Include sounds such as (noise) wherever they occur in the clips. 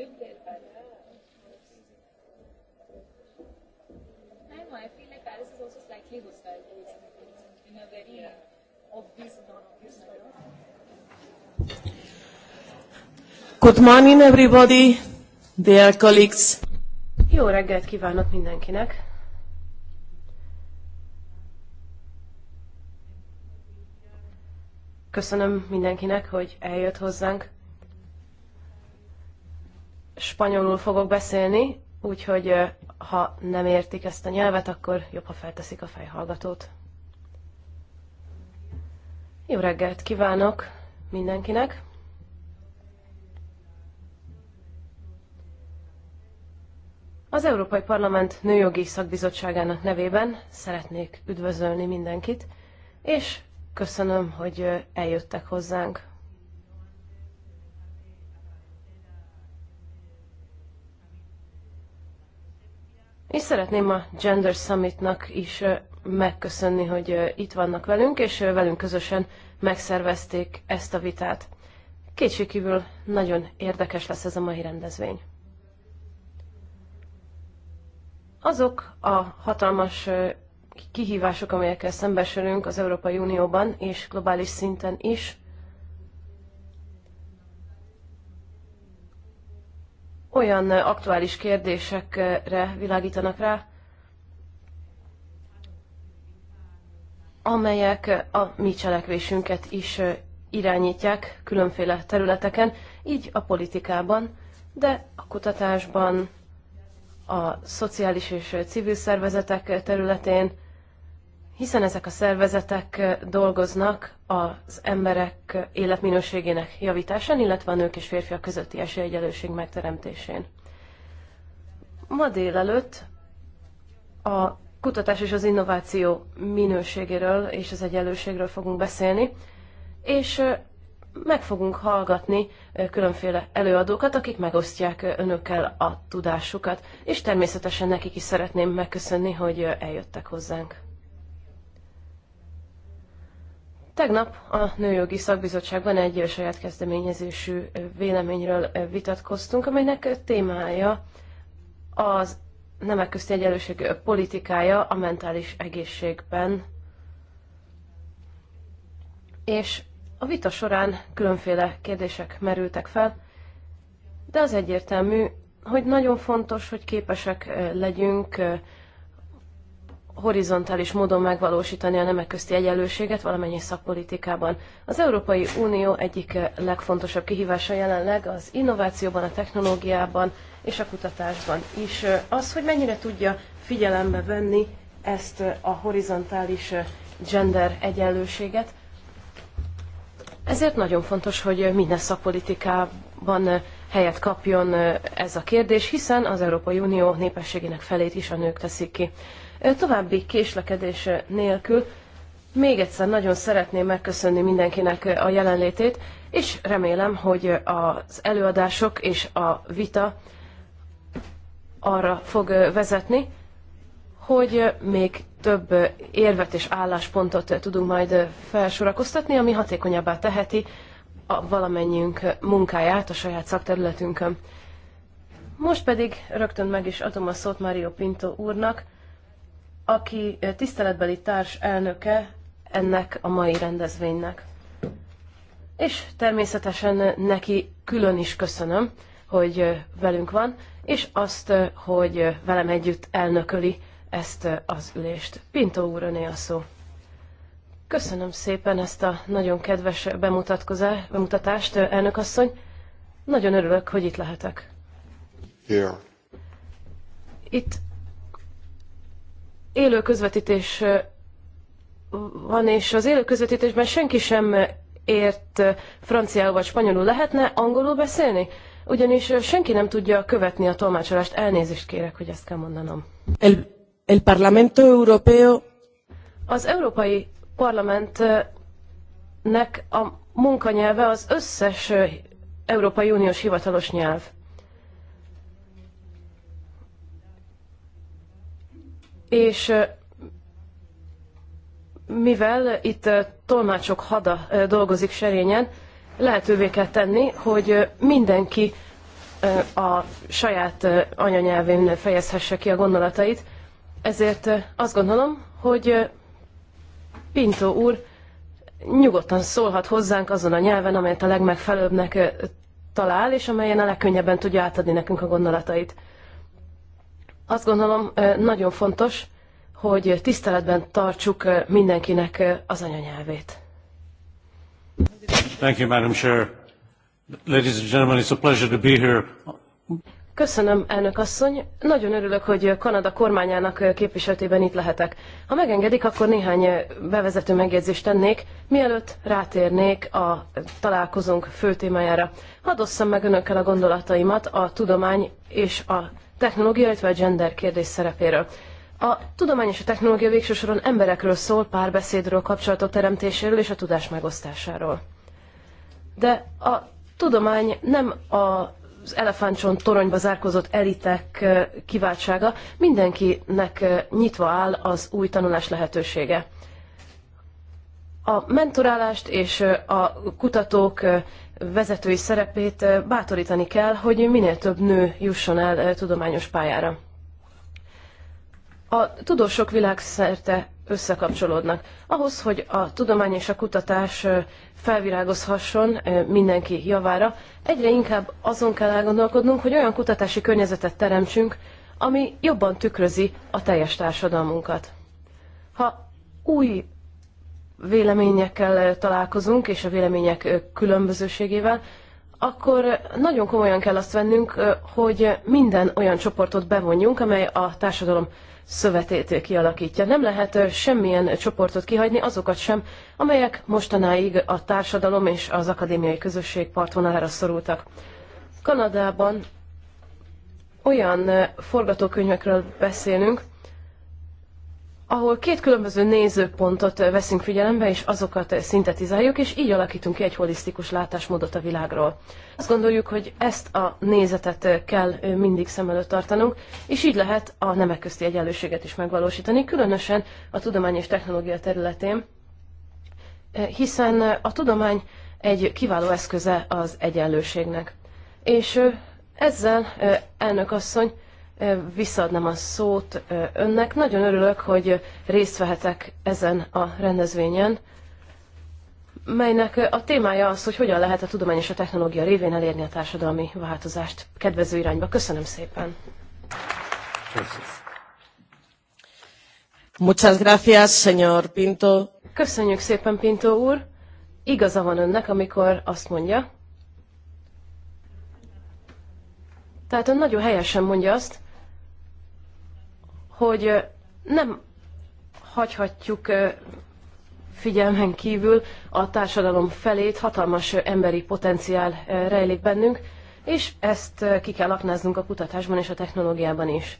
I know, I feel like Paris is also slightly hostile in a very yeah. obvious, non-obvious manner. Good morning, everybody, dear colleagues. Jó reggelt kívánok mindenkinek! Köszönöm mindenkinek, hogy eljött hozzánk spanyolul fogok beszélni, úgyhogy ha nem értik ezt a nyelvet, akkor jobb, ha felteszik a fejhallgatót. Jó reggelt kívánok mindenkinek! Az Európai Parlament Nőjogi Szakbizottságának nevében szeretnék üdvözölni mindenkit, és köszönöm, hogy eljöttek hozzánk. És szeretném a Gender Summitnak is megköszönni, hogy itt vannak velünk, és velünk közösen megszervezték ezt a vitát. Kétségkívül nagyon érdekes lesz ez a mai rendezvény. Azok a hatalmas kihívások, amelyekkel szembesülünk az Európai Unióban és globális szinten is, olyan aktuális kérdésekre világítanak rá, amelyek a mi cselekvésünket is irányítják különféle területeken, így a politikában, de a kutatásban, a szociális és civil szervezetek területén, hiszen ezek a szervezetek eh, dolgoznak az emberek eh, életminőségének javításán, illetve a nők és férfiak közötti esélyegyelőség megteremtésén. Ma délelőtt a kutatás és az innováció minőségéről és az egyenlőségről fogunk beszélni, és eh, meg fogunk hallgatni különféle előadókat, akik megosztják önökkel a tudásukat, és természetesen nekik is szeretném megköszönni, hogy eljöttek hozzánk. Tegnap a Nőjogi Szakbizottságban egy saját kezdeményezésű véleményről vitatkoztunk, amelynek témája az nemek közti egyenlőség politikája a mentális egészségben. És a vita során különféle kérdések merültek fel, de az egyértelmű, hogy nagyon fontos, hogy képesek legyünk horizontális módon megvalósítani a nemek közti egyenlőséget valamennyi szakpolitikában. Az Európai Unió egyik eh, legfontosabb kihívása jelenleg az innovációban, a technológiában és a kutatásban is eh, az, hogy mennyire tudja figyelembe venni ezt eh, a horizontális gender egyenlőséget. Ezért nagyon fontos, hogy minden szakpolitikában helyet kapjon ez a kérdés, hiszen az Európai Unió népességének felét is a nők teszik ki további késlekedés nélkül még egyszer nagyon szeretném megköszönni mindenkinek a jelenlétét, és remélem, hogy az előadások és a vita arra fog vezetni, hogy még több érvet és álláspontot tudunk majd felsorakoztatni, ami hatékonyabbá teheti a valamennyiünk munkáját a saját szakterületünkön. Most pedig rögtön meg is adom a szót Mário Pinto úrnak, aki tiszteletbeli társ elnöke ennek a mai rendezvénynek. És természetesen neki külön is köszönöm, hogy velünk van, és azt, hogy velem együtt elnököli ezt az ülést. pinto úr, öné a szó. Köszönöm szépen ezt a nagyon kedves bemutatást, elnök asszony. Nagyon örülök, hogy itt lehetek. Yeah. Itt élő közvetítés van, és az élő közvetítésben senki sem ért franciául vagy spanyolul. Lehetne angolul beszélni? Ugyanis senki nem tudja követni a tolmácsolást. Elnézést kérek, hogy ezt kell mondanom. El, el Parlamento Europeo... Az Európai Parlamentnek a munkanyelve az összes Európai Uniós hivatalos nyelv. És mivel itt tolmácsok hada dolgozik serényen, lehetővé kell tenni, hogy mindenki a saját anyanyelvén fejezhesse ki a gondolatait. Ezért azt gondolom, hogy Pinto úr nyugodtan szólhat hozzánk azon a nyelven, amelyet a legmegfelelőbbnek talál, és amelyen a legkönnyebben tudja átadni nekünk a gondolatait azt gondolom nagyon fontos, hogy tiszteletben tartsuk mindenkinek az anyanyelvét. Thank you, Madam Chair. Ladies and gentlemen, it's a pleasure to be here. Köszönöm, elnök asszony. Nagyon örülök, hogy Kanada kormányának képviseltében itt lehetek. Ha megengedik, akkor néhány bevezető megjegyzést tennék, mielőtt rátérnék a találkozónk fő témájára. Hadd osszam meg önökkel a gondolataimat a tudomány és a technológia, illetve a gender kérdés szerepéről. A tudomány és a technológia végső soron emberekről szól, párbeszédről, kapcsolatok teremtéséről és a tudás megosztásáról. De a tudomány nem az elefántcsont toronyba zárkozott elitek kiváltsága, mindenkinek nyitva áll az új tanulás lehetősége. A mentorálást és a kutatók vezetői szerepét bátorítani kell, hogy minél több nő jusson el tudományos pályára. A tudósok világszerte összekapcsolódnak. Ahhoz, hogy a tudomány és a kutatás felvirágozhasson mindenki javára, egyre inkább azon kell elgondolkodnunk, hogy olyan kutatási környezetet teremtsünk, ami jobban tükrözi a teljes társadalmunkat. Ha új véleményekkel találkozunk, és a vélemények különbözőségével, akkor nagyon komolyan kell azt vennünk, hogy minden olyan csoportot bevonjunk, amely a társadalom szövetét kialakítja. Nem lehet semmilyen csoportot kihagyni, azokat sem, amelyek mostanáig a társadalom és az akadémiai közösség partvonalára szorultak. Kanadában olyan forgatókönyvekről beszélünk, ahol két különböző nézőpontot veszünk figyelembe, és azokat szintetizáljuk, és így alakítunk ki egy holisztikus látásmódot a világról. Azt gondoljuk, hogy ezt a nézetet kell mindig szem előtt tartanunk, és így lehet a nemek közti egyenlőséget is megvalósítani, különösen a tudomány és technológia területén, hiszen a tudomány egy kiváló eszköze az egyenlőségnek. És ezzel, elnök asszony, visszaadnám a szót önnek. Nagyon örülök, hogy részt vehetek ezen a rendezvényen, melynek a témája az, hogy hogyan lehet a tudomány és a technológia révén elérni a társadalmi változást kedvező irányba. Köszönöm szépen! Muchas gracias, señor Pinto. Köszönjük szépen, Pinto úr! Igaza van önnek, amikor azt mondja, tehát ön nagyon helyesen mondja azt, hogy nem hagyhatjuk figyelmen kívül a társadalom felét, hatalmas emberi potenciál rejlik bennünk, és ezt ki kell aknáznunk a kutatásban és a technológiában is.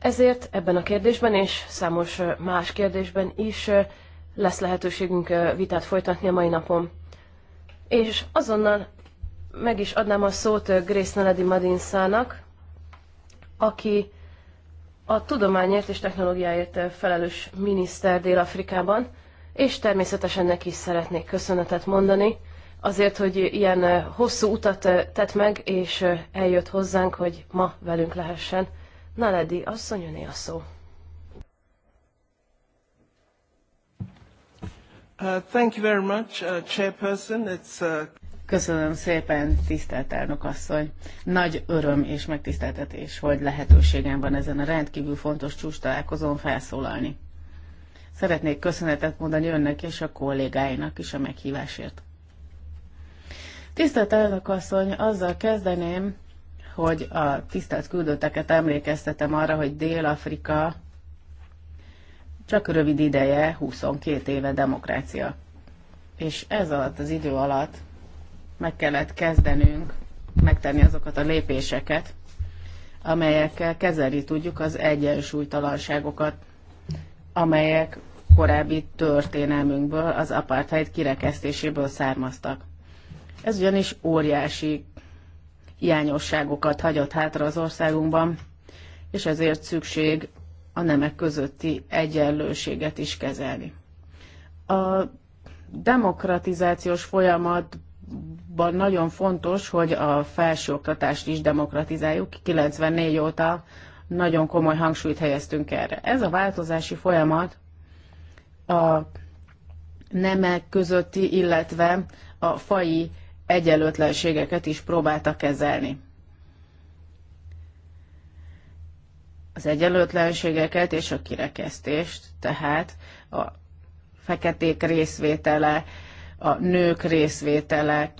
Ezért ebben a kérdésben és számos más kérdésben is lesz lehetőségünk vitát folytatni a mai napon. És azonnal meg is adnám a szót Grace Neledi Madinszának, aki a tudományért és technológiáért felelős miniszter Dél-Afrikában, és természetesen neki is szeretnék köszönetet mondani, azért, hogy ilyen hosszú utat tett meg, és eljött hozzánk, hogy ma velünk lehessen. Naledi, asszony, öné a szó. Uh, thank you very much, uh, Chairperson. It's, uh... Köszönöm szépen, tisztelt elnök asszony. Nagy öröm és megtiszteltetés, hogy lehetőségem van ezen a rendkívül fontos csúcs találkozón felszólalni. Szeretnék köszönetet mondani önnek és a kollégáinak is a meghívásért. Tisztelt elnök asszony, azzal kezdeném, hogy a tisztelt küldötteket emlékeztetem arra, hogy Dél-Afrika csak rövid ideje, 22 éve demokrácia. És ez alatt az idő alatt meg kellett kezdenünk megtenni azokat a lépéseket, amelyekkel kezelni tudjuk az egyensúlytalanságokat, amelyek korábbi történelmünkből, az apartheid kirekesztéséből származtak. Ez ugyanis óriási hiányosságokat hagyott hátra az országunkban, és ezért szükség a nemek közötti egyenlőséget is kezelni. A demokratizációs folyamat Ban nagyon fontos, hogy a felsőoktatást is demokratizáljuk. 94 óta nagyon komoly hangsúlyt helyeztünk erre. Ez a változási folyamat a nemek közötti, illetve a fai egyenlőtlenségeket is próbálta kezelni. Az egyenlőtlenségeket és a kirekesztést, tehát a feketék részvétele, a nők részvétele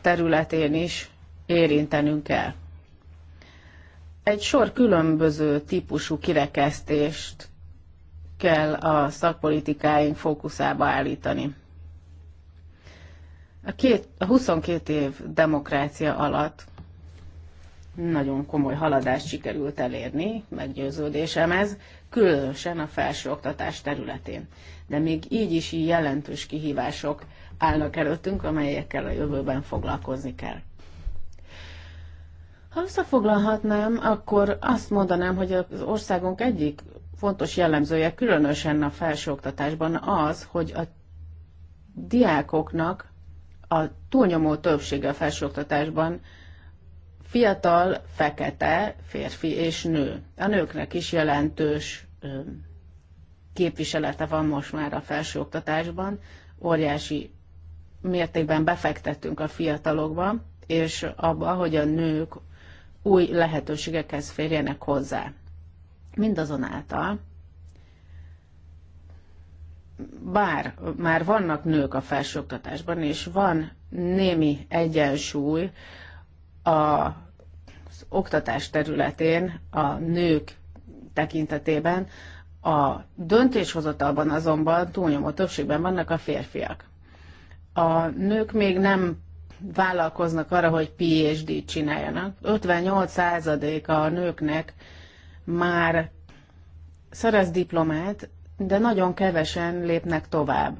területén is érintenünk kell. Egy sor különböző típusú kirekesztést kell a szakpolitikáink fókuszába állítani. A, két, a 22 év demokrácia alatt nagyon komoly haladást sikerült elérni, meggyőződésem ez, különösen a felsőoktatás területén de még így is jelentős kihívások állnak előttünk, amelyekkel a jövőben foglalkozni kell. Ha összefoglalhatnám, akkor azt mondanám, hogy az országunk egyik fontos jellemzője, különösen a felsőoktatásban az, hogy a diákoknak a túlnyomó többsége a felsőoktatásban fiatal, fekete, férfi és nő. A nőknek is jelentős képviselete van most már a felsőoktatásban, óriási mértékben befektettünk a fiatalokba, és abba, hogy a nők új lehetőségekhez férjenek hozzá. Mindazonáltal, bár már vannak nők a felsőoktatásban, és van némi egyensúly az oktatás területén a nők tekintetében, a döntéshozatalban azonban túlnyomó többségben vannak a férfiak. A nők még nem vállalkoznak arra, hogy PhD-t csináljanak. 58% a nőknek már szerez diplomát, de nagyon kevesen lépnek tovább,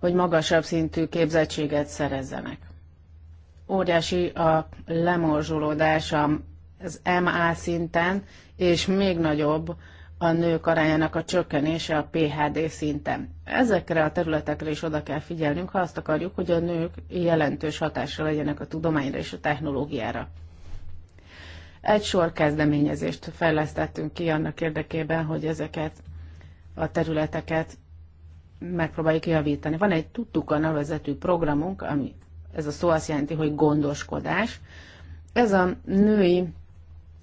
hogy magasabb szintű képzettséget szerezzenek. Óriási a lemorzsolódás az MA szinten, és még nagyobb a nők arányának a csökkenése a PHD szinten. Ezekre a területekre is oda kell figyelnünk, ha azt akarjuk, hogy a nők jelentős hatásra legyenek a tudományra és a technológiára. Egy sor kezdeményezést fejlesztettünk ki annak érdekében, hogy ezeket a területeket megpróbáljuk javítani. Van egy tudtuk a nevezetű programunk, ami ez a szó azt jelenti, hogy gondoskodás. Ez a női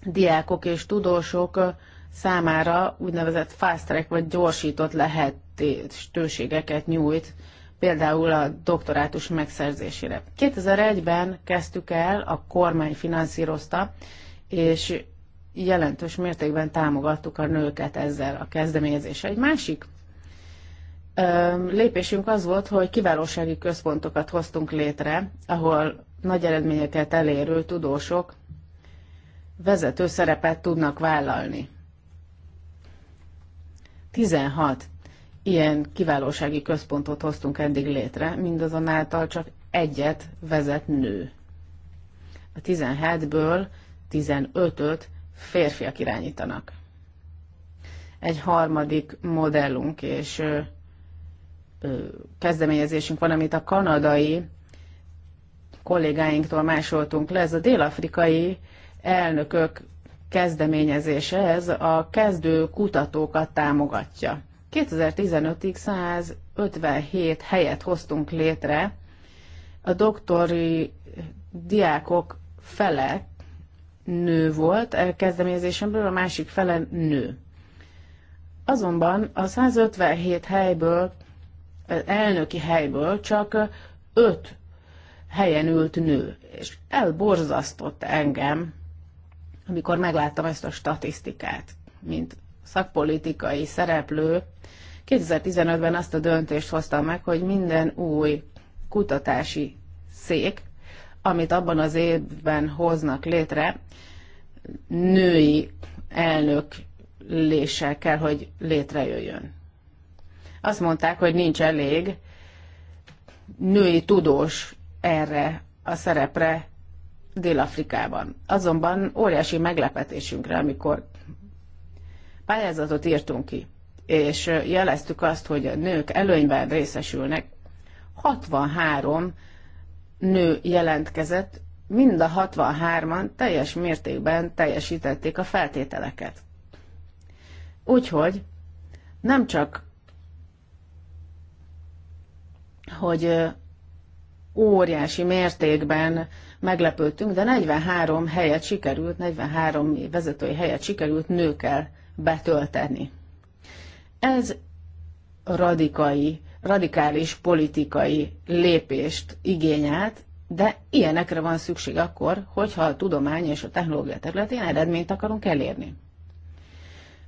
diákok és tudósok számára úgynevezett fast track vagy gyorsított lehetőségeket nyújt, például a doktorátus megszerzésére. 2001-ben kezdtük el, a kormány finanszírozta, és jelentős mértékben támogattuk a nőket ezzel a kezdeményezéssel. Egy másik lépésünk az volt, hogy kiválósági központokat hoztunk létre, ahol nagy eredményeket elérő tudósok vezető szerepet tudnak vállalni. 16 ilyen kiválósági központot hoztunk eddig létre, mindazonáltal csak egyet vezet nő. A 17-ből 15-öt férfiak irányítanak. Egy harmadik modellunk és ö, ö, kezdeményezésünk van, amit a kanadai kollégáinktól másoltunk le, ez a dél-afrikai elnökök kezdeményezése ez a kezdő kutatókat támogatja. 2015-ig 157 helyet hoztunk létre, a doktori diákok fele nő volt a e kezdeményezésemből, a másik fele nő. Azonban a 157 helyből, e, elnöki helyből csak 5 helyen ült nő, és elborzasztott engem amikor megláttam ezt a statisztikát, mint szakpolitikai szereplő, 2015-ben azt a döntést hoztam meg, hogy minden új kutatási szék, amit abban az évben hoznak létre, női elnök léssel kell, hogy létrejöjjön. Azt mondták, hogy nincs elég női tudós erre a szerepre Dél-Afrikában. Azonban óriási meglepetésünkre, amikor pályázatot írtunk ki, és jeleztük azt, hogy a nők előnyben részesülnek, 63 nő jelentkezett, mind a 63-an teljes mértékben teljesítették a feltételeket. Úgyhogy nem csak, hogy óriási mértékben meglepődtünk, de 43 helyet sikerült, 43 vezetői helyet sikerült nőkkel betölteni. Ez radikai, radikális politikai lépést igényelt, de ilyenekre van szükség akkor, hogyha a tudomány és a technológia területén eredményt akarunk elérni.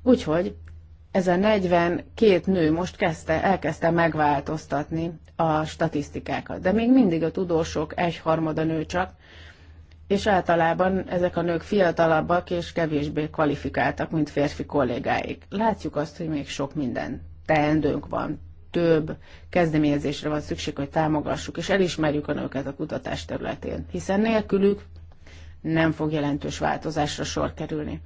Úgyhogy ez a 42 nő most kezdte, elkezdte megváltoztatni a statisztikákat. De még mindig a tudósok egyharmada nő csak, és általában ezek a nők fiatalabbak és kevésbé kvalifikáltak, mint férfi kollégáik. Látjuk azt, hogy még sok minden teendőnk van, több kezdeményezésre van szükség, hogy támogassuk, és elismerjük a nőket a kutatás területén, hiszen nélkülük nem fog jelentős változásra sor kerülni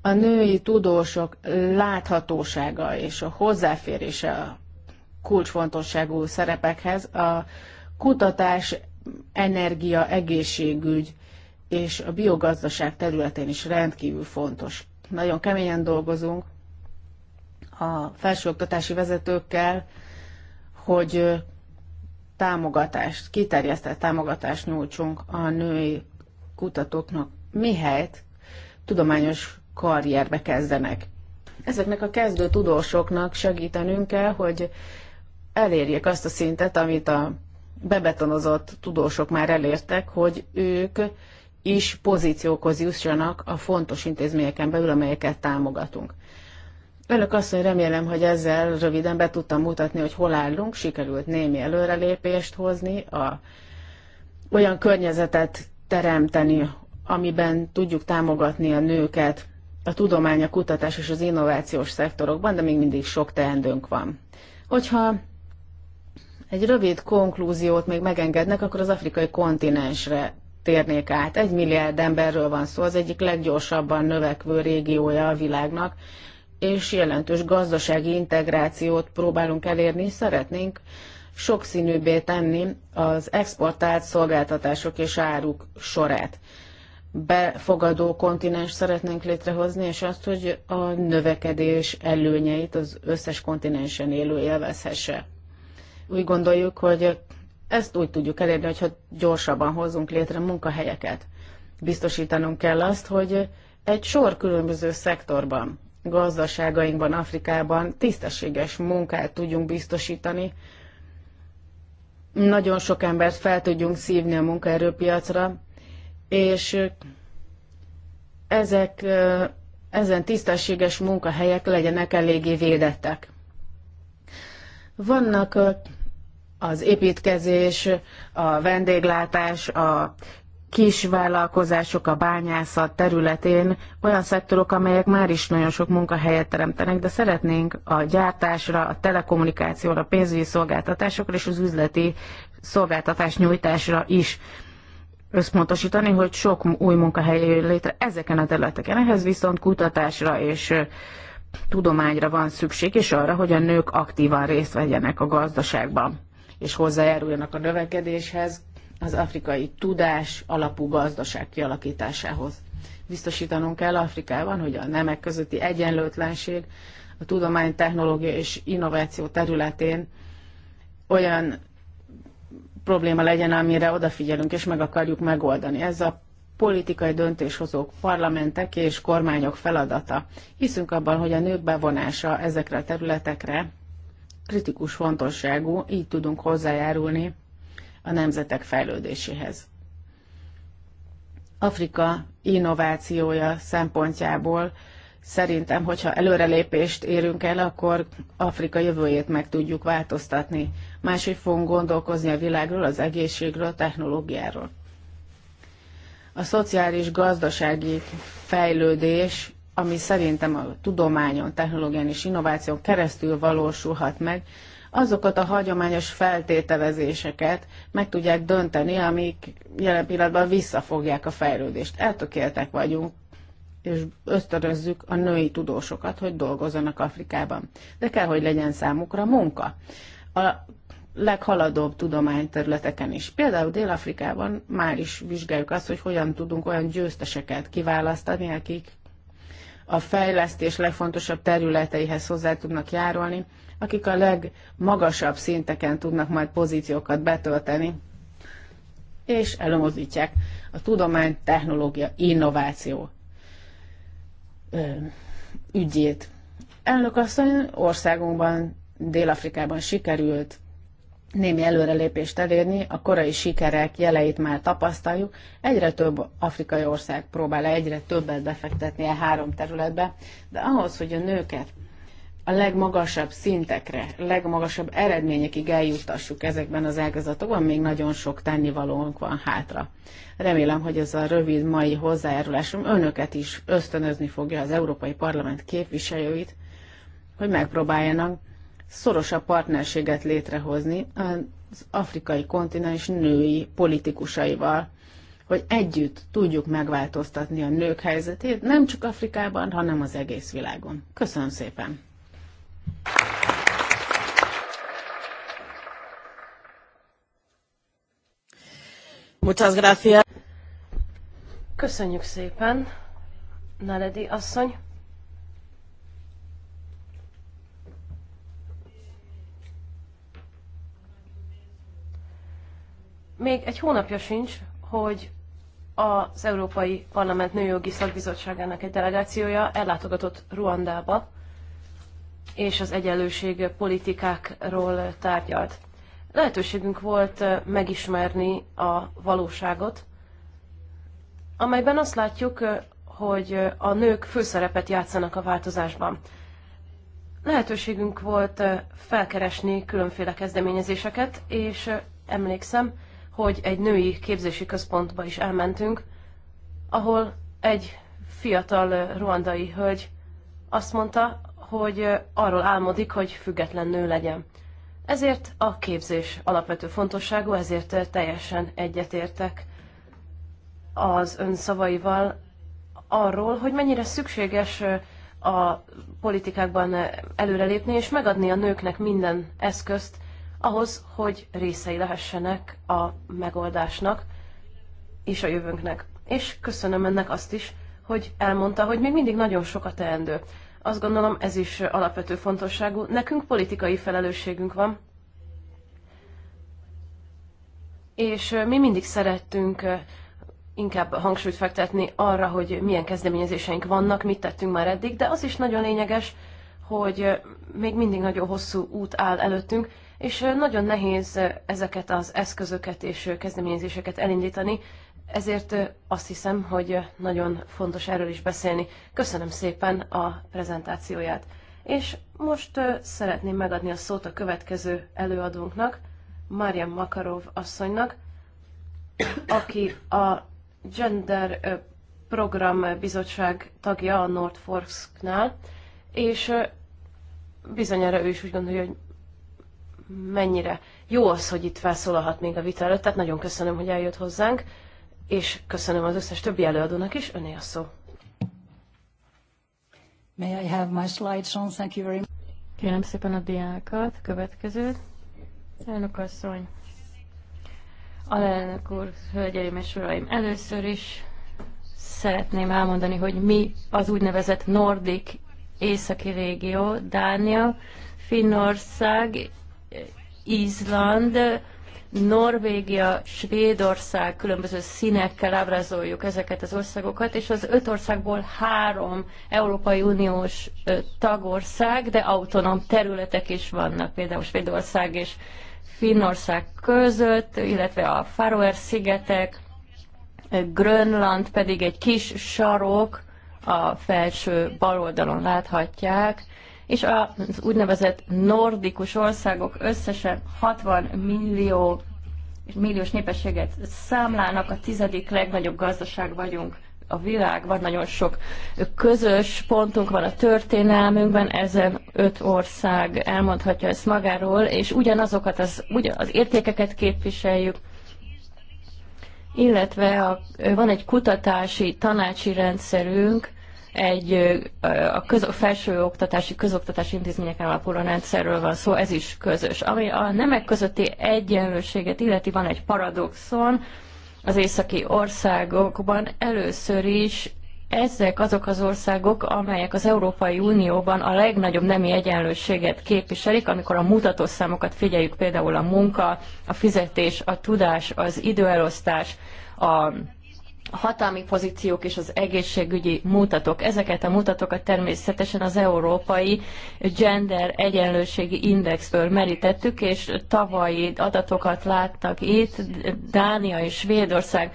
a női tudósok láthatósága és a hozzáférése a kulcsfontosságú szerepekhez a kutatás, energia, egészségügy és a biogazdaság területén is rendkívül fontos. Nagyon keményen dolgozunk a felsőoktatási vezetőkkel, hogy támogatást, kiterjesztett támogatást nyújtsunk a női kutatóknak, mihelyt tudományos karrierbe kezdenek. Ezeknek a kezdő tudósoknak segítenünk kell, hogy elérjék azt a szintet, amit a bebetonozott tudósok már elértek, hogy ők is pozíciókhoz jussanak a fontos intézményeken belül, amelyeket támogatunk. Önök azt, mondja, remélem, hogy ezzel röviden be tudtam mutatni, hogy hol állunk, sikerült némi előrelépést hozni, a, olyan környezetet teremteni, amiben tudjuk támogatni a nőket a tudomány, a kutatás és az innovációs szektorokban, de még mindig sok teendőnk van. Hogyha egy rövid konklúziót még megengednek, akkor az afrikai kontinensre térnék át. Egy milliárd emberről van szó, az egyik leggyorsabban növekvő régiója a világnak, és jelentős gazdasági integrációt próbálunk elérni, szeretnénk sokszínűbbé tenni az exportált szolgáltatások és áruk sorát befogadó kontinens szeretnénk létrehozni, és azt, hogy a növekedés előnyeit az összes kontinensen élő élvezhesse. Úgy gondoljuk, hogy ezt úgy tudjuk elérni, hogyha gyorsabban hozunk létre munkahelyeket. Biztosítanunk kell azt, hogy egy sor különböző szektorban, gazdaságainkban, Afrikában tisztességes munkát tudjunk biztosítani, nagyon sok embert fel tudjunk szívni a munkaerőpiacra, és ezek, ezen tisztességes munkahelyek legyenek eléggé védettek. Vannak az építkezés, a vendéglátás, a kis vállalkozások a bányászat területén olyan szektorok, amelyek már is nagyon sok munkahelyet teremtenek, de szeretnénk a gyártásra, a telekommunikációra, a pénzügyi szolgáltatásokra és az üzleti szolgáltatás nyújtásra is összpontosítani, hogy sok új munkahely jön létre ezeken a területeken. Ehhez viszont kutatásra és tudományra van szükség, és arra, hogy a nők aktívan részt vegyenek a gazdaságban, és hozzájáruljanak a növekedéshez, az afrikai tudás alapú gazdaság kialakításához. Biztosítanunk kell Afrikában, hogy a nemek közötti egyenlőtlenség a tudomány, technológia és innováció területén olyan probléma legyen, amire odafigyelünk és meg akarjuk megoldani. Ez a politikai döntéshozók, parlamentek és kormányok feladata. Hiszünk abban, hogy a nők bevonása ezekre a területekre kritikus fontosságú, így tudunk hozzájárulni a nemzetek fejlődéséhez. Afrika innovációja szempontjából Szerintem, hogyha előrelépést érünk el, akkor Afrika jövőjét meg tudjuk változtatni. Máshogy fogunk gondolkozni a világról, az egészségről, a technológiáról. A szociális-gazdasági fejlődés, ami szerintem a tudományon, technológián és innováción keresztül valósulhat meg, azokat a hagyományos feltételezéseket meg tudják dönteni, amik jelen pillanatban visszafogják a fejlődést. Eltökéltek vagyunk és ösztönözzük a női tudósokat, hogy dolgozzanak Afrikában. De kell, hogy legyen számukra munka. A leghaladóbb tudományterületeken is. Például Dél-Afrikában már is vizsgáljuk azt, hogy hogyan tudunk olyan győzteseket kiválasztani, akik a fejlesztés legfontosabb területeihez hozzá tudnak járulni, akik a legmagasabb szinteken tudnak majd pozíciókat betölteni, és előmozdítják a tudomány, technológia, innováció ügyét. Elnök asszony országunkban, Dél-Afrikában sikerült némi előrelépést elérni, a korai sikerek jeleit már tapasztaljuk. Egyre több afrikai ország próbál egyre többet befektetni a három területbe, de ahhoz, hogy a nőket a legmagasabb szintekre, legmagasabb eredményekig eljutassuk ezekben az ágazatokban, még nagyon sok tennivalónk van hátra. Remélem, hogy ez a rövid mai hozzájárulásom önöket is ösztönözni fogja az Európai Parlament képviselőit, hogy megpróbáljanak szorosabb partnerséget létrehozni az afrikai kontinens női politikusaival, hogy együtt tudjuk megváltoztatni a nők helyzetét, nem csak Afrikában, hanem az egész világon. Köszönöm szépen! Muchas gracias. Köszönjük szépen, Naledi asszony. Még egy hónapja sincs, hogy az Európai Parlament Nőjogi Szakbizottságának egy delegációja ellátogatott Ruandába, és az egyenlőség politikákról tárgyalt. Lehetőségünk volt eh, megismerni a valóságot, amelyben azt látjuk, eh, hogy eh, a nők főszerepet játszanak a változásban. Lehetőségünk volt felkeresni különféle kezdeményezéseket, és emlékszem, hogy egy női képzési központba is elmentünk, ahol egy fiatal ruandai hölgy azt mondta, hogy arról álmodik, hogy független nő legyen. Ezért a képzés alapvető fontosságú, ezért teljesen egyetértek az ön szavaival arról, hogy mennyire szükséges a politikákban előrelépni, és megadni a nőknek minden eszközt ahhoz, hogy részei lehessenek a megoldásnak és a jövőnknek. És köszönöm ennek azt is, hogy elmondta, hogy még mindig nagyon sok a teendő azt gondolom ez is alapvető fontosságú. Nekünk politikai felelősségünk van, és mi mindig szerettünk inkább hangsúlyt fektetni arra, hogy milyen kezdeményezéseink vannak, mit tettünk már eddig, de az is nagyon lényeges, hogy még mindig nagyon hosszú út áll előttünk, és nagyon nehéz ezeket az eszközöket és kezdeményezéseket elindítani, ezért azt hiszem, hogy nagyon fontos erről is beszélni. Köszönöm szépen a prezentációját. És most szeretném megadni a szót a következő előadónknak, Mariam Makarov asszonynak, aki a Gender Program Bizottság tagja a North Forsknál, és bizonyára ő is úgy gondolja, hogy mennyire jó az, hogy itt felszólalhat még a vita előtt, tehát nagyon köszönöm, hogy eljött hozzánk és köszönöm az összes többi előadónak is, öné a szó. May I have my slides on? Thank you very much. Kérem szépen a diákat, következőt. Elnök asszony, alelnök úr, hölgyeim és uraim, először is szeretném elmondani, hogy mi az úgynevezett Nordik északi régió, Dánia, Finnország, Izland, Norvégia, Svédország különböző színekkel ábrázoljuk ezeket az országokat, és az öt országból három Európai Uniós tagország, de autonóm területek is vannak, például Svédország és Finnország között, illetve a Faroer-szigetek, Grönland pedig egy kis sarok, a felső bal oldalon láthatják, és az úgynevezett nordikus országok összesen 60 millió milliós népességet számlálnak, a tizedik legnagyobb gazdaság vagyunk a világ, van nagyon sok közös pontunk van a történelmünkben, ezen öt ország elmondhatja ezt magáról, és ugyanazokat az, ugyan, az értékeket képviseljük, illetve a, van egy kutatási tanácsi rendszerünk, egy a köz, a oktatási közoktatási intézmények alapuló rendszerről van szó, ez is közös. Ami a nemek közötti egyenlőséget illeti, van egy paradoxon, az északi országokban először is ezek azok az országok, amelyek az Európai Unióban a legnagyobb nemi egyenlőséget képviselik, amikor a mutatószámokat figyeljük, például a munka, a fizetés, a tudás, az időelosztás, a hatalmi pozíciók és az egészségügyi mutatók. Ezeket a mutatókat természetesen az Európai Gender Egyenlőségi Indexből merítettük, és tavalyi adatokat láttak itt. Dánia és Svédország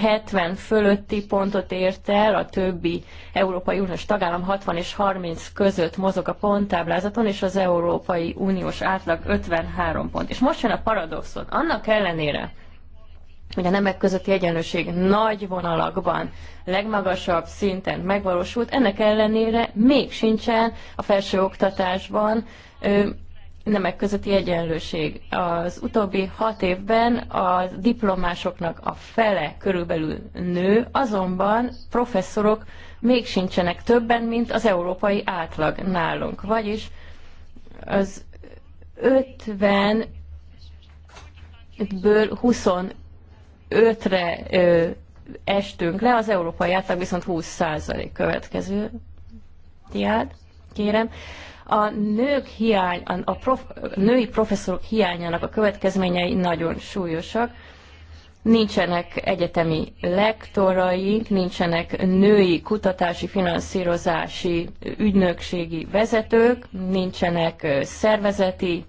70 fölötti pontot ért el, a többi Európai Uniós tagállam 60 és 30 között mozog a ponttáblázaton, és az Európai Uniós átlag 53 pont. És most jön a paradoxon. Annak ellenére, hogy a nemek közötti egyenlőség nagy vonalakban, legmagasabb szinten megvalósult, ennek ellenére még sincsen a felsőoktatásban nemek közötti egyenlőség. Az utóbbi hat évben a diplomásoknak a fele körülbelül nő, azonban professzorok még sincsenek többen, mint az európai átlag nálunk. Vagyis az 50 ből 25 5-re estünk le, az európai átlag viszont 20% következő diád, kérem. A nők hiány, a, prof, a női professzorok hiányának a következményei nagyon súlyosak. Nincsenek egyetemi lektoraink, nincsenek női kutatási, finanszírozási, ügynökségi vezetők, nincsenek szervezeti,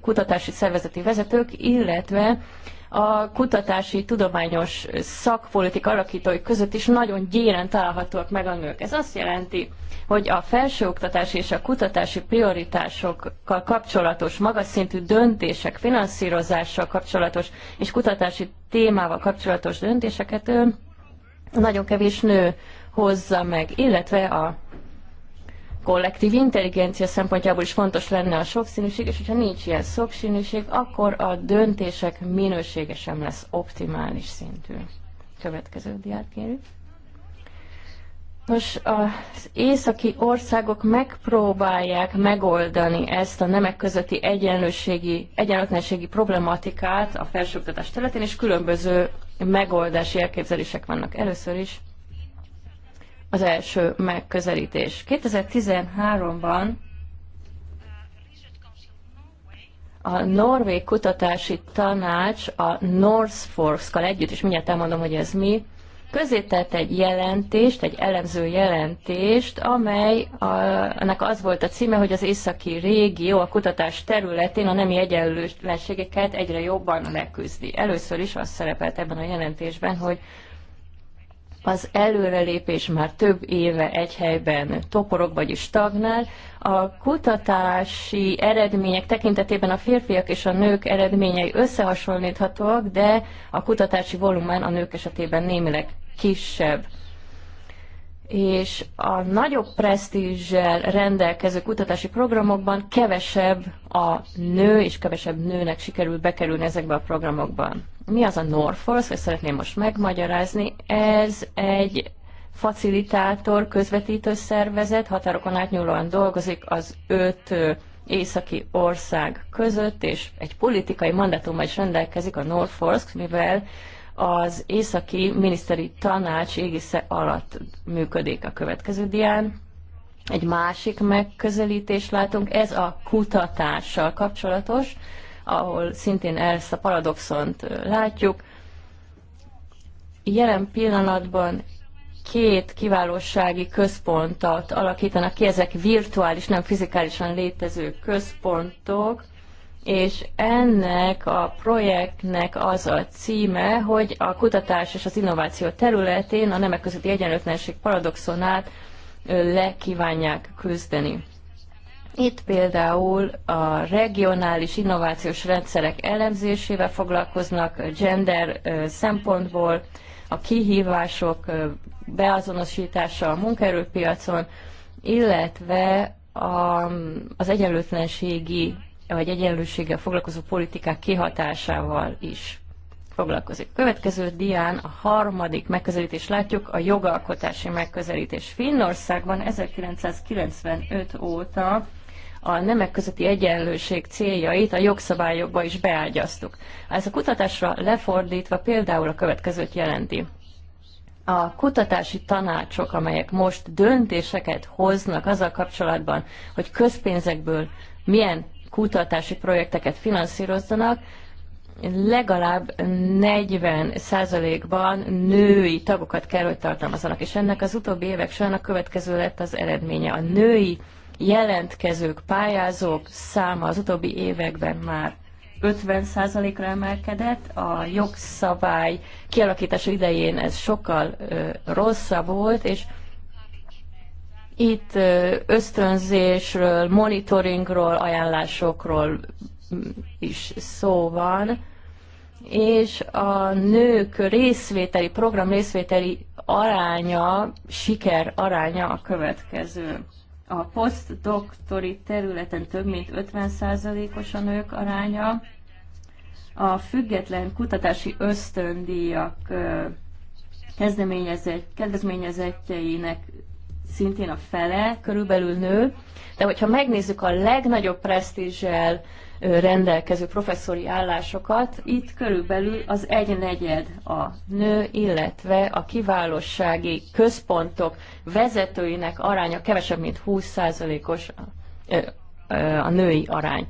kutatási szervezeti vezetők, illetve a kutatási tudományos szakpolitik alakítói között is nagyon gyéren találhatóak meg a nők. Ez azt jelenti, hogy a felsőoktatási és a kutatási prioritásokkal kapcsolatos, magas szintű döntések, finanszírozással kapcsolatos és kutatási témával kapcsolatos döntéseket nagyon kevés nő hozza meg, illetve a kollektív intelligencia szempontjából is fontos lenne a sokszínűség, és hogyha nincs ilyen sokszínűség, akkor a döntések minősége sem lesz optimális szintű. Következő diát kérjük. Nos, az északi országok megpróbálják megoldani ezt a nemek közötti egyenlőségi, egyenlőtlenségi problematikát a felsőoktatás területén, és különböző megoldási elképzelések vannak először is az első megközelítés. 2013-ban a Norvég Kutatási Tanács a forks kal együtt, és mindjárt elmondom, hogy ez mi, közétett egy jelentést, egy elemző jelentést, amely a, annak az volt a címe, hogy az északi régió a kutatás területén a nemi egyenlőségeket egyre jobban leküzdi. Először is az szerepelt ebben a jelentésben, hogy az előrelépés már több éve egy helyben toporog, vagyis stagnál. A kutatási eredmények tekintetében a férfiak és a nők eredményei összehasonlíthatóak, de a kutatási volumen a nők esetében némileg kisebb és a nagyobb presztízsel rendelkező kutatási programokban kevesebb a nő, és kevesebb nőnek sikerül bekerülni ezekbe a programokban. Mi az a Norfolk, ezt szeretném most megmagyarázni. Ez egy facilitátor, közvetítő szervezet, határokon átnyúlóan dolgozik az öt északi ország között, és egy politikai mandátummal is rendelkezik a Norfolk, mivel az északi miniszteri tanács égisze alatt működik a következő dián. Egy másik megközelítést látunk, ez a kutatással kapcsolatos, ahol szintén ezt a paradoxont látjuk. Jelen pillanatban két kiválósági központot alakítanak ki, ezek virtuális, nem fizikálisan létező központok, és ennek a projektnek az a címe, hogy a kutatás és az innováció területén a nemek közötti egyenlőtlenség paradoxonát le kívánják küzdeni. Itt például a regionális innovációs rendszerek elemzésével foglalkoznak gender szempontból, a kihívások beazonosítása a munkaerőpiacon, illetve a, az egyenlőtlenségi vagy egyenlőséggel foglalkozó politikák kihatásával is foglalkozik. Következő dián a harmadik megközelítés látjuk, a jogalkotási megközelítés. Finnországban 1995 óta a nemek közötti egyenlőség céljait a jogszabályokba is beágyaztuk. Ez a kutatásra lefordítva például a következőt jelenti. A kutatási tanácsok, amelyek most döntéseket hoznak azzal kapcsolatban, hogy közpénzekből milyen kutatási projekteket finanszírozzanak, legalább 40%-ban női tagokat kell, hogy tartalmazzanak, és ennek az utóbbi évek során a következő lett az eredménye. A női jelentkezők, pályázók száma az utóbbi években már 50%-ra emelkedett, a jogszabály kialakítása idején ez sokkal ö, rosszabb volt, és itt ösztönzésről, monitoringról, ajánlásokról is szó van, és a nők részvételi, program részvételi aránya, siker aránya a következő. A posztdoktori területen több mint 50%-os a nők aránya, a független kutatási ösztöndíjak kezdeményezettjeinek szintén a fele körülbelül nő, de hogyha megnézzük a legnagyobb presztízsel rendelkező professzori állásokat, itt körülbelül az egy negyed a nő, illetve a kiválósági központok vezetőinek aránya kevesebb, mint 20%-os a női arány.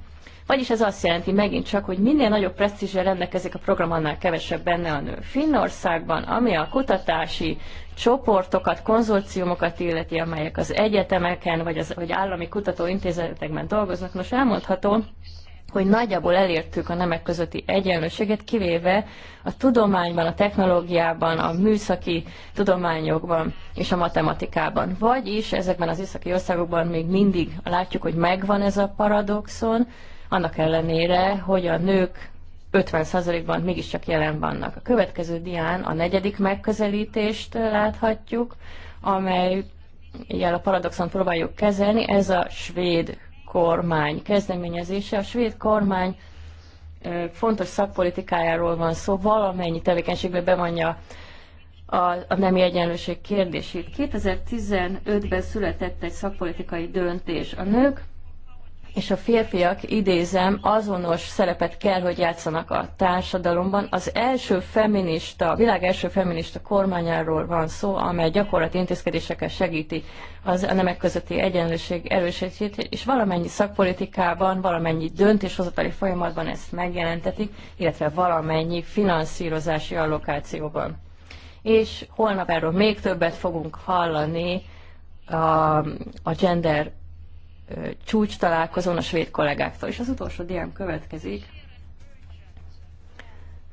Vagyis ez azt jelenti megint csak, hogy minél nagyobb presztízsel rendelkezik a program, annál kevesebb benne a nő. Finnországban, ami a kutatási csoportokat, konzorciumokat illeti, amelyek az egyetemeken vagy, az, vagy állami kutatóintézetekben dolgoznak, most elmondható, hogy nagyjából elértük a nemek közötti egyenlőséget, kivéve a tudományban, a technológiában, a műszaki tudományokban és a matematikában. Vagyis ezekben az északi országokban még mindig látjuk, hogy megvan ez a paradoxon, annak ellenére, hogy a nők 50%-ban mégiscsak jelen vannak. A következő dián a negyedik megközelítést láthatjuk, amely ilyen a paradoxon próbáljuk kezelni, ez a svéd kormány kezdeményezése. A svéd kormány fontos szakpolitikájáról van szó, valamennyi tevékenységbe bevonja a, a nemi egyenlőség kérdését. 2015-ben született egy szakpolitikai döntés. A nők és a férfiak, idézem, azonos szerepet kell, hogy játszanak a társadalomban. Az első feminista, a világ első feminista kormányáról van szó, amely gyakorlati intézkedésekkel segíti az a nemek közötti egyenlőség erősítését, és valamennyi szakpolitikában, valamennyi döntéshozatali folyamatban ezt megjelentetik, illetve valamennyi finanszírozási allokációban. És holnap erről még többet fogunk hallani, a, a gender csúcs találkozón a svéd kollégáktól. És az utolsó diám következik.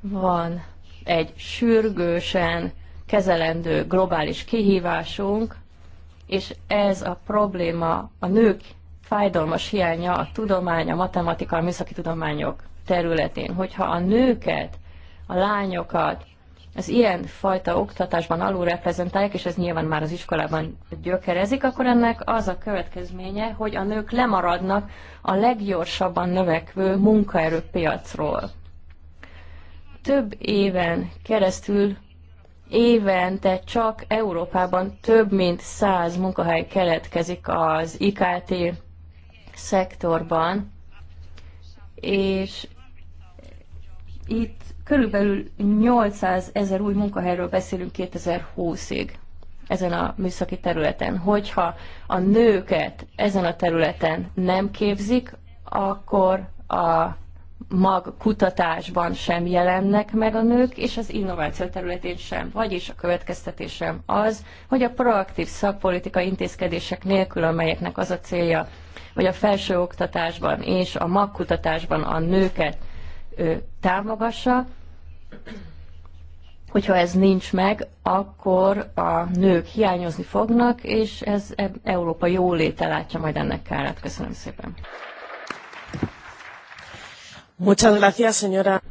Van egy sürgősen kezelendő globális kihívásunk, és ez a probléma a nők fájdalmas hiánya a tudomány, a matematika, a műszaki tudományok területén. Hogyha a nőket, a lányokat az ilyen fajta oktatásban alulreprezentálják, és ez nyilván már az iskolában gyökerezik, akkor ennek az a következménye, hogy a nők lemaradnak a leggyorsabban növekvő munkaerőpiacról. Több éven keresztül évente csak Európában több mint száz munkahely keletkezik az IKT szektorban, és itt Körülbelül 800 ezer új munkahelyről beszélünk 2020-ig ezen a műszaki területen. Hogyha a nőket ezen a területen nem képzik, akkor a mag kutatásban sem jelennek meg a nők, és az innováció területén sem. Vagyis a következtetésem az, hogy a proaktív szakpolitika intézkedések nélkül, amelyeknek az a célja, hogy a felsőoktatásban és a magkutatásban a nőket támogassa. Hogyha ez nincs meg, akkor a nők hiányozni fognak, és ez e, Európa jóléte látja majd ennek kárát. Köszönöm szépen. Muchas gracias, señora.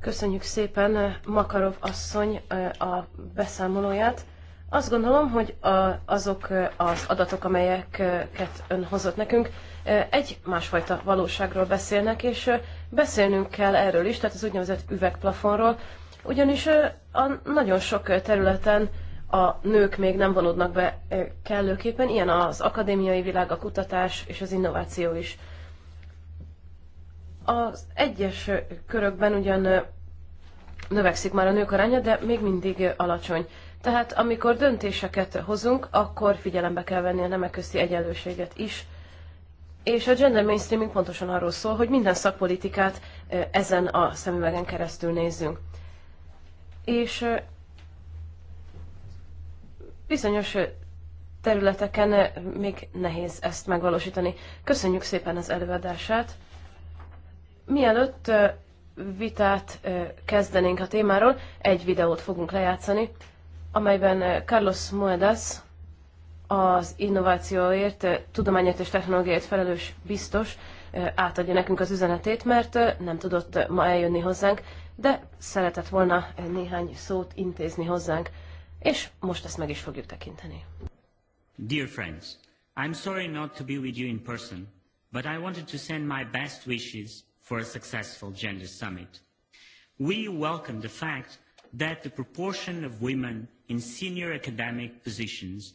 Köszönjük szépen Makarov asszony a beszámolóját. Azt gondolom, hogy azok az adatok, amelyeket ön hozott nekünk, egy másfajta valóságról beszélnek, és beszélnünk kell erről is, tehát az úgynevezett üvegplafonról, ugyanis a nagyon sok területen a nők még nem vonódnak be kellőképpen, ilyen az akadémiai világ, a kutatás és az innováció is. Az egyes körökben ugyan növekszik már a nők aránya, de még mindig alacsony. Tehát amikor döntéseket hozunk, akkor figyelembe kell venni a nemek közti egyenlőséget is, és a gender mainstreaming pontosan arról szól, hogy minden szakpolitikát ezen a szemüvegen keresztül nézzünk. És bizonyos területeken még nehéz ezt megvalósítani. Köszönjük szépen az előadását. Mielőtt vitát kezdenénk a témáról, egy videót fogunk lejátszani, amelyben Carlos Moedas, az innovációért, tudományért és technológiáért felelős biztos átadja nekünk az üzenetét, mert nem tudott ma eljönni hozzánk, de szeretett volna néhány szót intézni hozzánk, és most ezt meg is fogjuk tekinteni. Dear friends, I'm sorry not to be with you in person, but I wanted to send my best wishes for a successful gender summit. We welcome the fact that the proportion of women in senior academic positions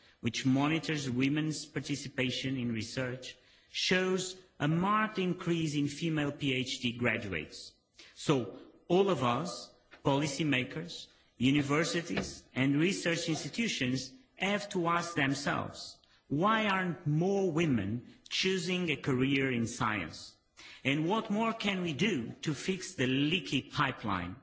which monitors women's participation in research, shows a marked increase in female PhD graduates. So all of us, policymakers, universities and research institutions have to ask themselves, why aren't more women choosing a career in science? And what more can we do to fix the leaky pipeline?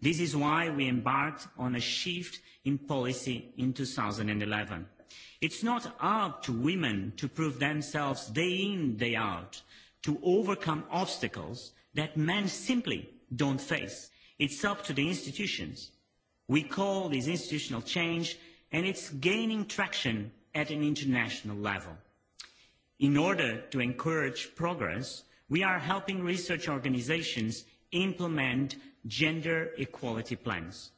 This is why we embarked on a shift in policy in 2011. It's not up to women to prove themselves day in, day out, to overcome obstacles that men simply don't face. It's up to the institutions. We call this institutional change, and it's gaining traction at an international level. In order to encourage progress, we are helping research organizations implement gender equality plans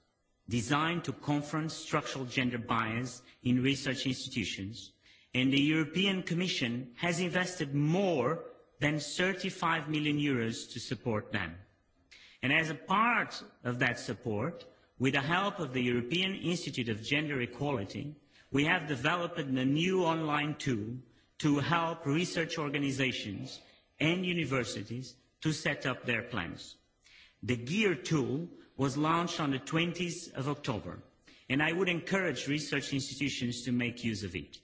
designed to confront structural gender bias in research institutions, and the European Commission has invested more than 35 million euros to support them. And as a part of that support, with the help of the European Institute of Gender Equality, we have developed a new online tool to help research organizations and universities to set up their plans. The GEAR tool was launched on the 20th of October, and I would encourage research institutions to make use of it.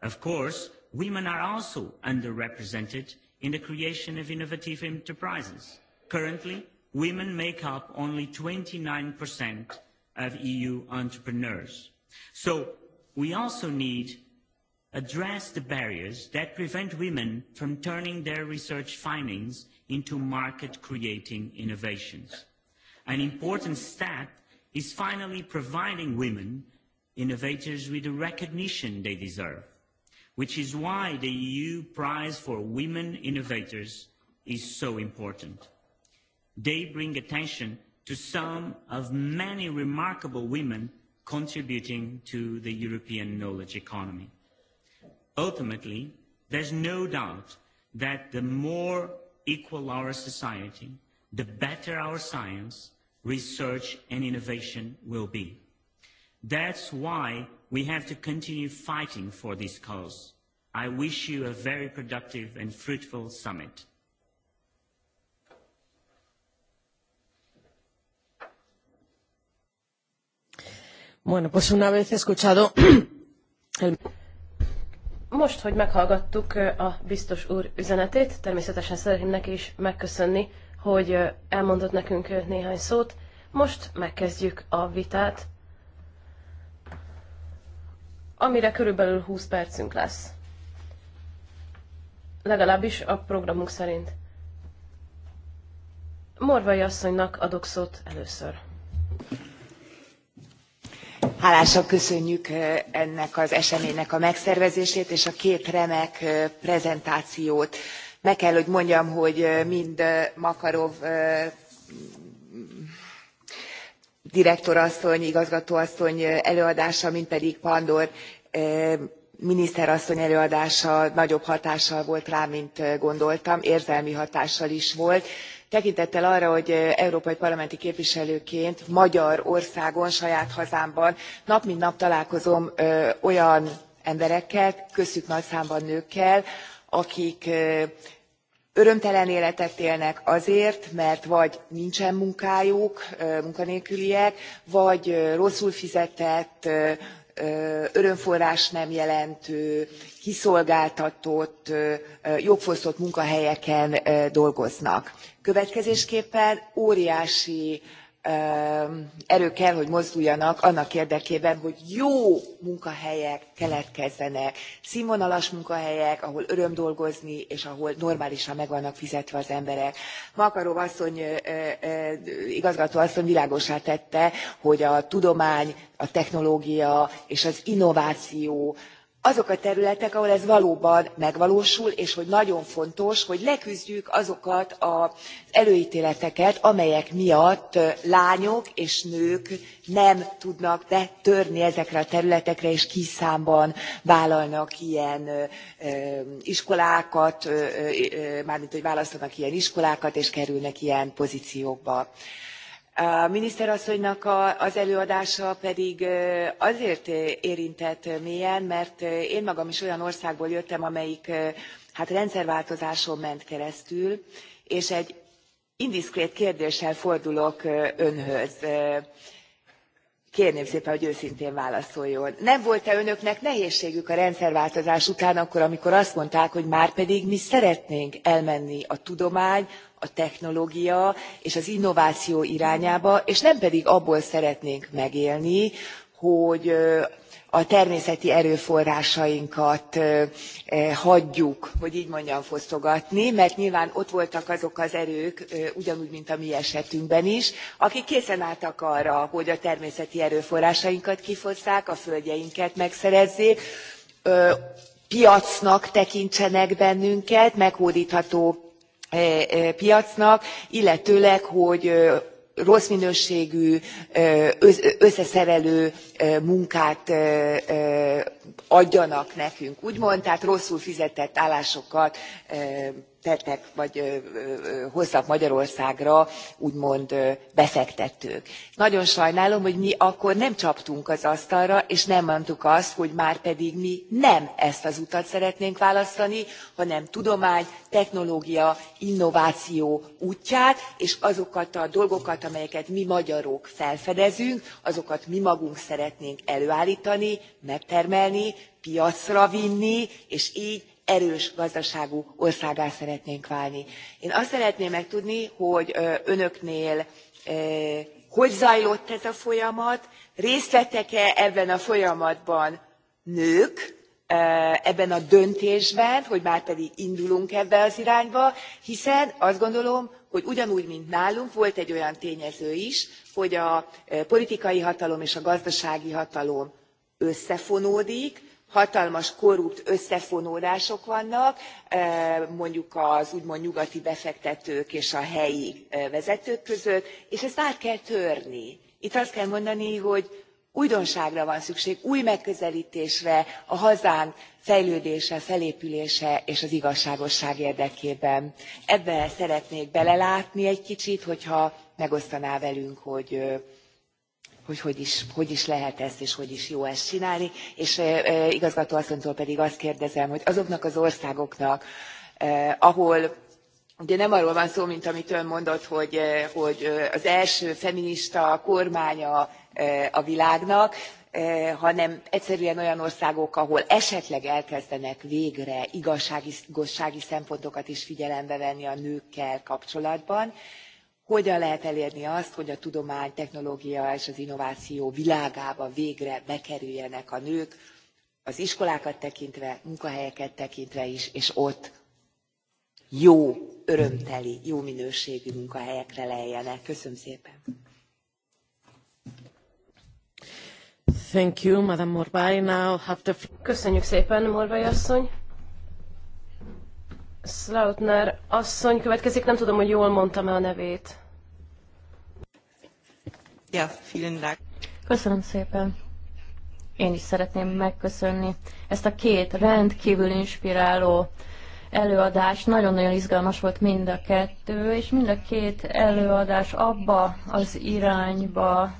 Of course, women are also underrepresented in the creation of innovative enterprises. Currently, women make up only 29% of EU entrepreneurs. So we also need address the barriers that prevent women from turning their research findings into market-creating innovations. An important step is finally providing women innovators with the recognition they deserve, which is why the EU Prize for Women Innovators is so important. They bring attention to some of many remarkable women contributing to the European knowledge economy. Ultimately, there's no doubt that the more equal our society, the better our science, research and innovation will be. That's why we have to continue fighting for this cause. I wish you a very productive and fruitful summit. Bueno, pues una vez escuchado el... Most, hogy meghallgattuk eh, a biztos úr üzenetét, természetesen szeretném neki is megköszönni hogy elmondott nekünk néhány szót. Most megkezdjük a vitát, amire körülbelül 20 percünk lesz. Legalábbis a programunk szerint. Morvai asszonynak adok szót először. Hálásan köszönjük ennek az eseménynek a megszervezését és a két remek prezentációt meg kell hogy mondjam hogy mind makarov direktor asszony igazgató asszony előadása mind pedig pandor miniszter asszony előadása nagyobb hatással volt rám mint gondoltam érzelmi hatással is volt tekintettel arra hogy európai parlamenti képviselőként magyarországon saját hazámban nap mint nap találkozom olyan emberekkel köztük nagy számban nőkkel akik örömtelen életet élnek azért mert vagy nincsen munkájuk munkanélküliek vagy rosszul fizetett örömforrást nem jelentő kiszolgáltatott jogfosztott munkahelyeken dolgoznak következésképpen óriási erők kell hogy mozduljanak annak érdekében hogy jó munkahelyek keletkezzenek sznvonalas munkahelyek ahol öröm dolgozni és ahol normálisan meg vannak fizetve az emberek. makarov asszony igazgató asszony világossá tette hogy a tudomány a technológia és az innováció azok a területek ahol ez valóban megvalósul és hogy nagyon fontos hogy leküzdjük azokat az előtéleteket amelyek miatt lányok és nők nem tudnak betörni ezekre a területekre és kis számban vállalnak ilyen iskolákat mármint hogy választanak ilyen iskolákat és kerülnek ilyen pozciókba miniszter asszonynak az előadása pedig azért érintett mélyen mert én magam is olyan országból jöttem amelyik hát rendszerváltozáson ment keresztül és egy indiszkrét kérdéssel fordulok önhöz kérném szépen hogy őszintén válaszoljon nem volt e önöknek nehézségük a rendszerváltozás után akkor amikor azt mondták hogy márpedig mi szeretnénk elmenni a tudomány a technológia és az innováció irányába és nem pedig abból szeretnénk megélni hogy hogy a természeti erőforrásainkat hagyjuk hogy gy mondjam fosztogatni mert nyilván ott voltak azok az erők ugyanúgy mint a mi esetünkben is akik készen álltak arra hogy a természeti erőforrásainkat kifosszák a földjeinket megszerezzék piacnak tekintsenek bennünket meghódtható piacnak illetőleg hogy rossz minőségű összeszerelő munkát adjanak nekünk úgymond tehát rosszul fizetett állásokat tettek, vagy hoztak Magyarországra úgymond befektetők. Nagyon sajnálom, hogy mi akkor nem csaptunk az asztalra, és nem mondtuk azt, hogy már pedig mi nem ezt az utat szeretnénk választani, hanem tudomány, technológia, innováció útját, és azokat a dolgokat, amelyeket mi magyarok felfedezünk, azokat mi magunk szeretnénk előállítani, megtermelni, piacra vinni, és így erős gazdaságú országá szeretnénk válni. én azt szeretném megtudni hogy önöknél hogy zajlott ez a folyamat részt vettek e ebben a folyamatban nők ebben a döntésben hogy márpedig indulunk ebbe az irányba hiszen azt gondolom hogy ugyanúgy mint nálunk volt egy olyan tényező is hogy a politikai hatalom és a gazdasági hatalom összefonódik hatalmas korrupt összefonódások vannak e, mondjuk az úgymond nyugati befektetők és a helyi e, vezetők között és ezt át kell törni. itt azt kell mondani hogy újdonságra van szükség új megközeltésre a hazánk fejlődése felépülése és az igazságosság érdekében. ebbe szeretnék belelátni egy kicsit hogyha megosztaná velünk hogy hogy hogy is, hogy is lehet ezt, és hogy is jó ezt csinálni. És igazgatóasszonytól pedig azt kérdezem, hogy azoknak az országoknak, ahol ugye nem arról van szó mint amit ön mondott hogy, hogy az első feminista kormánya a világnak hanem egyszerűen olyan országok ahol esetleg elkezdenek végre igazsági, szempontokat is figyelembe venni a nőkkel kapcsolatban hogyan lehet elérni azt, hogy a tudomány, technológia és az innováció világába végre bekerüljenek a nők, az iskolákat tekintve, munkahelyeket tekintve is, és ott jó, örömteli, jó minőségű munkahelyekre leljenek. Köszönöm szépen. Thank you, Madame Morvay. Now have the... Köszönjük szépen, Morvay asszony. Slautner asszony következik, nem tudom, hogy jól mondtam-e a nevét. Ja, vielen Dank. Köszönöm szépen. Én is szeretném megköszönni ezt a két rendkívül inspiráló előadás. Nagyon-nagyon izgalmas volt mind a kettő, és mind a két előadás abba az irányba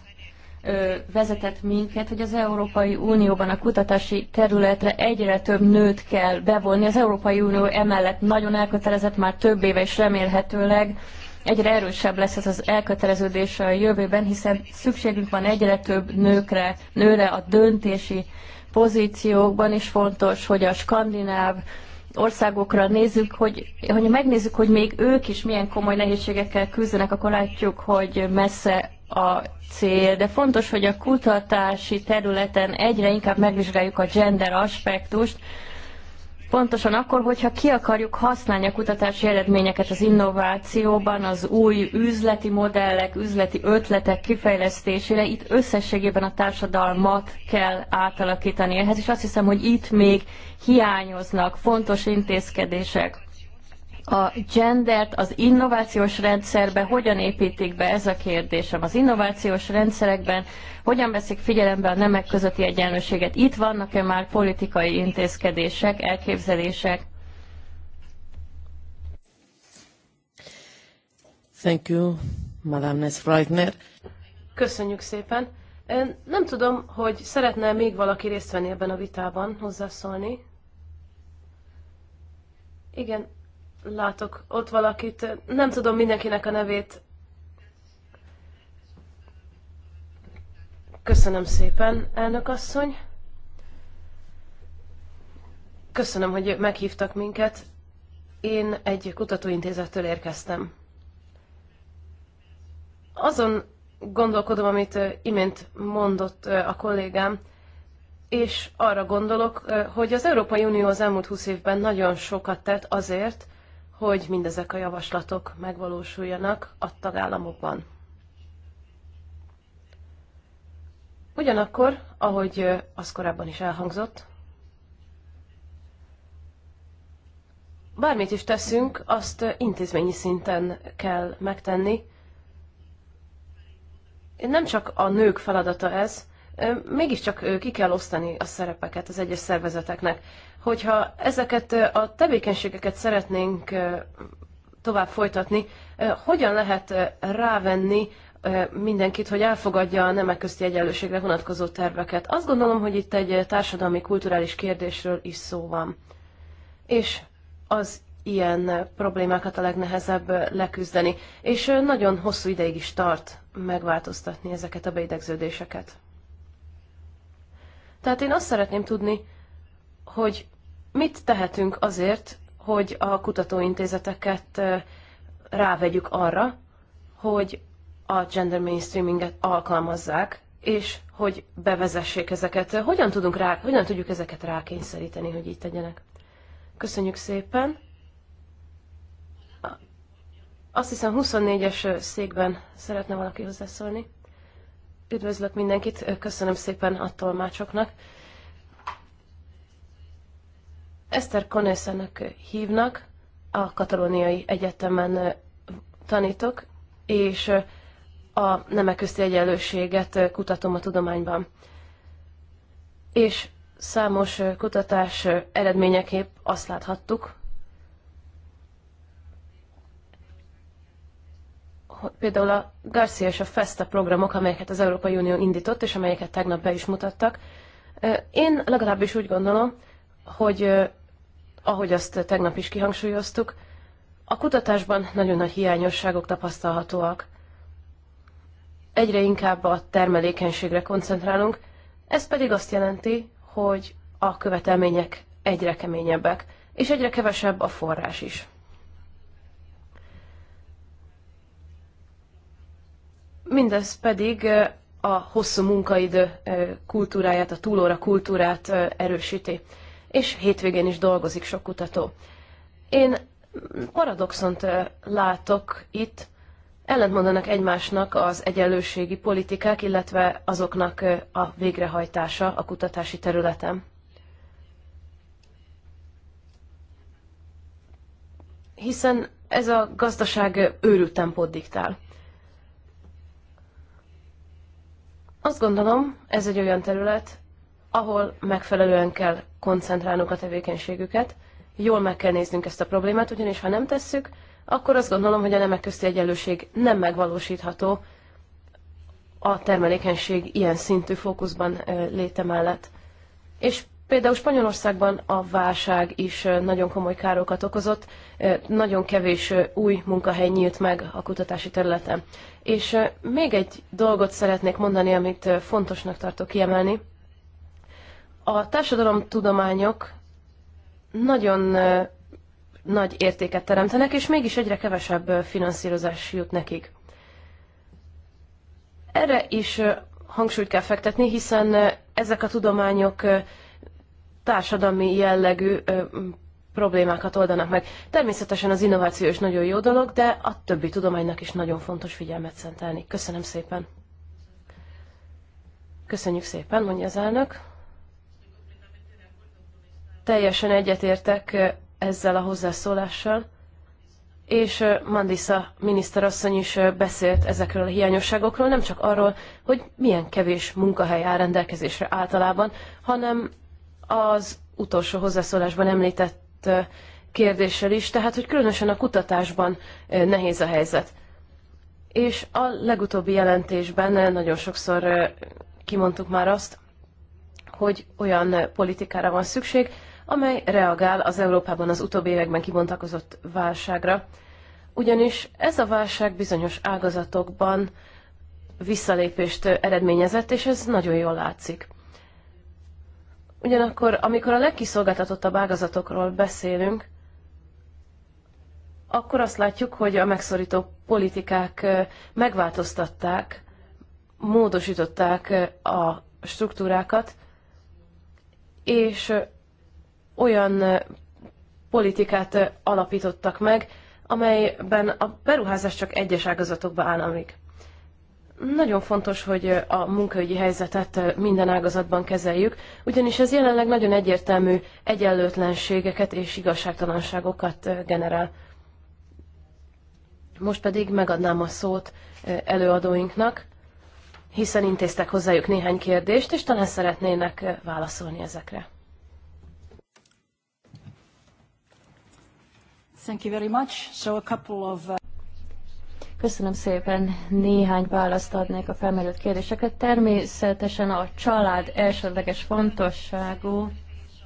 vezetett minket, hogy az Európai Unióban a kutatási területre egyre több nőt kell bevonni. Az Európai Unió emellett nagyon elkötelezett már több éve, és remélhetőleg egyre erősebb lesz ez az elköteleződés a jövőben, hiszen szükségünk van egyre több nőkre, nőre a döntési pozíciókban, is fontos, hogy a skandináv országokra nézzük, hogy, hogy megnézzük, hogy még ők is milyen komoly nehézségekkel küzdenek, akkor látjuk, hogy messze a cél, de fontos, hogy a kutatási területen egyre inkább megvizsgáljuk a gender aspektust, Pontosan akkor, hogyha ki akarjuk használni a kutatási eredményeket az innovációban, az új üzleti modellek, üzleti ötletek kifejlesztésére, itt összességében a társadalmat kell átalakítani ehhez, és azt hiszem, hogy itt még hiányoznak fontos intézkedések a gendert az innovációs rendszerbe hogyan építik be, ez a kérdésem. Az innovációs rendszerekben hogyan veszik figyelembe a nemek közötti egyenlőséget? Itt vannak-e már politikai intézkedések, elképzelések? Thank you, Madame Nesfreitner. Köszönjük szépen. Nem tudom, hogy szeretne még valaki részt venni ebben a vitában, hozzászólni. Igen, látok ott valakit, nem tudom mindenkinek a nevét. Köszönöm szépen, elnök asszony. Köszönöm, hogy meghívtak minket. Én egy kutatóintézettől érkeztem. Azon gondolkodom, amit imént mondott a kollégám, és arra gondolok, hogy az Európai Unió az elmúlt 20 évben nagyon sokat tett azért, hogy mindezek a javaslatok megvalósuljanak a tagállamokban. Ugyanakkor, ahogy az korábban is elhangzott, bármit is teszünk, azt intézményi szinten kell megtenni. Nem csak a nők feladata ez, mégiscsak ki kell osztani a szerepeket az egyes szervezeteknek. Hogyha ezeket a tevékenységeket szeretnénk tovább folytatni, hogyan lehet rávenni mindenkit, hogy elfogadja a nemek közti egyenlőségre vonatkozó terveket. Azt gondolom, hogy itt egy társadalmi kulturális kérdésről is szó van. És az ilyen problémákat a legnehezebb leküzdeni, és nagyon hosszú ideig is tart megváltoztatni ezeket a beidegződéseket. Tehát én azt szeretném tudni, hogy mit tehetünk azért, hogy a kutatóintézeteket rávegyük arra, hogy a gender mainstreaminget alkalmazzák, és hogy bevezessék ezeket. Hogyan, tudunk rá, hogyan tudjuk ezeket rákényszeríteni, hogy így tegyenek? Köszönjük szépen! Azt hiszem 24-es székben szeretne valaki hozzászólni. Üdvözlök mindenkit, köszönöm szépen a tolmácsoknak. Eszter Konőszenek hívnak, a Katalóniai Egyetemen tanítok, és a nemek közti egyenlőséget kutatom a tudományban. És számos kutatás eredményeképp azt láthattuk, például a Garcia és a Festa programok, amelyeket az Európai Unió indított, és amelyeket tegnap be is mutattak. Én legalábbis úgy gondolom, hogy ahogy azt tegnap is kihangsúlyoztuk, a kutatásban nagyon nagy hiányosságok tapasztalhatóak. Egyre inkább a termelékenységre koncentrálunk, ez pedig azt jelenti, hogy a követelmények egyre keményebbek, és egyre kevesebb a forrás is. Mindez pedig a hosszú munkaidő kultúráját, a túlóra kultúrát erősíti. És hétvégén is dolgozik sok kutató. Én paradoxont látok itt, ellentmondanak egymásnak az egyenlőségi politikák, illetve azoknak a végrehajtása a kutatási területen. Hiszen ez a gazdaság őrült tempót diktál. Azt gondolom, ez egy olyan terület, ahol megfelelően kell koncentrálnunk a tevékenységüket, jól meg kell néznünk ezt a problémát, ugyanis ha nem tesszük, akkor azt gondolom, hogy a nemek közti egyenlőség nem megvalósítható a termelékenység ilyen szintű fókuszban léte mellett. És Például Spanyolországban a válság is nagyon komoly károkat okozott, nagyon kevés új munkahely nyílt meg a kutatási területen. És még egy dolgot szeretnék mondani, amit fontosnak tartok kiemelni. A társadalomtudományok nagyon nagy értéket teremtenek, és mégis egyre kevesebb finanszírozás jut nekik. Erre is hangsúlyt kell fektetni, hiszen ezek a tudományok társadalmi jellegű problémákat oldanak meg. Természetesen az innováció is nagyon jó dolog, de a többi tudománynak is nagyon fontos figyelmet szentelni. Köszönöm szépen. Köszönjük szépen, mondja az elnök. Teljesen egyetértek ezzel a hozzászólással, és Mandisa miniszterasszony is beszélt ezekről a hiányosságokról, nem csak arról, hogy milyen kevés munkahely áll rendelkezésre általában, hanem az utolsó hozzászólásban említett kérdéssel is, tehát hogy különösen a kutatásban nehéz a helyzet. És a legutóbbi jelentésben nagyon sokszor kimondtuk már azt, hogy olyan politikára van szükség, amely reagál az Európában az utóbbi években kibontakozott válságra. Ugyanis ez a válság bizonyos ágazatokban visszalépést eredményezett, és ez nagyon jól látszik. Ugyanakkor, amikor a legkiszolgáltatottabb ágazatokról beszélünk, akkor azt látjuk, hogy a megszorító politikák megváltoztatták, módosították a struktúrákat, és olyan politikát alapítottak meg, amelyben a beruházás csak egyes ágazatokba államlik. Nagyon fontos, hogy a munkaügyi helyzetet minden ágazatban kezeljük, ugyanis ez jelenleg nagyon egyértelmű egyenlőtlenségeket és igazságtalanságokat generál. Most pedig megadnám a szót előadóinknak, hiszen intéztek hozzájuk néhány kérdést, és talán szeretnének válaszolni ezekre. Thank you very much. So a couple of, uh... Köszönöm szépen, néhány választ adnék a felmerült kérdéseket. Természetesen a család elsődleges fontosságú.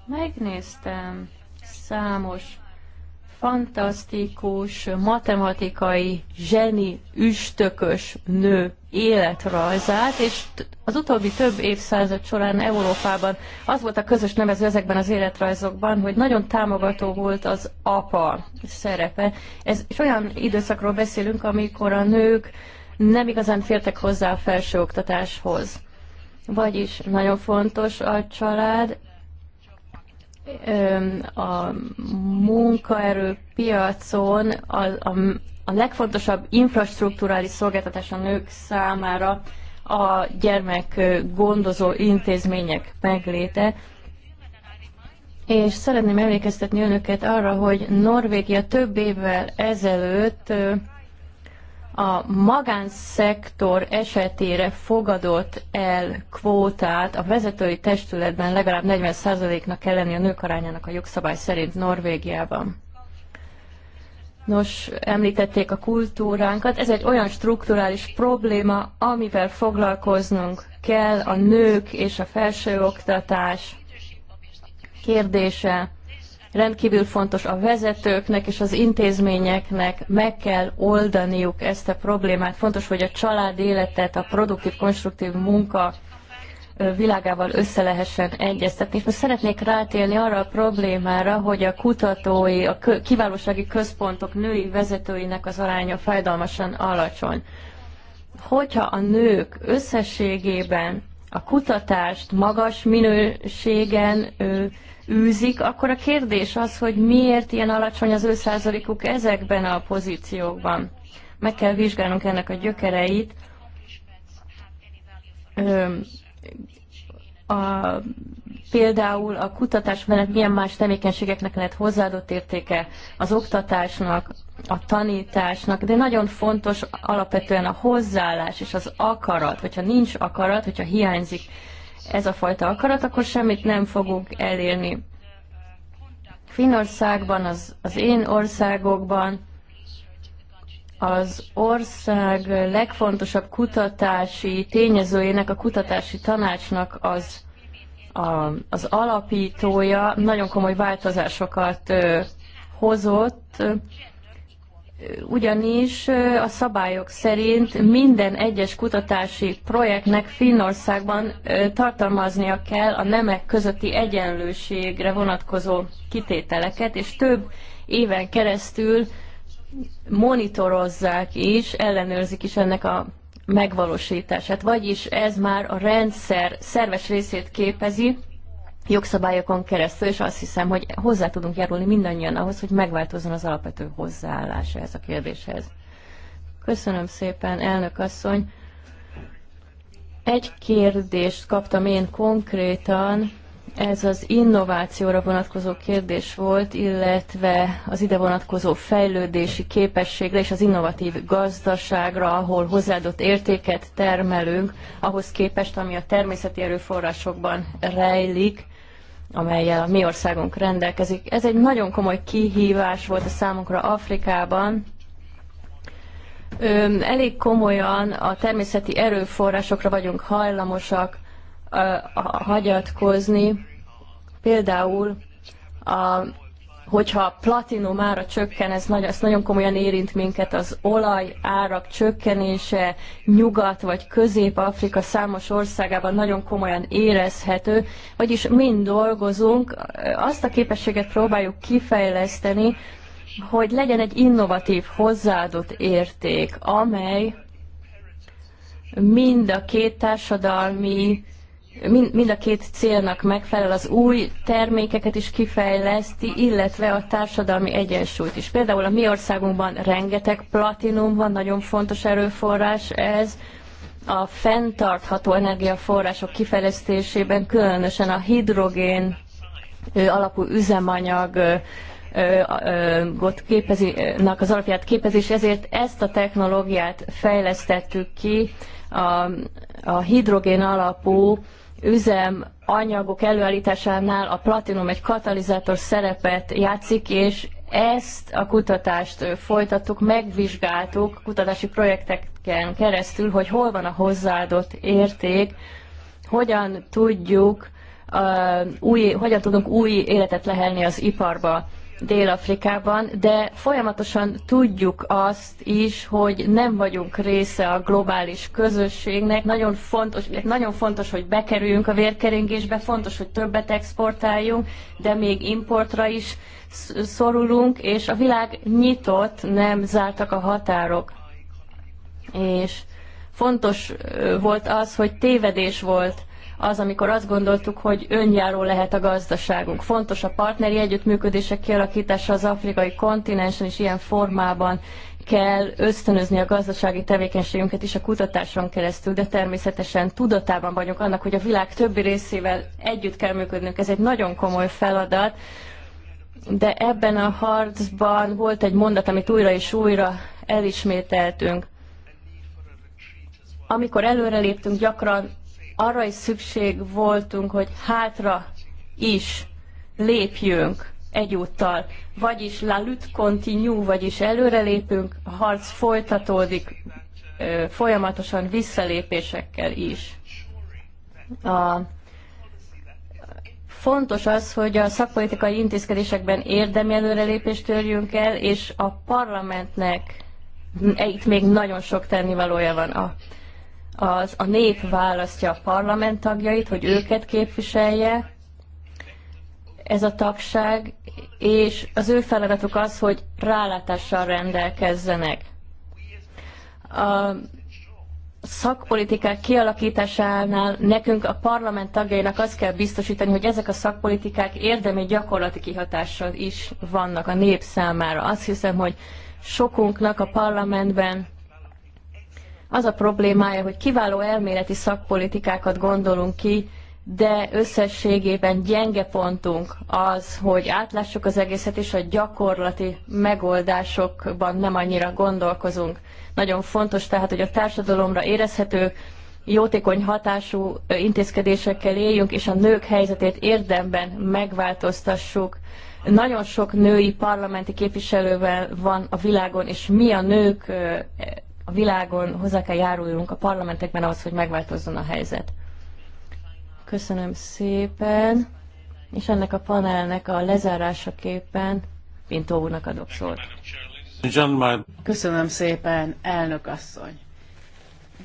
Megnéztem számos fantasztikus, matematikai, zseni, üstökös nő életrajzát, és az utóbbi több évszázad során Európában az volt a közös nevező ezekben az életrajzokban, hogy nagyon támogató volt az apa szerepe. Ez, és olyan időszakról beszélünk, amikor a nők nem igazán fértek hozzá a felsőoktatáshoz. Vagyis nagyon fontos a család, a munkaerőpiacon a, a, a legfontosabb infrastruktúrális szolgáltatás a nők számára a gyermek gondozó intézmények megléte. És szeretném emlékeztetni önöket arra, hogy Norvégia több évvel ezelőtt a magánszektor esetére fogadott el kvótát a vezetői testületben legalább 40%-nak kell lenni a nők arányának a jogszabály szerint Norvégiában. Nos, említették a kultúránkat. Ez egy olyan strukturális probléma, amivel foglalkoznunk kell a nők és a felsőoktatás kérdése rendkívül fontos a vezetőknek és az intézményeknek meg kell oldaniuk ezt a problémát. Fontos, hogy a család életet, a produktív, konstruktív munka világával össze lehessen egyeztetni. És most szeretnék rátérni arra a problémára, hogy a kutatói, a kiválósági központok női vezetőinek az aránya fájdalmasan alacsony. Hogyha a nők összességében a kutatást magas minőségen űzik, akkor a kérdés az, hogy miért ilyen alacsony az ő százalékuk ezekben a pozíciókban. Meg kell vizsgálnunk ennek a gyökereit. A, például a kutatás mellett milyen más tevékenységeknek lehet hozzáadott értéke az oktatásnak, a tanításnak, de nagyon fontos alapvetően a hozzáállás és az akarat, hogyha nincs akarat, hogyha hiányzik ez a fajta akarat, akkor semmit nem fogunk elérni. Finnországban, az, az én országokban az ország legfontosabb kutatási tényezőjének, a kutatási tanácsnak az, a, az alapítója nagyon komoly változásokat ö, hozott, ugyanis a szabályok szerint minden egyes kutatási projektnek Finnországban tartalmaznia kell a nemek közötti egyenlőségre vonatkozó kitételeket, és több éven keresztül monitorozzák is, ellenőrzik is ennek a megvalósítását. Vagyis ez már a rendszer szerves részét képezi, jogszabályokon keresztül, és azt hiszem, hogy hozzá tudunk járulni mindannyian ahhoz, hogy megváltozzon az alapvető hozzáállása ez a kérdéshez. Köszönöm szépen, elnök asszony. Egy kérdést kaptam én konkrétan, ez az innovációra vonatkozó kérdés volt, illetve az ide vonatkozó fejlődési képességre és az innovatív gazdaságra, ahol hozzáadott értéket termelünk, ahhoz képest, ami a természeti erőforrásokban rejlik amelyel a mi országunk rendelkezik. Ez egy nagyon komoly kihívás volt a számunkra Afrikában. elég komolyan a természeti erőforrásokra vagyunk hajlamosak hagyatkozni. Például a hogyha a platinum ára csökken, ez nagyon, ez nagyon komolyan érint minket, az olaj árak csökkenése Nyugat vagy Közép-Afrika számos országában nagyon komolyan érezhető, vagyis mind dolgozunk, azt a képességet próbáljuk kifejleszteni, hogy legyen egy innovatív hozzáadott érték, amely mind a két társadalmi mind a két célnak megfelel, az új termékeket is kifejleszti, illetve a társadalmi egyensúlyt is. Például a mi országunkban rengeteg platinum van, nagyon fontos erőforrás ez, a fenntartható energiaforrások kifejlesztésében, különösen a hidrogén alapú üzemanyag képezi, képezinak az alapját képezés, ezért ezt a technológiát fejlesztettük ki a, a hidrogén alapú üzem anyagok előállításánál a platinum egy katalizátor szerepet játszik, és ezt a kutatást folytattuk, megvizsgáltuk kutatási projekteken keresztül, hogy hol van a hozzáadott érték, hogyan tudjuk uh, új, hogyan tudunk új életet lehelni az iparba. Dél-Afrikában, de folyamatosan tudjuk azt is, hogy nem vagyunk része a globális közösségnek. Nagyon fontos, nagyon fontos hogy bekerüljünk a vérkeringésbe, fontos, hogy többet exportáljunk, de még importra is szorulunk, és a világ nyitott, nem zártak a határok. És fontos volt az, hogy tévedés volt az, amikor azt gondoltuk, hogy önjáró lehet a gazdaságunk. Fontos a partneri együttműködések kialakítása az afrikai kontinensen is ilyen formában kell ösztönözni a gazdasági tevékenységünket is a kutatáson keresztül, de természetesen tudatában vagyunk annak, hogy a világ többi részével együtt kell működnünk. Ez egy nagyon komoly feladat, de ebben a harcban volt egy mondat, amit újra és újra elismételtünk. Amikor előreléptünk, gyakran arra is szükség voltunk, hogy hátra is lépjünk egyúttal. Vagyis la lutte continue, vagyis előrelépünk, a harc folytatódik folyamatosan visszalépésekkel is. A fontos az, hogy a szakpolitikai intézkedésekben érdemi előrelépést törjünk el, és a parlamentnek itt még nagyon sok tennivalója van. A az a nép választja a parlament tagjait, hogy őket képviselje, ez a tagság, és az ő feladatuk az, hogy rálátással rendelkezzenek. A szakpolitikák kialakításánál nekünk a parlament tagjainak azt kell biztosítani, hogy ezek a szakpolitikák érdemi gyakorlati kihatással is vannak a nép számára. Azt hiszem, hogy sokunknak a parlamentben az a problémája, hogy kiváló elméleti szakpolitikákat gondolunk ki, de összességében gyenge pontunk az, hogy átlássuk az egészet, és a gyakorlati megoldásokban nem annyira gondolkozunk. Nagyon fontos tehát, hogy a társadalomra érezhető, jótékony hatású intézkedésekkel éljünk, és a nők helyzetét érdemben megváltoztassuk. Nagyon sok női parlamenti képviselővel van a világon, és mi a nők a világon hozzá kell járuljunk a parlamentekben ahhoz, hogy megváltozzon a helyzet. Köszönöm szépen, és ennek a panelnek a lezárásaképpen Pintó úrnak adok szót. Köszönöm szépen, elnök asszony.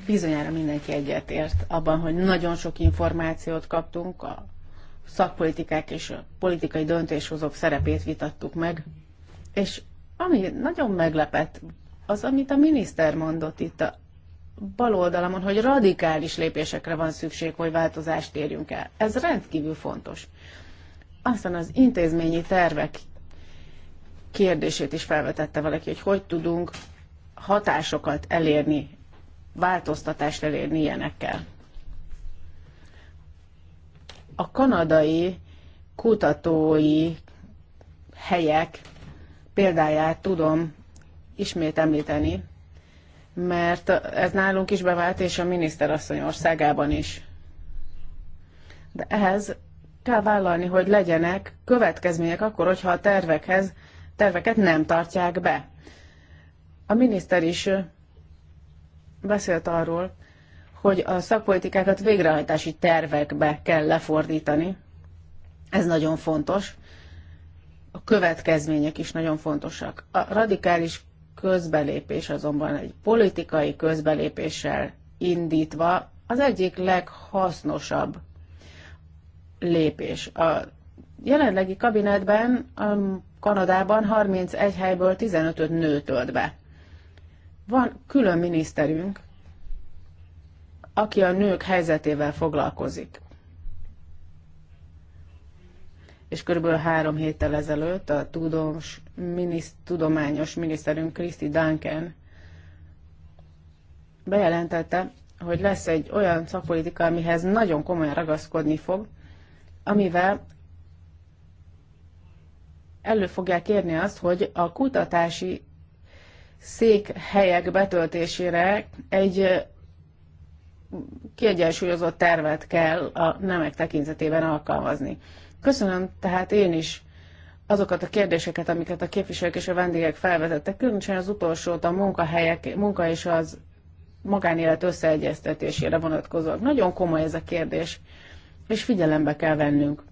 Bizonyára mindenki egyetért abban, hogy nagyon sok információt kaptunk, a szakpolitikák és a politikai döntéshozók szerepét vitattuk meg, és ami nagyon meglepett az, amit a miniszter mondott itt a bal oldalamon, hogy radikális lépésekre van szükség, hogy változást érjünk el. Ez rendkívül fontos. Aztán az intézményi tervek kérdését is felvetette valaki, hogy hogy tudunk hatásokat elérni, változtatást elérni ilyenekkel. A kanadai kutatói helyek példáját tudom ismét említeni, mert ez nálunk is bevált, és a miniszterasszony országában is. De ehhez kell vállalni, hogy legyenek következmények akkor, hogyha a tervekhez, terveket nem tartják be. A miniszter is beszélt arról, hogy a szakpolitikákat végrehajtási tervekbe kell lefordítani. Ez nagyon fontos. A következmények is nagyon fontosak. A radikális közbelépés azonban egy politikai közbelépéssel indítva az egyik leghasznosabb lépés. A jelenlegi kabinetben a Kanadában 31 helyből 15-öt nő tölt be. Van külön miniszterünk, aki a nők helyzetével foglalkozik. És körülbelül három héttel ezelőtt a tudós miniszt, tudományos miniszterünk Kriszti Duncan bejelentette, hogy lesz egy olyan szakpolitika, amihez nagyon komolyan ragaszkodni fog, amivel elő fogják kérni azt, hogy a kutatási székhelyek betöltésére egy kiegyensúlyozott tervet kell a nemek tekintetében alkalmazni. Köszönöm tehát én is azokat a kérdéseket, amiket a képviselők és a vendégek felvetettek, különösen az utolsót a munkahelyek, munka és az magánélet összeegyeztetésére vonatkozóak. Nagyon komoly ez a kérdés, és figyelembe kell vennünk.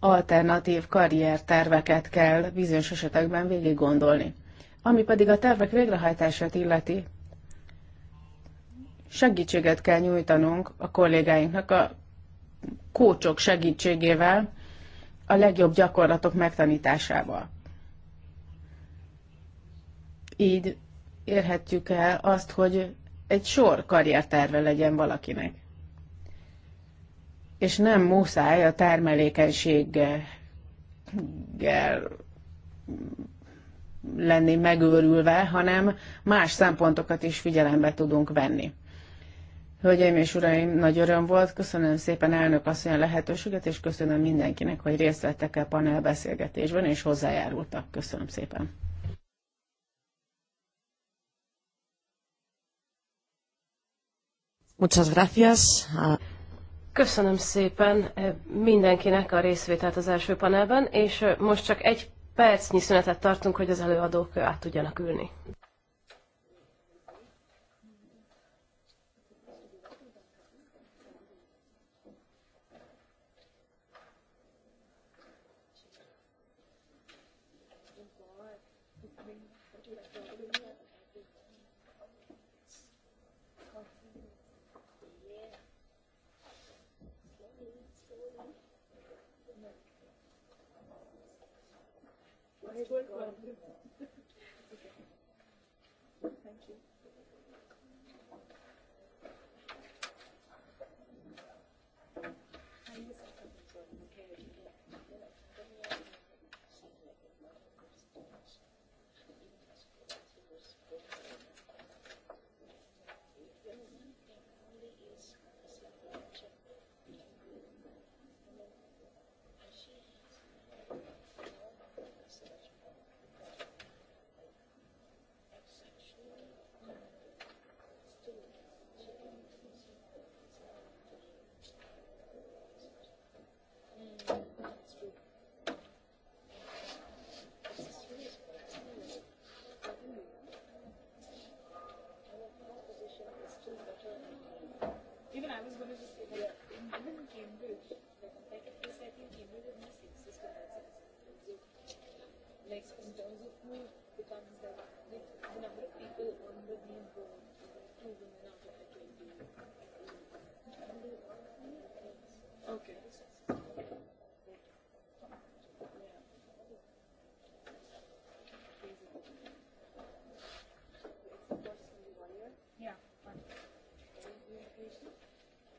Alternatív karrierterveket kell bizonyos esetekben végig gondolni. Ami pedig a tervek végrehajtását illeti, segítséget kell nyújtanunk a kollégáinknak a kócsok segítségével, a legjobb gyakorlatok megtanításával. Így érhetjük el azt, hogy egy sor karrierterve legyen valakinek. És nem muszáj a termelékenységgel lenni megőrülve, hanem más szempontokat is figyelembe tudunk venni. Hölgyeim és uraim, nagy öröm volt. Köszönöm szépen elnök asszony a lehetőséget, és köszönöm mindenkinek, hogy részt vettek a panelbeszélgetésben, és hozzájárultak. Köszönöm szépen. Muchas gracias. Köszönöm szépen mindenkinek a részvételt az első panelben, és most csak egy percnyi szünetet tartunk, hogy az előadók át tudjanak ülni.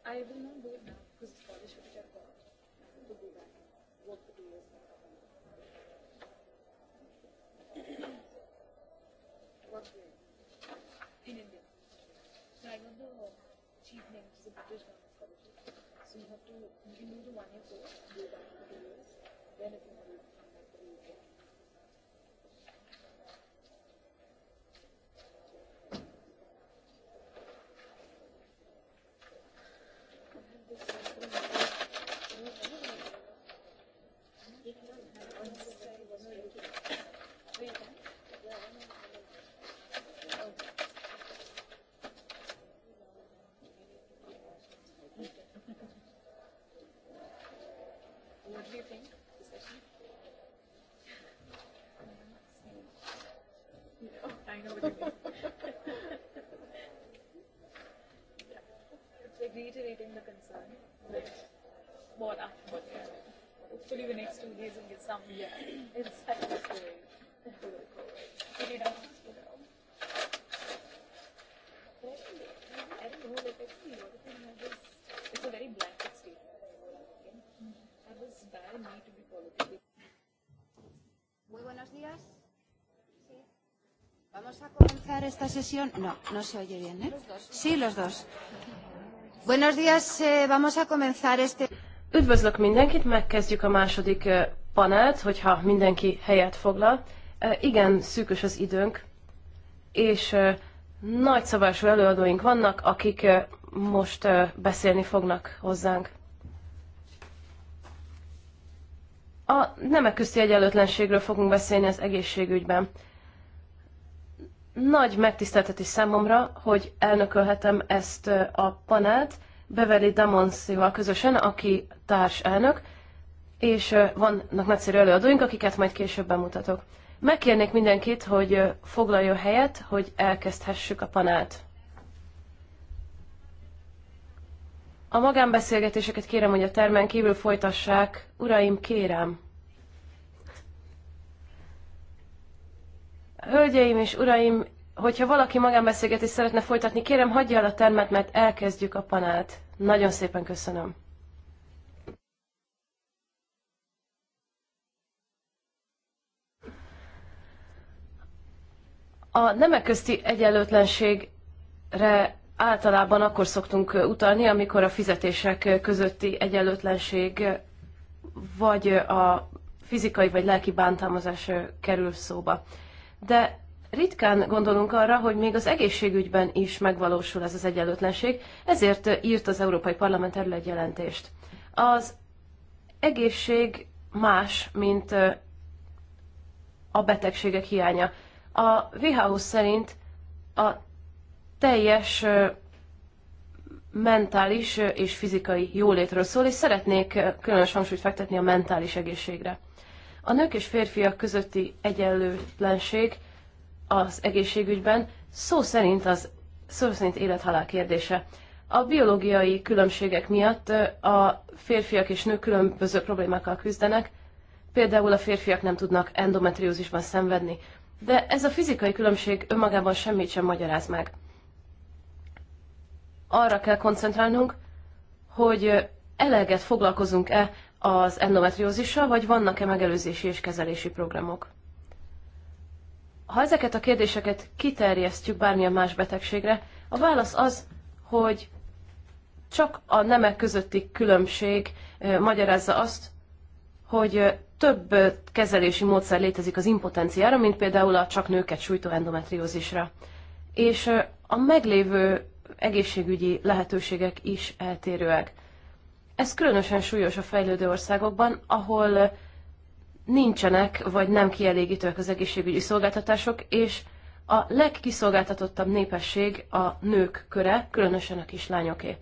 I will not do it now because the scholarship (coughs) which I've got to go back and work for two years. Work here in India. So I got the Chief name, which is a British government scholarship. So you have to, you can do the one year course, go back for two years, then if you want some yeah. inspectors do political rates. You know, Muy buenos días. Sí. Vamos a comenzar esta sesión. No, no se oye bien, ¿eh? Sí, los dos. Buenos días, eh, vamos a comenzar este... Üdvözlök mindenkit, megkezdjük a második eh, panelt, hogyha mindenki helyet foglal. Igen, szűkös az időnk, és nagyszabású előadóink vannak, akik most beszélni fognak hozzánk. A nemek közti egyenlőtlenségről fogunk beszélni az egészségügyben. Nagy megtiszteltetés számomra, hogy elnökölhetem ezt a panelt Beverly Damonszival közösen, aki társelnök, és vannak nagyszerű előadóink, akiket majd később bemutatok. Megkérnék mindenkit, hogy foglaljon helyet, hogy elkezdhessük a panát. A magánbeszélgetéseket kérem, hogy a termen kívül folytassák. Uraim, kérem! Hölgyeim és uraim, hogyha valaki magánbeszélgetést szeretne folytatni, kérem hagyja el a termet, mert elkezdjük a panát. Nagyon szépen köszönöm. A nemek közti egyenlőtlenségre általában akkor szoktunk utalni, amikor a fizetések közötti egyenlőtlenség vagy a fizikai vagy lelki bántalmazás kerül szóba. De ritkán gondolunk arra, hogy még az egészségügyben is megvalósul ez az egyenlőtlenség, ezért írt az Európai Parlament erről egy jelentést. Az egészség más, mint a betegségek hiánya. A WHO szerint a teljes mentális és fizikai jólétről szól, és szeretnék különös hangsúlyt fektetni a mentális egészségre. A nők és férfiak közötti egyenlőtlenség az egészségügyben szó szerint az szó szerint élethalál kérdése. A biológiai különbségek miatt a férfiak és nők különböző problémákkal küzdenek, például a férfiak nem tudnak endometriózisban szenvedni, de ez a fizikai különbség önmagában semmit sem magyaráz meg. Arra kell koncentrálnunk, hogy eleget foglalkozunk-e az endometriózissal, vagy vannak-e megelőzési és kezelési programok. Ha ezeket a kérdéseket kiterjesztjük bármilyen más betegségre, a válasz az, hogy csak a nemek közötti különbség magyarázza azt, hogy több kezelési módszer létezik az impotenciára, mint például a csak nőket sújtó endometriózisra. És a meglévő egészségügyi lehetőségek is eltérőek. Ez különösen súlyos a fejlődő országokban, ahol nincsenek vagy nem kielégítőek az egészségügyi szolgáltatások, és a legkiszolgáltatottabb népesség a nők köre, különösen a kislányoké.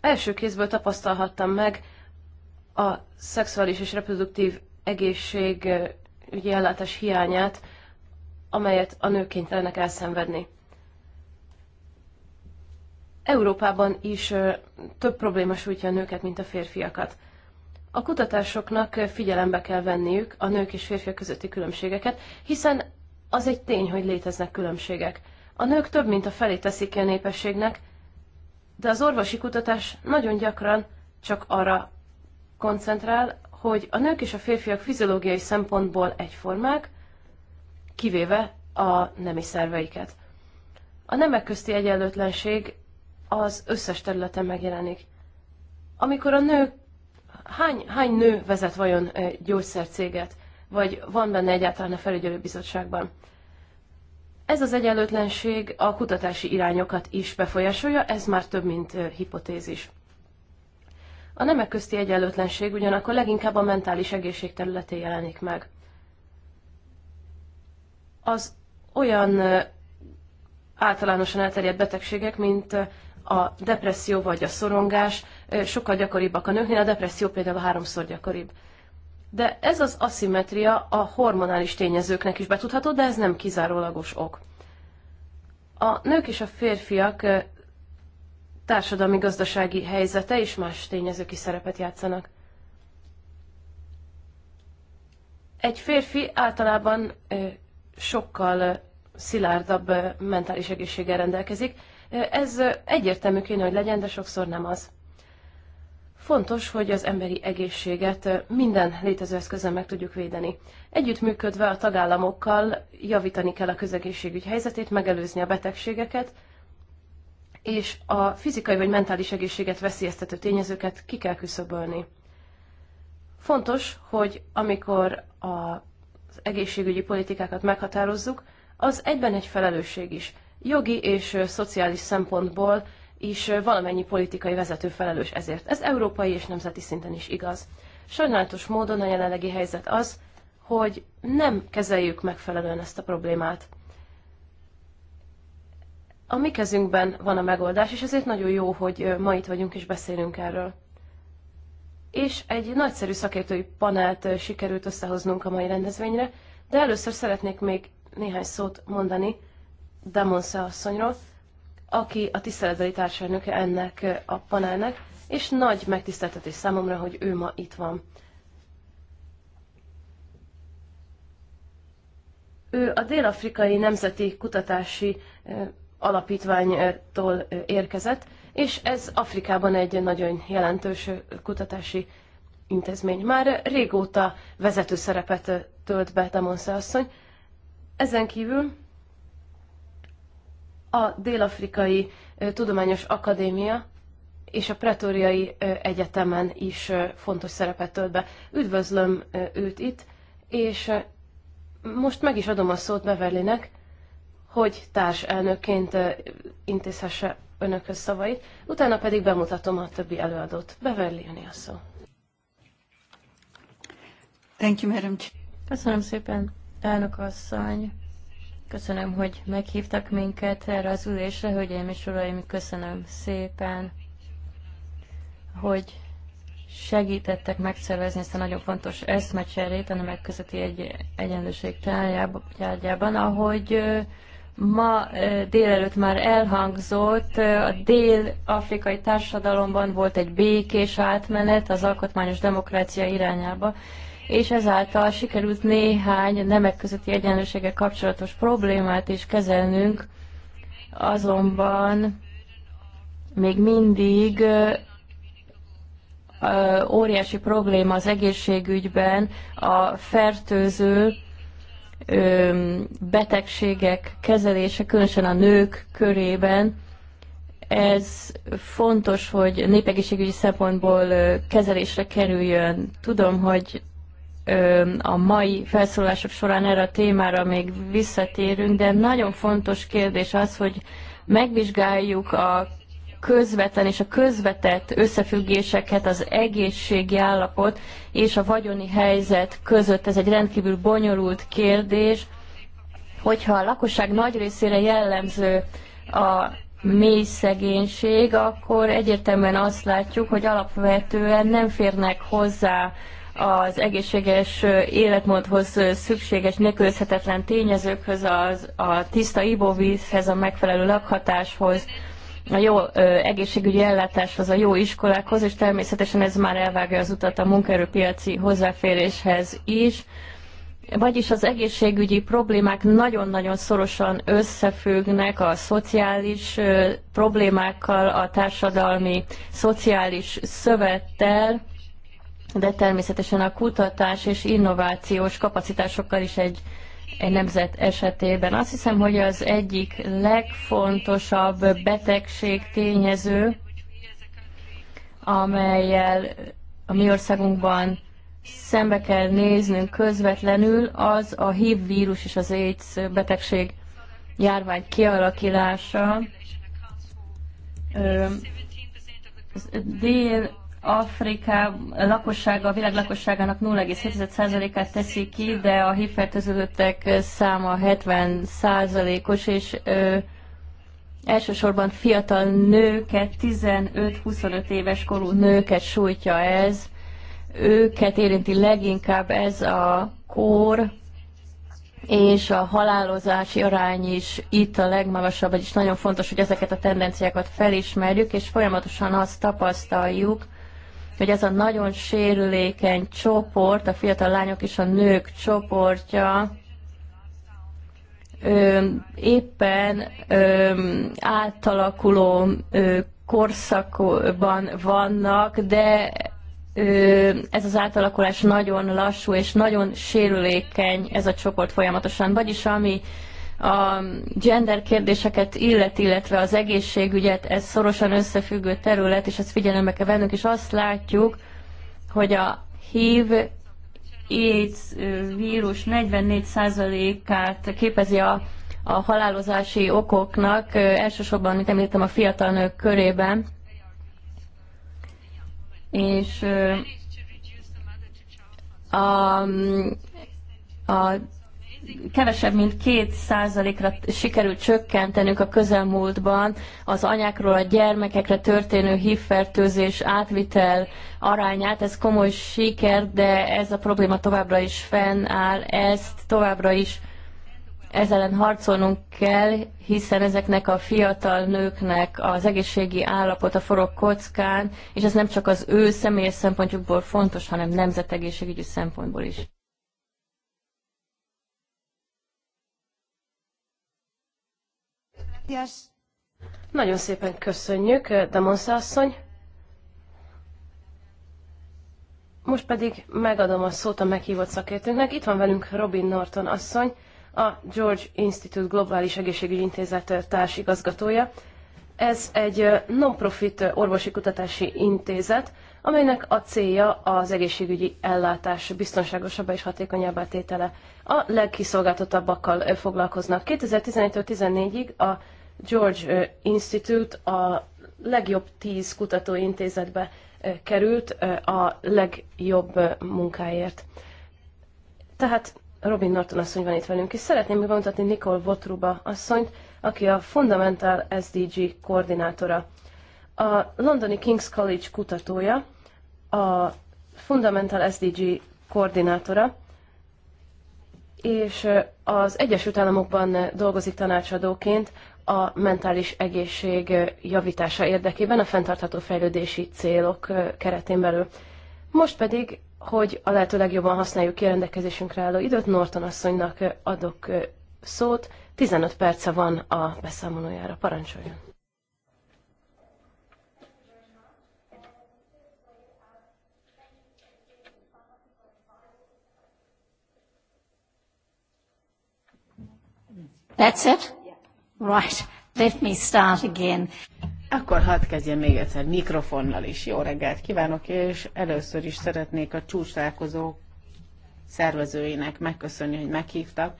első kézből tapasztalhattam meg a szexuális és reproduktív egészség ügyi ellátás hiányát, amelyet a nők kénytelenek elszenvedni. Európában is több probléma sújtja a nőket, mint a férfiakat. A kutatásoknak figyelembe kell venniük a nők és férfiak közötti különbségeket, hiszen az egy tény, hogy léteznek különbségek. A nők több mint a felé teszik ki a népességnek, de az orvosi kutatás nagyon gyakran csak arra koncentrál, hogy a nők és a férfiak fiziológiai szempontból egyformák, kivéve a nemi szerveiket. A nemek közti egyenlőtlenség az összes területen megjelenik. Amikor a nő, hány, hány nő vezet vajon gyógyszercéget, vagy van benne egyáltalán a felügyelőbizottságban? Ez az egyenlőtlenség a kutatási irányokat is befolyásolja, ez már több, mint hipotézis. A nemek közti egyenlőtlenség ugyanakkor leginkább a mentális egészség területén jelenik meg. Az olyan általánosan elterjedt betegségek, mint a depresszió vagy a szorongás, sokkal gyakoribbak a nőknél, a depresszió például háromszor gyakoribb. De ez az aszimetria a hormonális tényezőknek is betudható, de ez nem kizárólagos ok. A nők és a férfiak társadalmi-gazdasági helyzete és más tényezők is szerepet játszanak. Egy férfi általában sokkal szilárdabb mentális egészséggel rendelkezik. Ez egyértelmű kéne, hogy legyen, de sokszor nem az. Fontos, hogy az emberi egészséget minden létező eszközön meg tudjuk védeni. Együttműködve a tagállamokkal javítani kell a közegészségügy helyzetét, megelőzni a betegségeket, és a fizikai vagy mentális egészséget veszélyeztető tényezőket ki kell küszöbölni. Fontos, hogy amikor az egészségügyi politikákat meghatározzuk, az egyben egy felelősség is. Jogi és szociális szempontból is valamennyi politikai vezető felelős ezért. Ez európai és nemzeti szinten is igaz. Sajnálatos módon a jelenlegi helyzet az, hogy nem kezeljük megfelelően ezt a problémát. A mi kezünkben van a megoldás, és ezért nagyon jó, hogy ma itt vagyunk és beszélünk erről. És egy nagyszerű szakértői panelt sikerült összehoznunk a mai rendezvényre, de először szeretnék még néhány szót mondani Damonsa asszonyról, aki a tiszteletbeli társadalmnöke ennek a panelnek, és nagy megtiszteltetés számomra, hogy ő ma itt van. Ő a Dél-Afrikai Nemzeti Kutatási Alapítványtól érkezett, és ez Afrikában egy nagyon jelentős kutatási intézmény. Már régóta vezető szerepet tölt be Damonsze asszony. Ezen kívül a Dél-Afrikai Tudományos Akadémia és a Pretoriai Egyetemen is fontos szerepet tölt be. Üdvözlöm őt itt, és most meg is adom a szót Beverlinek, hogy társelnökként intézhesse önökhöz szavait, utána pedig bemutatom a többi előadót. Beverly, jönni a szó. Thank you, madam. Köszönöm szépen, elnök asszony. Köszönöm, hogy meghívtak minket erre az ülésre, hölgyeim és uraim, köszönöm szépen, hogy segítettek megszervezni ezt a nagyon fontos eszmecserét a nemek közötti egy, egyenlőség tárgyában, ahogy ma délelőtt már elhangzott, a dél-afrikai társadalomban volt egy békés átmenet az alkotmányos demokrácia irányába, és ezáltal sikerült néhány nemek közötti egyenlősége kapcsolatos problémát is kezelnünk, azonban még mindig óriási probléma az egészségügyben a fertőző betegségek kezelése, különösen a nők körében. Ez fontos, hogy népegészségügyi szempontból kezelésre kerüljön. Tudom, hogy a mai felszólások során erre a témára még visszatérünk, de nagyon fontos kérdés az, hogy megvizsgáljuk a közvetlen és a közvetett összefüggéseket, az egészségi állapot és a vagyoni helyzet között. Ez egy rendkívül bonyolult kérdés, hogyha a lakosság nagy részére jellemző a mély szegénység, akkor egyértelműen azt látjuk, hogy alapvetően nem férnek hozzá az egészséges életmódhoz szükséges nélkülözhetetlen tényezőkhöz, az, a tiszta ivóvízhez, a megfelelő lakhatáshoz, a jó egészségügyi ellátáshoz, a jó iskolákhoz, és természetesen ez már elvágja az utat a munkaerőpiaci hozzáféréshez is. Vagyis az egészségügyi problémák nagyon-nagyon szorosan összefüggnek a szociális problémákkal, a társadalmi szociális szövettel, de természetesen a kutatás és innovációs kapacitásokkal is egy, egy nemzet esetében. Azt hiszem, hogy az egyik legfontosabb betegség tényező, amelyel a mi országunkban szembe kell néznünk közvetlenül, az a HIV vírus és az AIDS betegség járvány kialakulása. Dél Afrika lakossága, a világ lakosságának 0,7%-át teszi ki, de a hívfertőzöttek száma 70%-os, és ö, elsősorban fiatal nőket, 15-25 éves korú nőket sújtja ez. Őket érinti leginkább ez a kór, és a halálozási arány is itt a legmagasabb, vagyis nagyon fontos, hogy ezeket a tendenciákat felismerjük, és folyamatosan azt tapasztaljuk, hogy ez a nagyon sérülékeny csoport, a fiatal lányok és a nők csoportja ö, éppen ö, átalakuló ö, korszakban vannak, de ez az átalakulás nagyon lassú és nagyon sérülékeny ez a csoport folyamatosan. Vagyis ami a gender kérdéseket illet, illetve az egészségügyet, ez szorosan összefüggő terület, és ezt figyelembe kell vennünk, és azt látjuk, hogy a HIV AIDS vírus 44%-át képezi a, a halálozási okoknak, elsősorban, mint említettem, a fiatal nők körében. És a, a kevesebb, mint két százalékra sikerült csökkentenünk a közelmúltban az anyákról a gyermekekre történő hívfertőzés átvitel arányát. Ez komoly siker, de ez a probléma továbbra is fennáll, ezt továbbra is ez ellen harcolnunk kell, hiszen ezeknek a fiatal nőknek az egészségi állapota forog kockán, és ez nem csak az ő személyes szempontjukból fontos, hanem nemzetegészségügyi szempontból is. Nagyon szépen köszönjük, Demonsza asszony. Most pedig megadom a szót a meghívott szakértőnknek. Itt van velünk Robin Norton asszony, a George Institute Globális Egészségügyi Intézet társigazgatója. Ez egy non-profit orvosi kutatási intézet, amelynek a célja az egészségügyi ellátás biztonságosabbá és hatékonyabbá tétele. A legkiszolgáltatottabbakkal foglalkoznak. 2011 14-ig a George Institute a legjobb tíz kutatóintézetbe került a legjobb munkáért. Tehát Robin Norton asszony van itt velünk, és szeretném bemutatni Nicole Votruba asszonyt, aki a Fundamental SDG koordinátora. A londoni King's College kutatója, a Fundamental SDG koordinátora, és az Egyesült Államokban dolgozik tanácsadóként a mentális egészség javítása érdekében a fenntartható fejlődési célok keretén belül. Most pedig, hogy a lehető legjobban használjuk ki a rendelkezésünkre álló időt, Norton asszonynak adok szót. 15 perce van a beszámolójára. Parancsoljon! That's it? Right, let me start again. Akkor hadd kezdjem még egyszer mikrofonnal is. Jó reggelt kívánok, és először is szeretnék a csúcsálkozó szervezőinek megköszönni, hogy meghívtak.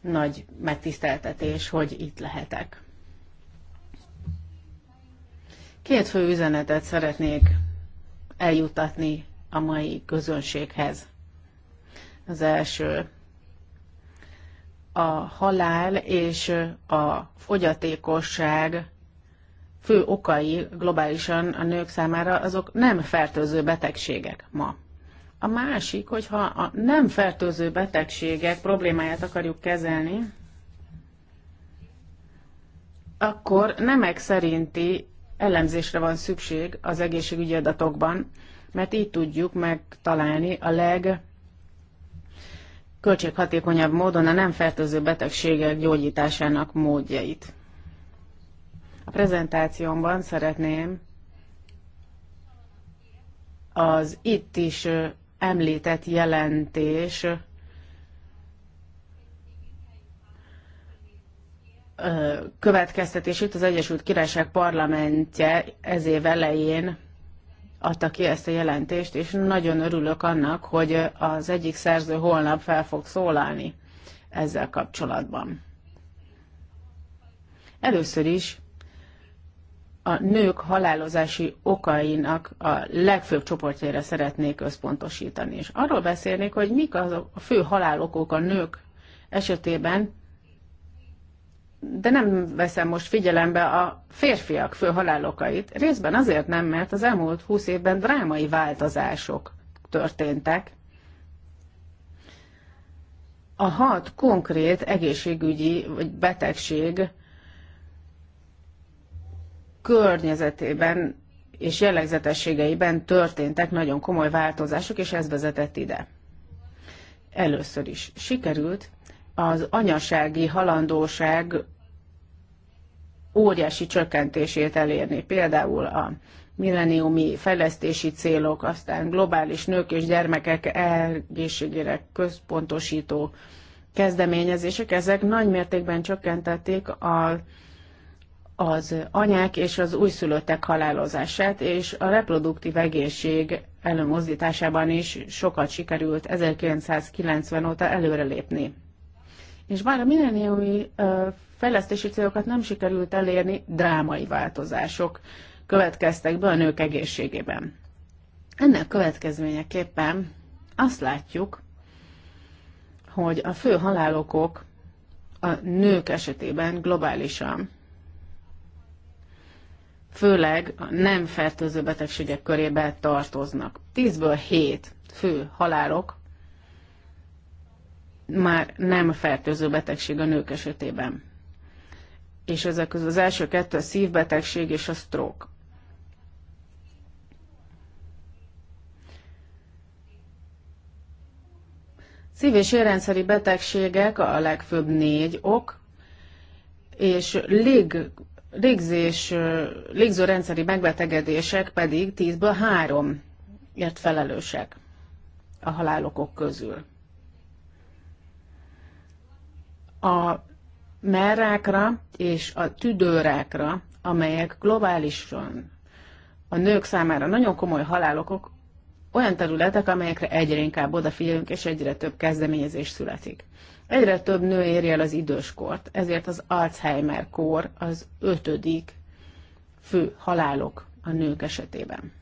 Nagy megtiszteltetés, hogy itt lehetek. Két fő üzenetet szeretnék eljutatni a mai közönséghez. Az első a halál és a fogyatékosság fő okai globálisan a nők számára azok nem fertőző betegségek ma. A másik, hogyha a nem fertőző betegségek problémáját akarjuk kezelni, akkor nemek szerinti elemzésre van szükség az egészségügyi adatokban, mert így tudjuk megtalálni a leg költséghatékonyabb módon a nem fertőző betegségek gyógyításának módjait. A prezentációmban szeretném az itt is említett jelentés következtetését az Egyesült Királyság parlamentje ez év elején adta ki ezt a jelentést, és nagyon örülök annak, hogy az egyik szerző holnap fel fog szólalni ezzel kapcsolatban. Először is a nők halálozási okainak a legfőbb csoportjára szeretnék összpontosítani. És arról beszélnék, hogy mik az a fő halálokok a nők esetében, de nem veszem most figyelembe a férfiak főhalálokait. Részben azért nem, mert az elmúlt húsz évben drámai változások történtek. A hat konkrét egészségügyi vagy betegség környezetében és jellegzetességeiben történtek nagyon komoly változások, és ez vezetett ide. Először is sikerült az anyasági halandóság óriási csökkentését elérni. Például a milleniumi fejlesztési célok, aztán globális nők és gyermekek egészségére központosító kezdeményezések, ezek nagy mértékben csökkentették a, az anyák és az újszülöttek halálozását, és a reproduktív egészség előmozdításában is sokat sikerült 1990 óta előrelépni. És bár a milleniumi fejlesztési célokat nem sikerült elérni, drámai változások következtek be a nők egészségében. Ennek következményeképpen azt látjuk, hogy a fő halálokok a nők esetében globálisan, főleg a nem fertőző betegségek körébe tartoznak. Tízből hét fő halálok már nem fertőző betegség a nők esetében és ezek közül az első kettő a szívbetegség és a stroke. Szív- és érrendszeri betegségek a legfőbb négy ok, és lég, légzés, légzőrendszeri megbetegedések pedig tízből három ért felelősek a halálokok közül. A merrákra és a tüdőrákra, amelyek globálisan a nők számára nagyon komoly halálokok, olyan területek, amelyekre egyre inkább odafigyelünk, és egyre több kezdeményezés születik. Egyre több nő éri el az időskort, ezért az Alzheimer-kor az ötödik fő halálok a nők esetében.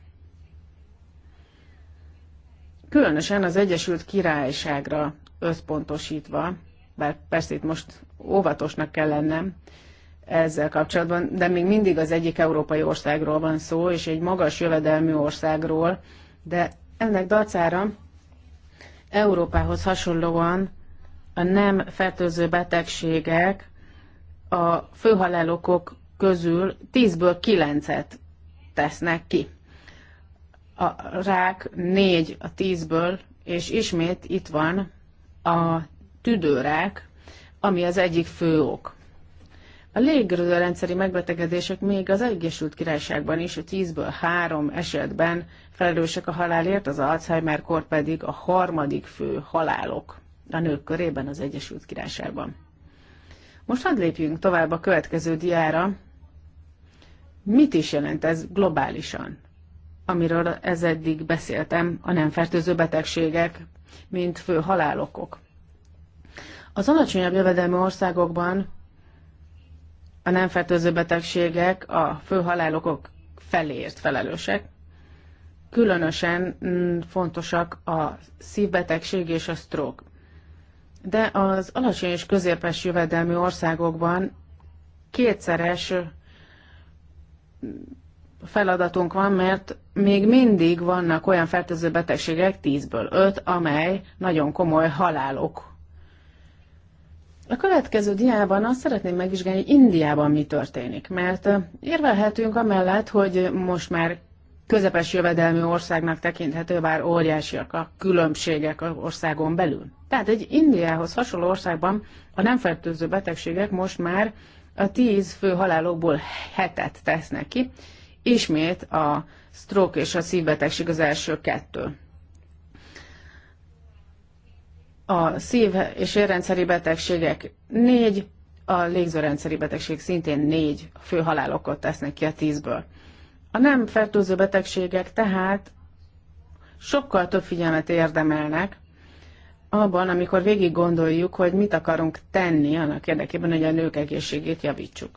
Különösen az Egyesült Királyságra összpontosítva bár persze itt most óvatosnak kell lennem ezzel kapcsolatban, de még mindig az egyik európai országról van szó, és egy magas jövedelmű országról, de ennek dacára Európához hasonlóan a nem fertőző betegségek a főhalálokok közül 10-ből 9-et tesznek ki. A rák 4 a 10-ből, és ismét itt van a tüdőrák, ami az egyik fő ok. A légrendszeri megbetegedések még az Egyesült Királyságban is a 10-ből 3 esetben felelősek a halálért, az Alzheimer-kor pedig a harmadik fő halálok a nők körében az Egyesült Királyságban. Most hadd lépjünk tovább a következő diára. Mit is jelent ez globálisan? Amiről ez eddig beszéltem, a nem fertőző betegségek, mint fő halálokok. Az alacsonyabb jövedelmi országokban a nem fertőző betegségek a fő halálokok feléért felelősek. Különösen mm, fontosak a szívbetegség és a stroke. De az alacsony és középes jövedelmi országokban kétszeres mm, feladatunk van, mert még mindig vannak olyan fertőző betegségek, 10-ből 5, amely nagyon komoly halálok a következő diában azt szeretném megvizsgálni, hogy Indiában mi történik, mert érvelhetünk amellett, hogy most már közepes jövedelmű országnak tekinthető, bár óriásiak a különbségek az országon belül. Tehát egy Indiához hasonló országban a nem fertőző betegségek most már a tíz fő halálokból hetet tesznek ki, ismét a stroke és a szívbetegség az első kettő. a szív- és érrendszeri betegségek négy, a légzőrendszeri betegség szintén négy fő halálokot tesznek ki a tízből. A nem fertőző betegségek tehát sokkal több figyelmet érdemelnek, abban, amikor végig gondoljuk, hogy mit akarunk tenni annak érdekében, hogy a nők egészségét javítsuk.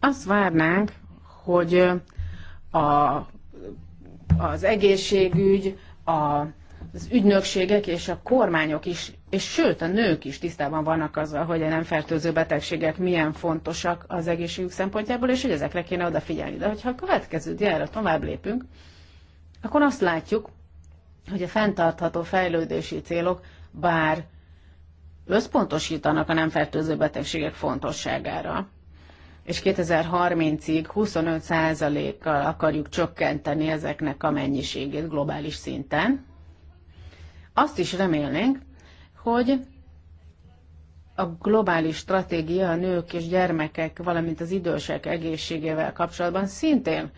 Azt várnánk, hogy a, az egészségügy, a az ügynökségek és a kormányok is, és sőt a nők is tisztában vannak azzal, hogy a nem fertőző betegségek milyen fontosak az egészségük szempontjából, és hogy ezekre kéne odafigyelni. De hogyha a következő diára tovább lépünk, akkor azt látjuk, hogy a fenntartható fejlődési célok bár összpontosítanak a nem fertőző betegségek fontosságára, és 2030-ig 25%-kal akarjuk csökkenteni ezeknek a mennyiségét globális szinten, azt is remélnénk, hogy a globális stratégia a nők és gyermekek, valamint az idősek egészségével kapcsolatban szintén,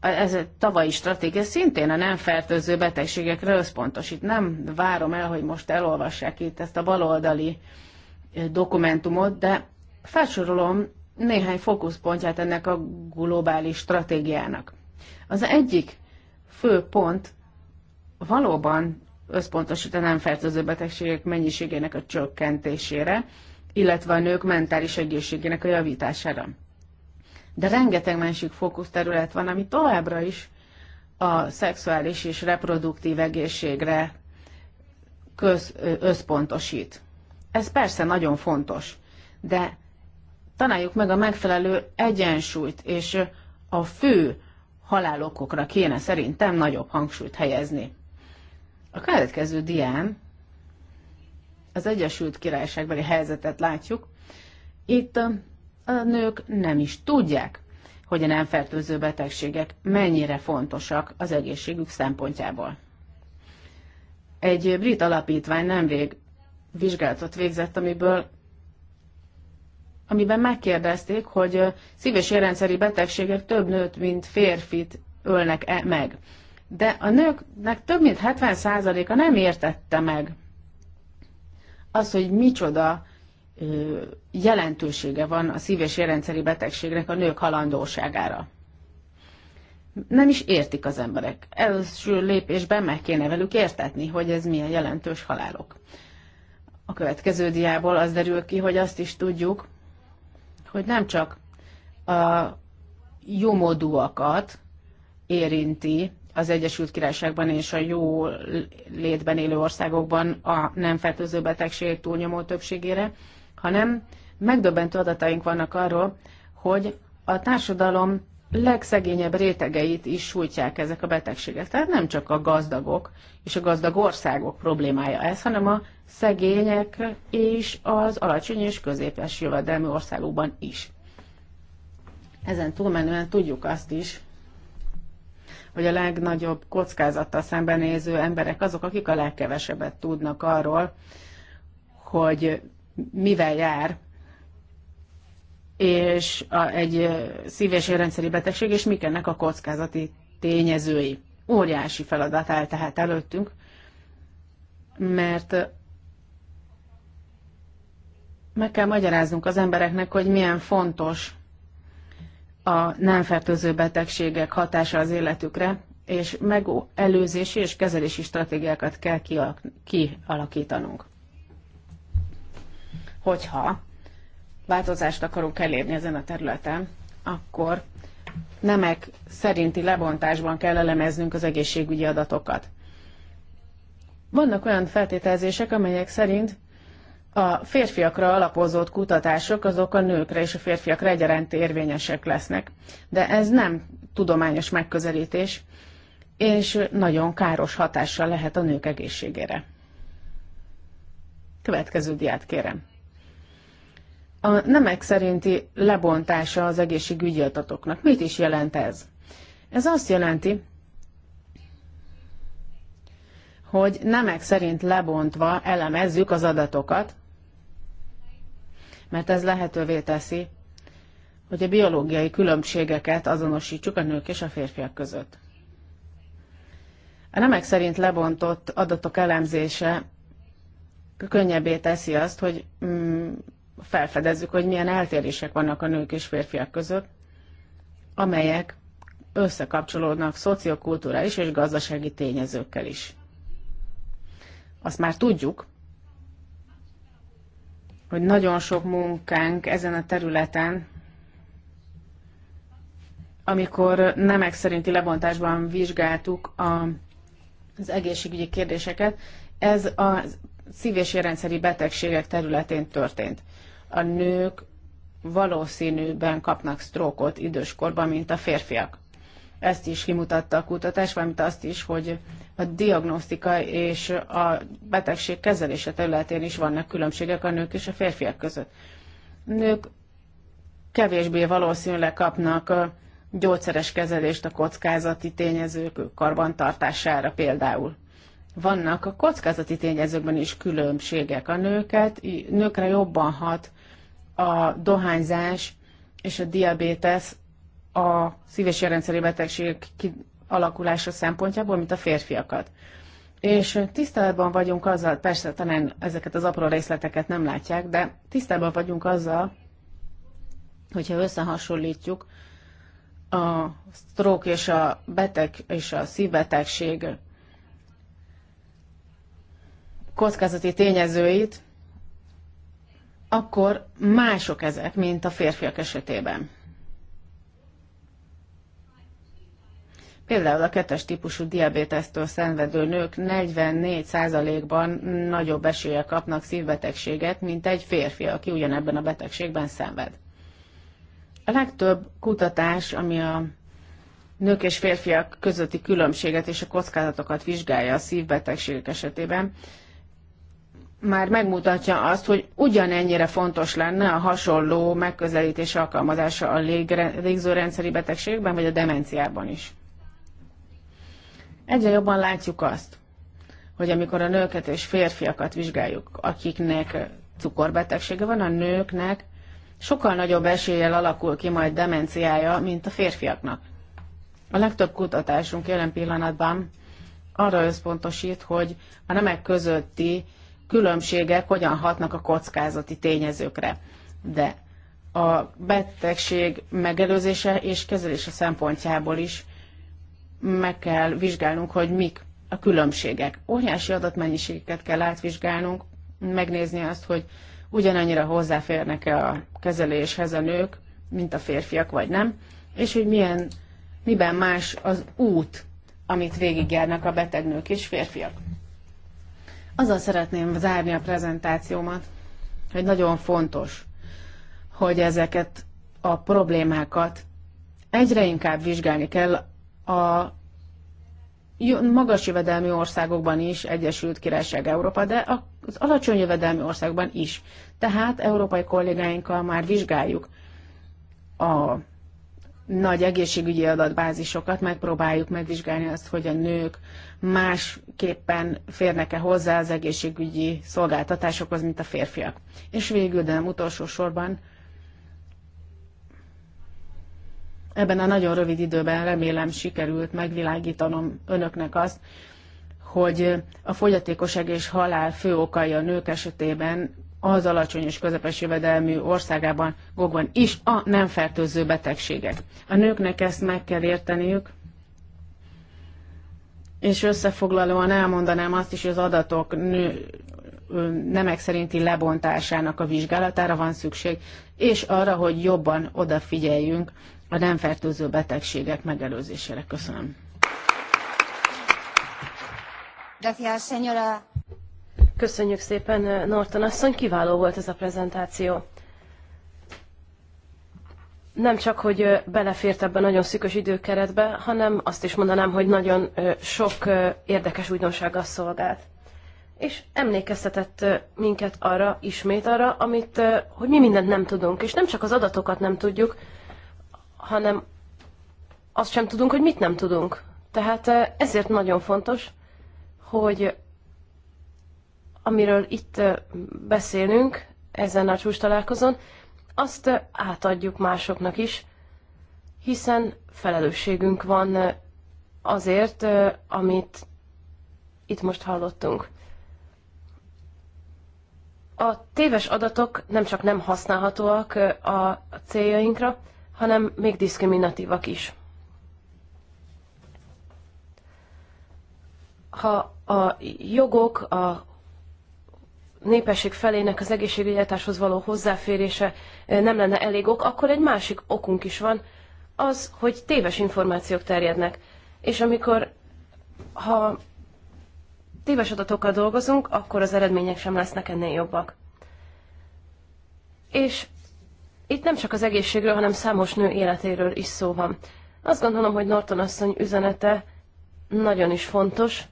ez a tavalyi stratégia szintén a nem fertőző betegségekre összpontosít. Nem várom el, hogy most elolvassák itt ezt a baloldali eh, dokumentumot, de felsorolom néhány fókuszpontját ennek a globális stratégiának. Az egyik fő pont valóban összpontosítanám fertőző betegségek mennyiségének a csökkentésére, illetve a nők mentális egészségének a javítására. De rengeteg másik fókuszterület van, ami továbbra is a szexuális és reproduktív egészségre köz, összpontosít. Ez persze nagyon fontos, de találjuk meg a megfelelő egyensúlyt, és a fő halálokokra kéne szerintem nagyobb hangsúlyt helyezni. A következő dián az Egyesült Királyságbeli helyzetet látjuk. Itt a, a nők nem is tudják, hogy a nem fertőző betegségek mennyire fontosak az egészségük szempontjából. Egy brit alapítvány nemrég vizsgálatot végzett, amiből amiben megkérdezték, hogy szív- és érrendszeri betegségek több nőt, mint férfit ölnek -e meg de a nőknek több mint 70%-a nem értette meg az, hogy micsoda jelentősége van a szív- és érrendszeri betegségnek a nők halandóságára. Nem is értik az emberek. Első lépésben meg kéne velük értetni, hogy ez milyen jelentős halálok. A következő diából az derül ki, hogy azt is tudjuk, hogy nem csak a jómódúakat érinti az Egyesült Királyságban és a jó létben élő országokban a nem fertőző betegség túlnyomó többségére, hanem megdöbbentő adataink vannak arról, hogy a társadalom legszegényebb rétegeit is sújtják ezek a betegségek. Tehát nem csak a gazdagok és a gazdag országok problémája ez, hanem a szegények és az alacsony és középes jövedelmi országokban is. Ezen túlmenően tudjuk azt is, hogy a legnagyobb kockázattal szembenéző emberek azok, akik a legkevesebbet tudnak arról, hogy mivel jár és a, egy szív- és érrendszeri betegség, és mik ennek a kockázati tényezői. Óriási feladat áll tehát előttünk, mert meg kell magyaráznunk az embereknek, hogy milyen fontos a nem fertőző betegségek hatása az életükre, és megelőzési és kezelési stratégiákat kell kialakítanunk. Hogyha változást akarunk elérni ezen a területen, akkor nemek szerinti lebontásban kell elemeznünk az egészségügyi adatokat. Vannak olyan feltételezések, amelyek szerint a férfiakra alapozott kutatások azok a nőkre és a férfiakra egyaránt érvényesek lesznek, de ez nem tudományos megközelítés, és nagyon káros hatással lehet a nők egészségére. Következő diát kérem. A nemek szerinti lebontása az egészségügyi adatoknak. Mit is jelent ez? Ez azt jelenti, hogy nemek szerint lebontva elemezzük az adatokat, mert ez lehetővé teszi, hogy a biológiai különbségeket azonosítsuk a nők és a férfiak között. A nemek szerint lebontott adatok elemzése könnyebbé teszi azt, hogy mm, felfedezzük, hogy milyen eltérések vannak a nők és férfiak között, amelyek összekapcsolódnak szociokulturális és gazdasági tényezőkkel is. Azt már tudjuk, hogy nagyon sok munkánk ezen a területen, amikor nemek szerinti lebontásban vizsgáltuk a, az egészségügyi kérdéseket, ez a szív- és érrendszeri betegségek területén történt. A nők valószínűben kapnak sztrókot időskorban, mint a férfiak. Ezt is kimutatta a kutatás, valamint azt is, hogy a diagnosztika és a betegség kezelése területén is vannak különbségek a nők és a férfiak között. Nők kevésbé valószínűleg kapnak gyógyszeres kezelést a kockázati tényezők karbantartására például. Vannak a kockázati tényezőkben is különbségek. A nőket, nőkre jobban hat a dohányzás és a diabétesz a szív- és érrendszeri betegségek alakulása szempontjából, mint a férfiakat. És tisztában vagyunk azzal, persze talán ezeket az apró részleteket nem látják, de tisztában vagyunk azzal, hogyha összehasonlítjuk a stroke és a beteg és a szívbetegség kockázati tényezőit, akkor mások ezek, mint a férfiak esetében. Például a kettes típusú diabétesztől szenvedő nők 44%-ban nagyobb esélye kapnak szívbetegséget, mint egy férfi, aki ugyanebben a betegségben szenved. A legtöbb kutatás, ami a nők és férfiak közötti különbséget és a kockázatokat vizsgálja a szívbetegségek esetében, már megmutatja azt, hogy ugyanennyire fontos lenne a hasonló megközelítés alkalmazása a légzőrendszeri betegségben vagy a demenciában is. Egyre jobban látjuk azt, hogy amikor a nőket és férfiakat vizsgáljuk, akiknek cukorbetegsége van, a nőknek sokkal nagyobb eséllyel alakul ki majd demenciája, mint a férfiaknak. A legtöbb kutatásunk jelen pillanatban arra összpontosít, hogy a nemek közötti különbségek hogyan hatnak a kockázati tényezőkre. De a betegség megelőzése és kezelése szempontjából is meg kell vizsgálnunk, hogy mik a különbségek. Óriási adatmennyiségeket kell átvizsgálnunk, megnézni azt, hogy ugyanannyira hozzáférnek-e a kezeléshez a nők, mint a férfiak, vagy nem, és hogy milyen, miben más az út, amit végigjárnak a beteg nők és férfiak. Azzal szeretném zárni a prezentációmat, hogy nagyon fontos, hogy ezeket a problémákat egyre inkább vizsgálni kell a magas jövedelmi országokban is Egyesült Királyság Európa, de az alacsony jövedelmi országban is. Tehát európai kollégáinkkal már vizsgáljuk a nagy egészségügyi adatbázisokat, megpróbáljuk megvizsgálni azt, hogy a nők másképpen férnek-e hozzá az egészségügyi szolgáltatásokhoz, mint a férfiak. És végül, de nem utolsó sorban, Ebben a nagyon rövid időben remélem sikerült megvilágítanom önöknek azt, hogy a fogyatékosság és halál fő okai a nők esetében az alacsony és közepes jövedelmű országában, gogban is a nem fertőző betegségek. A nőknek ezt meg kell érteniük, és összefoglalóan elmondanám azt is, hogy az adatok nő, nemek szerinti lebontásának a vizsgálatára van szükség, és arra, hogy jobban odafigyeljünk a nem fertőző betegségek megelőzésére. Köszönöm. Köszönjük szépen, Norton asszony, kiváló volt ez a prezentáció. Nem csak, hogy belefért ebbe nagyon szűkös időkeretbe, hanem azt is mondanám, hogy nagyon sok érdekes újdonsággal szolgált. És emlékeztetett minket arra, ismét arra, amit, hogy mi mindent nem tudunk, és nem csak az adatokat nem tudjuk, hanem azt sem tudunk, hogy mit nem tudunk. Tehát eh, ezért nagyon fontos, hogy amiről itt eh, beszélünk ezen a csúcs találkozón, azt eh, átadjuk másoknak is, hiszen felelősségünk van azért, amit itt most hallottunk. A téves adatok nem csak nem használhatóak a céljainkra, hanem még diszkriminatívak is. Ha a jogok, a népesség felének az egészségügyetáshoz való hozzáférése eh, nem lenne elég ok, akkor egy másik okunk is van, az, hogy téves információk terjednek. És amikor, ha téves adatokkal dolgozunk, akkor az eredmények sem lesznek ennél jobbak. És itt nem csak az egészségről, hanem számos nő életéről is szó van. Azt gondolom, hogy Norton asszony üzenete nagyon is fontos.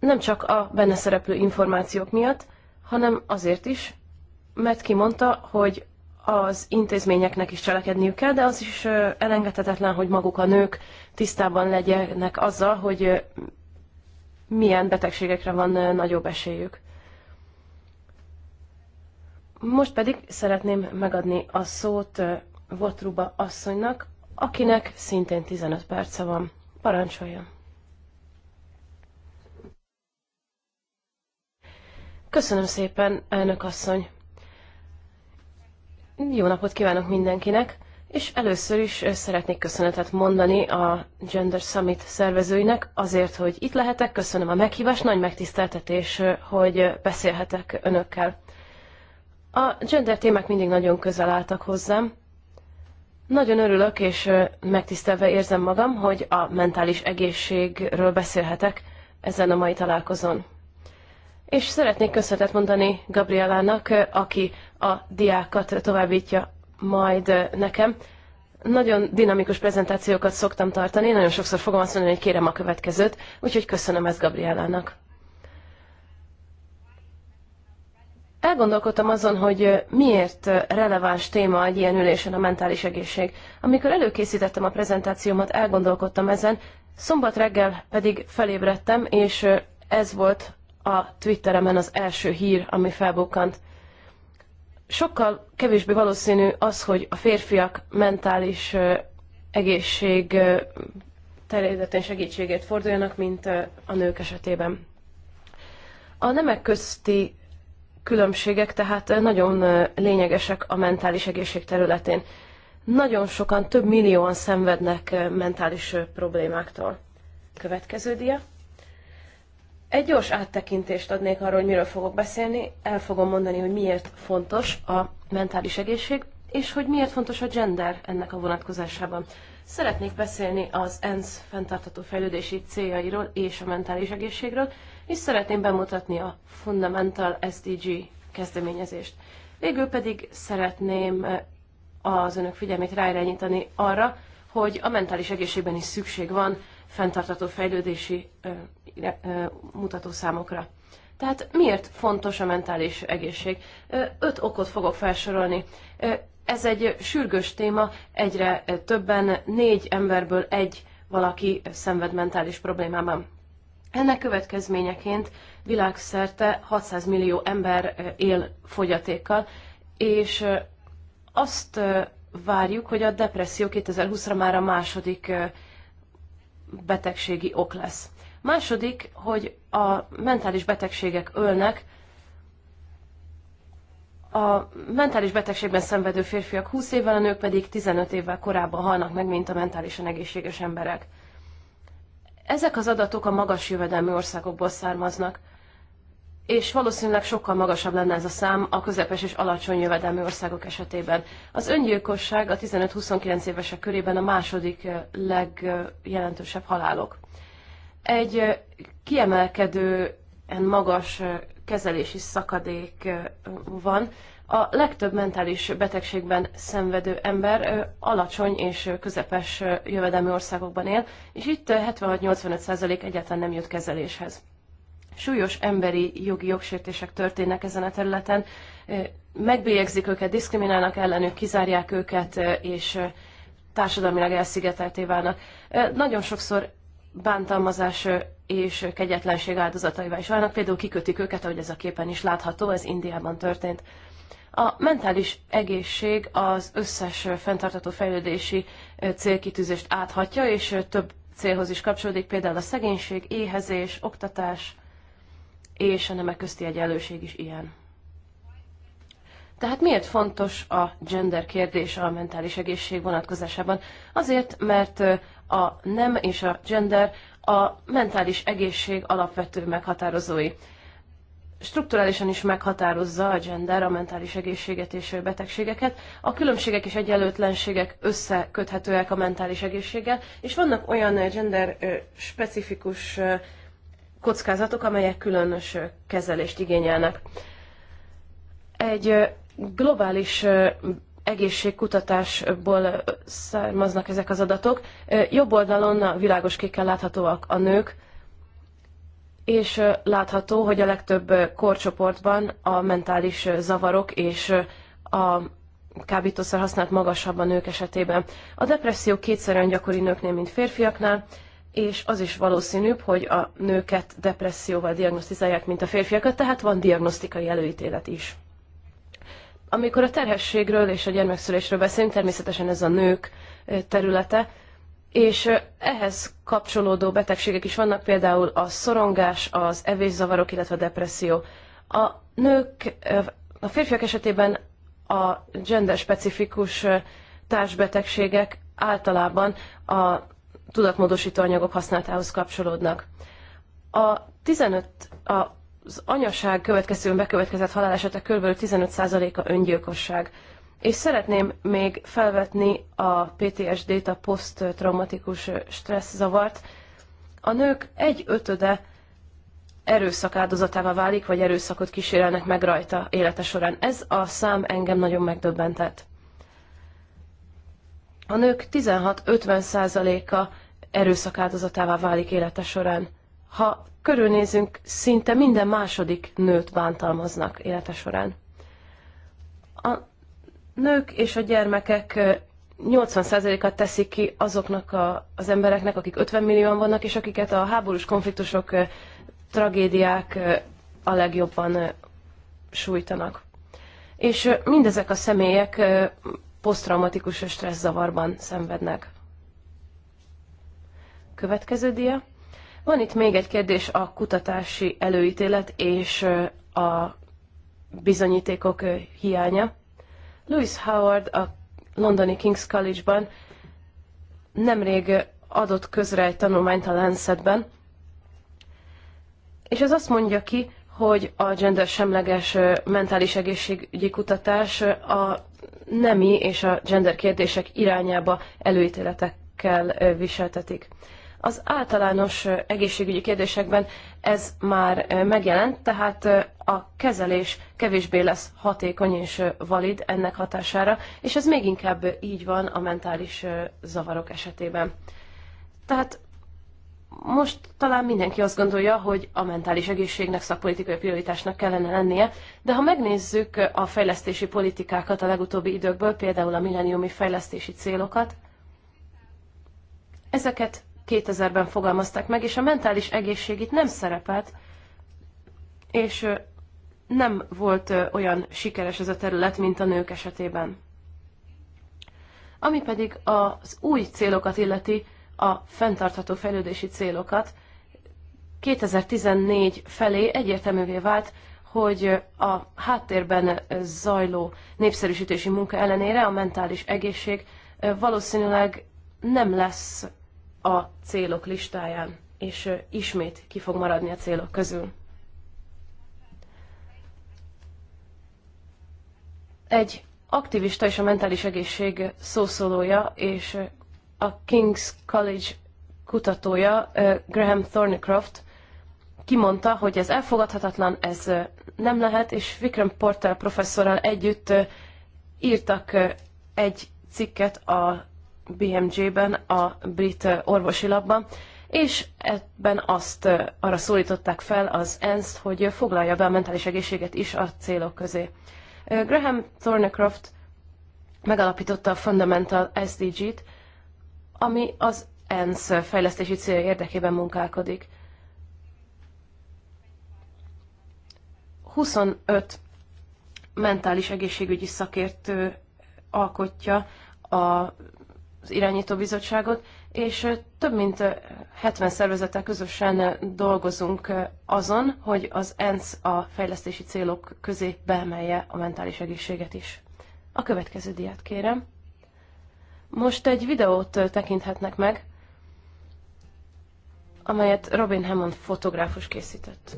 Nem csak a benne szereplő információk miatt, hanem azért is, mert kimondta, hogy az intézményeknek is cselekedniük kell, de az is elengedhetetlen, hogy maguk a nők tisztában legyenek azzal, hogy milyen betegségekre van nagyobb esélyük. Most pedig szeretném megadni a szót Votruba asszonynak, akinek szintén 15 perce van. Parancsoljon! Köszönöm szépen, elnök asszony! Jó napot kívánok mindenkinek, és először is szeretnék köszönetet mondani a Gender Summit szervezőinek azért, hogy itt lehetek. Köszönöm a meghívást, nagy megtiszteltetés, hogy beszélhetek önökkel. A gender témák mindig nagyon közel álltak hozzám. Nagyon örülök és megtisztelve érzem magam, hogy a mentális egészségről beszélhetek ezen a mai találkozón. És szeretnék köszönetet mondani Gabrielának, aki a diákat továbbítja majd nekem. Nagyon dinamikus prezentációkat szoktam tartani, nagyon sokszor fogom azt mondani, hogy kérem a következőt, úgyhogy köszönöm ezt Gabrielának. Elgondolkodtam azon, hogy miért releváns téma egy ilyen ülésen a mentális egészség. Amikor előkészítettem a prezentációmat, elgondolkodtam ezen, szombat reggel pedig felébredtem, és ez volt a Twitteremen az első hír, ami felbukkant. Sokkal kevésbé valószínű az, hogy a férfiak mentális egészség területén segítségét forduljanak, mint a nők esetében. A nemek közti különbségek tehát eh, nagyon eh, lényegesek a mentális egészség területén. Nagyon sokan, több millióan szenvednek eh, mentális problémáktól. Következő dia. Egy gyors áttekintést adnék arról, hogy miről fogok beszélni. El fogom mondani, hogy miért fontos a mentális egészség, és hogy miért fontos a gender ennek a vonatkozásában. Szeretnék beszélni az ENSZ fenntartható fejlődési céljairól és a mentális egészségről, és szeretném bemutatni a Fundamental SDG kezdeményezést. Végül pedig szeretném eh, az önök figyelmét ráirányítani arra, hogy a mentális egészségben is szükség van fenntartató fejlődési eh, eh, mutatószámokra. Tehát miért fontos a mentális egészség? Öt okot fogok felsorolni. Ez egy sürgős téma, egyre többen, négy emberből egy valaki szenved mentális problémában. Ennek következményeként világszerte 600 millió ember él fogyatékkal, és azt várjuk, hogy a depresszió 2020-ra már a második betegségi ok lesz. Második, hogy a mentális betegségek ölnek, a mentális betegségben szenvedő férfiak 20 évvel, a nők pedig 15 évvel korábban halnak meg, mint a mentálisan egészséges emberek. Ezek az adatok a magas jövedelmi országokból származnak, és valószínűleg sokkal magasabb lenne ez a szám a közepes és alacsony jövedelmi országok esetében. Az öngyilkosság a 15-29 évesek körében a második eh, legjelentősebb halálok. Egy eh, kiemelkedően magas eh, kezelési szakadék van, a legtöbb mentális betegségben szenvedő ember alacsony és közepes jövedelmi országokban él, és itt 76-85% egyáltalán nem jut kezeléshez. Súlyos emberi jogi jogsértések történnek ezen a területen, megbélyegzik őket, diszkriminálnak ellenük, kizárják őket, és társadalmilag elszigetelté válnak. Nagyon sokszor bántalmazás és kegyetlenség áldozataival is válnak, például kikötik őket, ahogy ez a képen is látható, ez Indiában történt. A mentális egészség az összes fenntartató fejlődési célkitűzést áthatja, és több célhoz is kapcsolódik, például a szegénység, éhezés, oktatás, és a nemek közti egyenlőség is ilyen. Tehát miért fontos a gender kérdés a mentális egészség vonatkozásában? Azért, mert a nem és a gender a mentális egészség alapvető meghatározói strukturálisan is meghatározza a gender, a mentális egészséget és betegségeket. A különbségek és egyenlőtlenségek összeköthetőek a mentális egészséggel, és vannak olyan eh, gender eh, specifikus eh, kockázatok, amelyek különös kezelést igényelnek. Egy globális egészségkutatásból származnak ezek az adatok. Jobb oldalon a világos kékkel láthatóak a nők, és látható, hogy a legtöbb korcsoportban a mentális zavarok és a kábítószer használt magasabb a nők esetében. A depresszió kétszerűen gyakori nőknél, mint férfiaknál, és az is valószínűbb, hogy a nőket depresszióval diagnosztizálják, mint a férfiakat, tehát van diagnosztikai előítélet is. Amikor a terhességről és a gyermekszülésről beszélünk, természetesen ez a nők területe, és ehhez kapcsolódó betegségek is vannak, például a szorongás, az evészavarok, illetve a depresszió. A nők, a férfiak esetében a gender-specifikus társbetegségek általában a tudatmódosító anyagok használatához kapcsolódnak. A 15, az anyaság következőn bekövetkezett halálesetek kb. 15%-a öngyilkosság. És szeretném még felvetni a PTSD-t, a poszttraumatikus stressz zavart. A nők egy ötöde erőszak áldozatává válik, vagy erőszakot kísérelnek meg rajta élete során. Ez a szám engem nagyon megdöbbentett. A nők 16-50%-a erőszak áldozatává válik élete során. Ha körülnézünk, szinte minden második nőt bántalmaznak élete során. A nők és a gyermekek 80 at teszik ki azoknak a, az embereknek, akik 50 millióan vannak, és akiket a háborús konfliktusok, tragédiák a legjobban sújtanak. És mindezek a személyek posztraumatikus stressz zavarban szenvednek. Következő dia. Van itt még egy kérdés a kutatási előítélet és a bizonyítékok hiánya. Lewis Howard a londoni King's College-ban nemrég adott közre egy tanulmányt a Lancetben, és ez azt mondja ki, hogy a gender semleges mentális egészségügyi kutatás a nemi és a gender kérdések irányába előítéletekkel viseltetik. Az általános egészségügyi kérdésekben ez már megjelent, tehát a kezelés kevésbé lesz hatékony és valid ennek hatására, és ez még inkább így van a mentális zavarok esetében. Tehát most talán mindenki azt gondolja, hogy a mentális egészségnek szakpolitikai prioritásnak kellene lennie, de ha megnézzük a fejlesztési politikákat a legutóbbi időkből, például a milleniumi fejlesztési célokat, ezeket 2000-ben fogalmazták meg, és a mentális egészség itt nem szerepelt, és nem volt olyan sikeres ez a terület, mint a nők esetében. Ami pedig az új célokat illeti, a fenntartható fejlődési célokat, 2014 felé egyértelművé vált, hogy a háttérben zajló népszerűsítési munka ellenére a mentális egészség valószínűleg nem lesz a célok listáján, és ismét ki fog maradni a célok közül. Egy aktivista és a mentális egészség szószólója és a King's College kutatója Graham Thornycroft kimondta, hogy ez elfogadhatatlan, ez nem lehet, és Vikram Porter professzorral együtt írtak egy cikket a BMJ-ben, a brit orvosi labban, és ebben azt arra szólították fel az ENSZ-t, hogy foglalja be a mentális egészséget is a célok közé. Graham Thornecroft megalapította a Fundamental SDG-t, ami az ENSZ fejlesztési célja érdekében munkálkodik. 25 mentális egészségügyi szakértő alkotja a irányító bizottságot, és több mint 70 szervezettel közösen dolgozunk azon, hogy az ENSZ a fejlesztési célok közé beemelje a mentális egészséget is. A következő diát kérem. Most egy videót tekinthetnek meg, amelyet Robin Hammond fotográfus készített.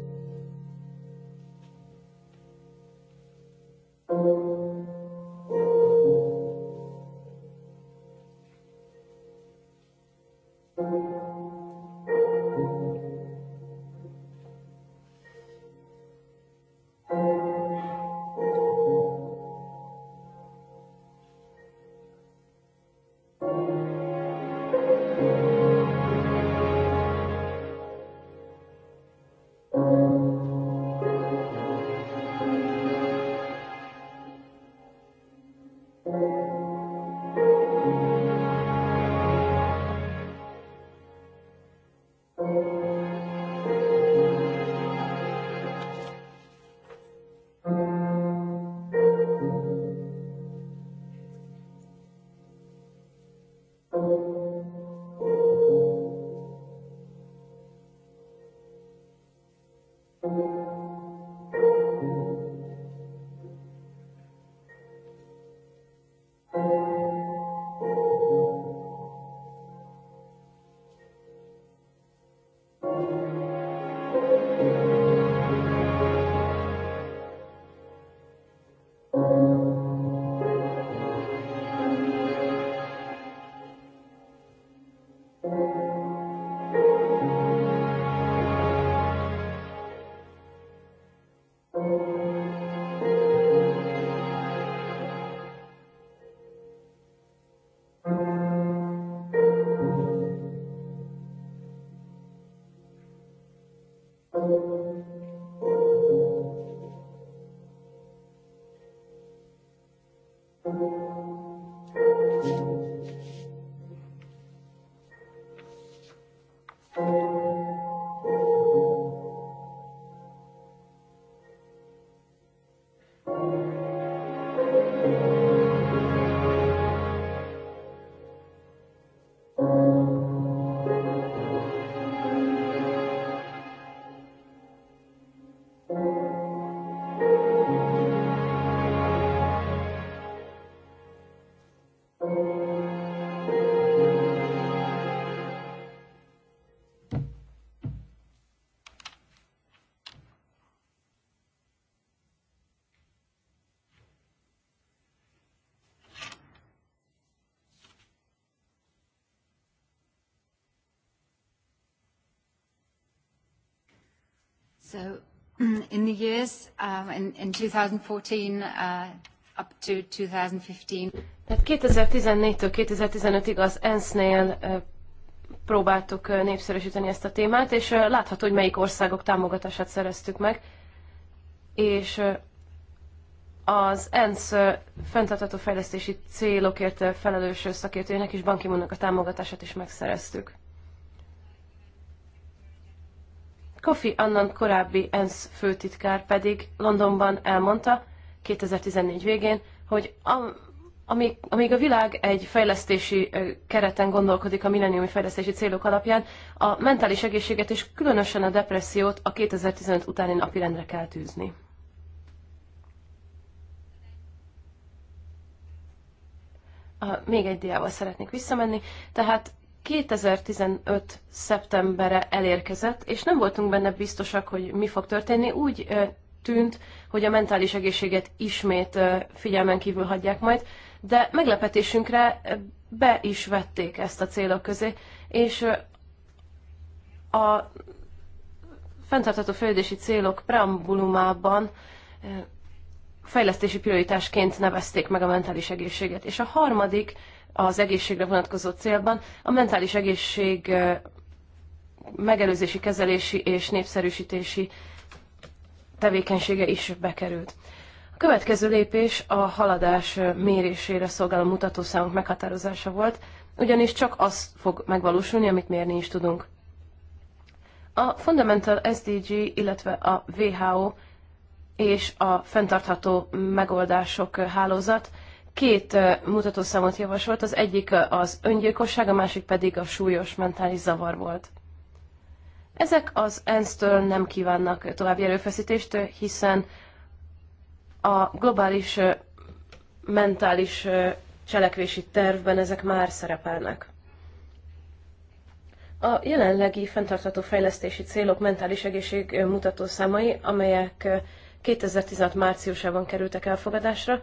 So (clears throat) in the years um, in, in 2014 uh, up to 2015. Tehát 2014-től 2015-ig az ENSZ-nél próbáltuk népszerűsíteni ezt a témát, és látható, hogy melyik országok támogatását szereztük meg. És az ENSZ fenntartható fejlesztési célokért felelős szakértőjének és Ban ki a támogatását is megszereztük. Kofi Annan korábbi ENSZ főtitkár pedig Londonban elmondta 2014 végén, hogy amíg, amíg a világ egy fejlesztési kereten gondolkodik a milleniumi fejlesztési célok alapján, a mentális egészséget és különösen a depressziót a 2015 utáni napirendre kell tűzni. A, még egy diával szeretnék visszamenni. Tehát 2015. szeptembere elérkezett, és nem voltunk benne biztosak, hogy mi fog történni. Úgy tűnt, hogy a mentális egészséget ismét figyelmen kívül hagyják majd, de meglepetésünkre be is vették ezt a célok közé, és a fenntartható fejlődési célok preambulumában fejlesztési prioritásként nevezték meg a mentális egészséget. És a harmadik az egészségre vonatkozó célban. A mentális egészség megelőzési, kezelési és népszerűsítési tevékenysége is bekerült. A következő lépés a haladás mérésére szolgáló mutatószámok meghatározása volt, ugyanis csak az fog megvalósulni, amit mérni is tudunk. A Fundamental SDG, illetve a WHO és a fenntartható megoldások hálózat két mutatószámot javasolt, az egyik az öngyilkosság, a másik pedig a súlyos mentális zavar volt. Ezek az ENSZ-től nem kívánnak további erőfeszítést, hiszen a globális mentális cselekvési tervben ezek már szerepelnek. A jelenlegi fenntartható fejlesztési célok mentális egészség mutatószámai, amelyek 2016 márciusában kerültek elfogadásra,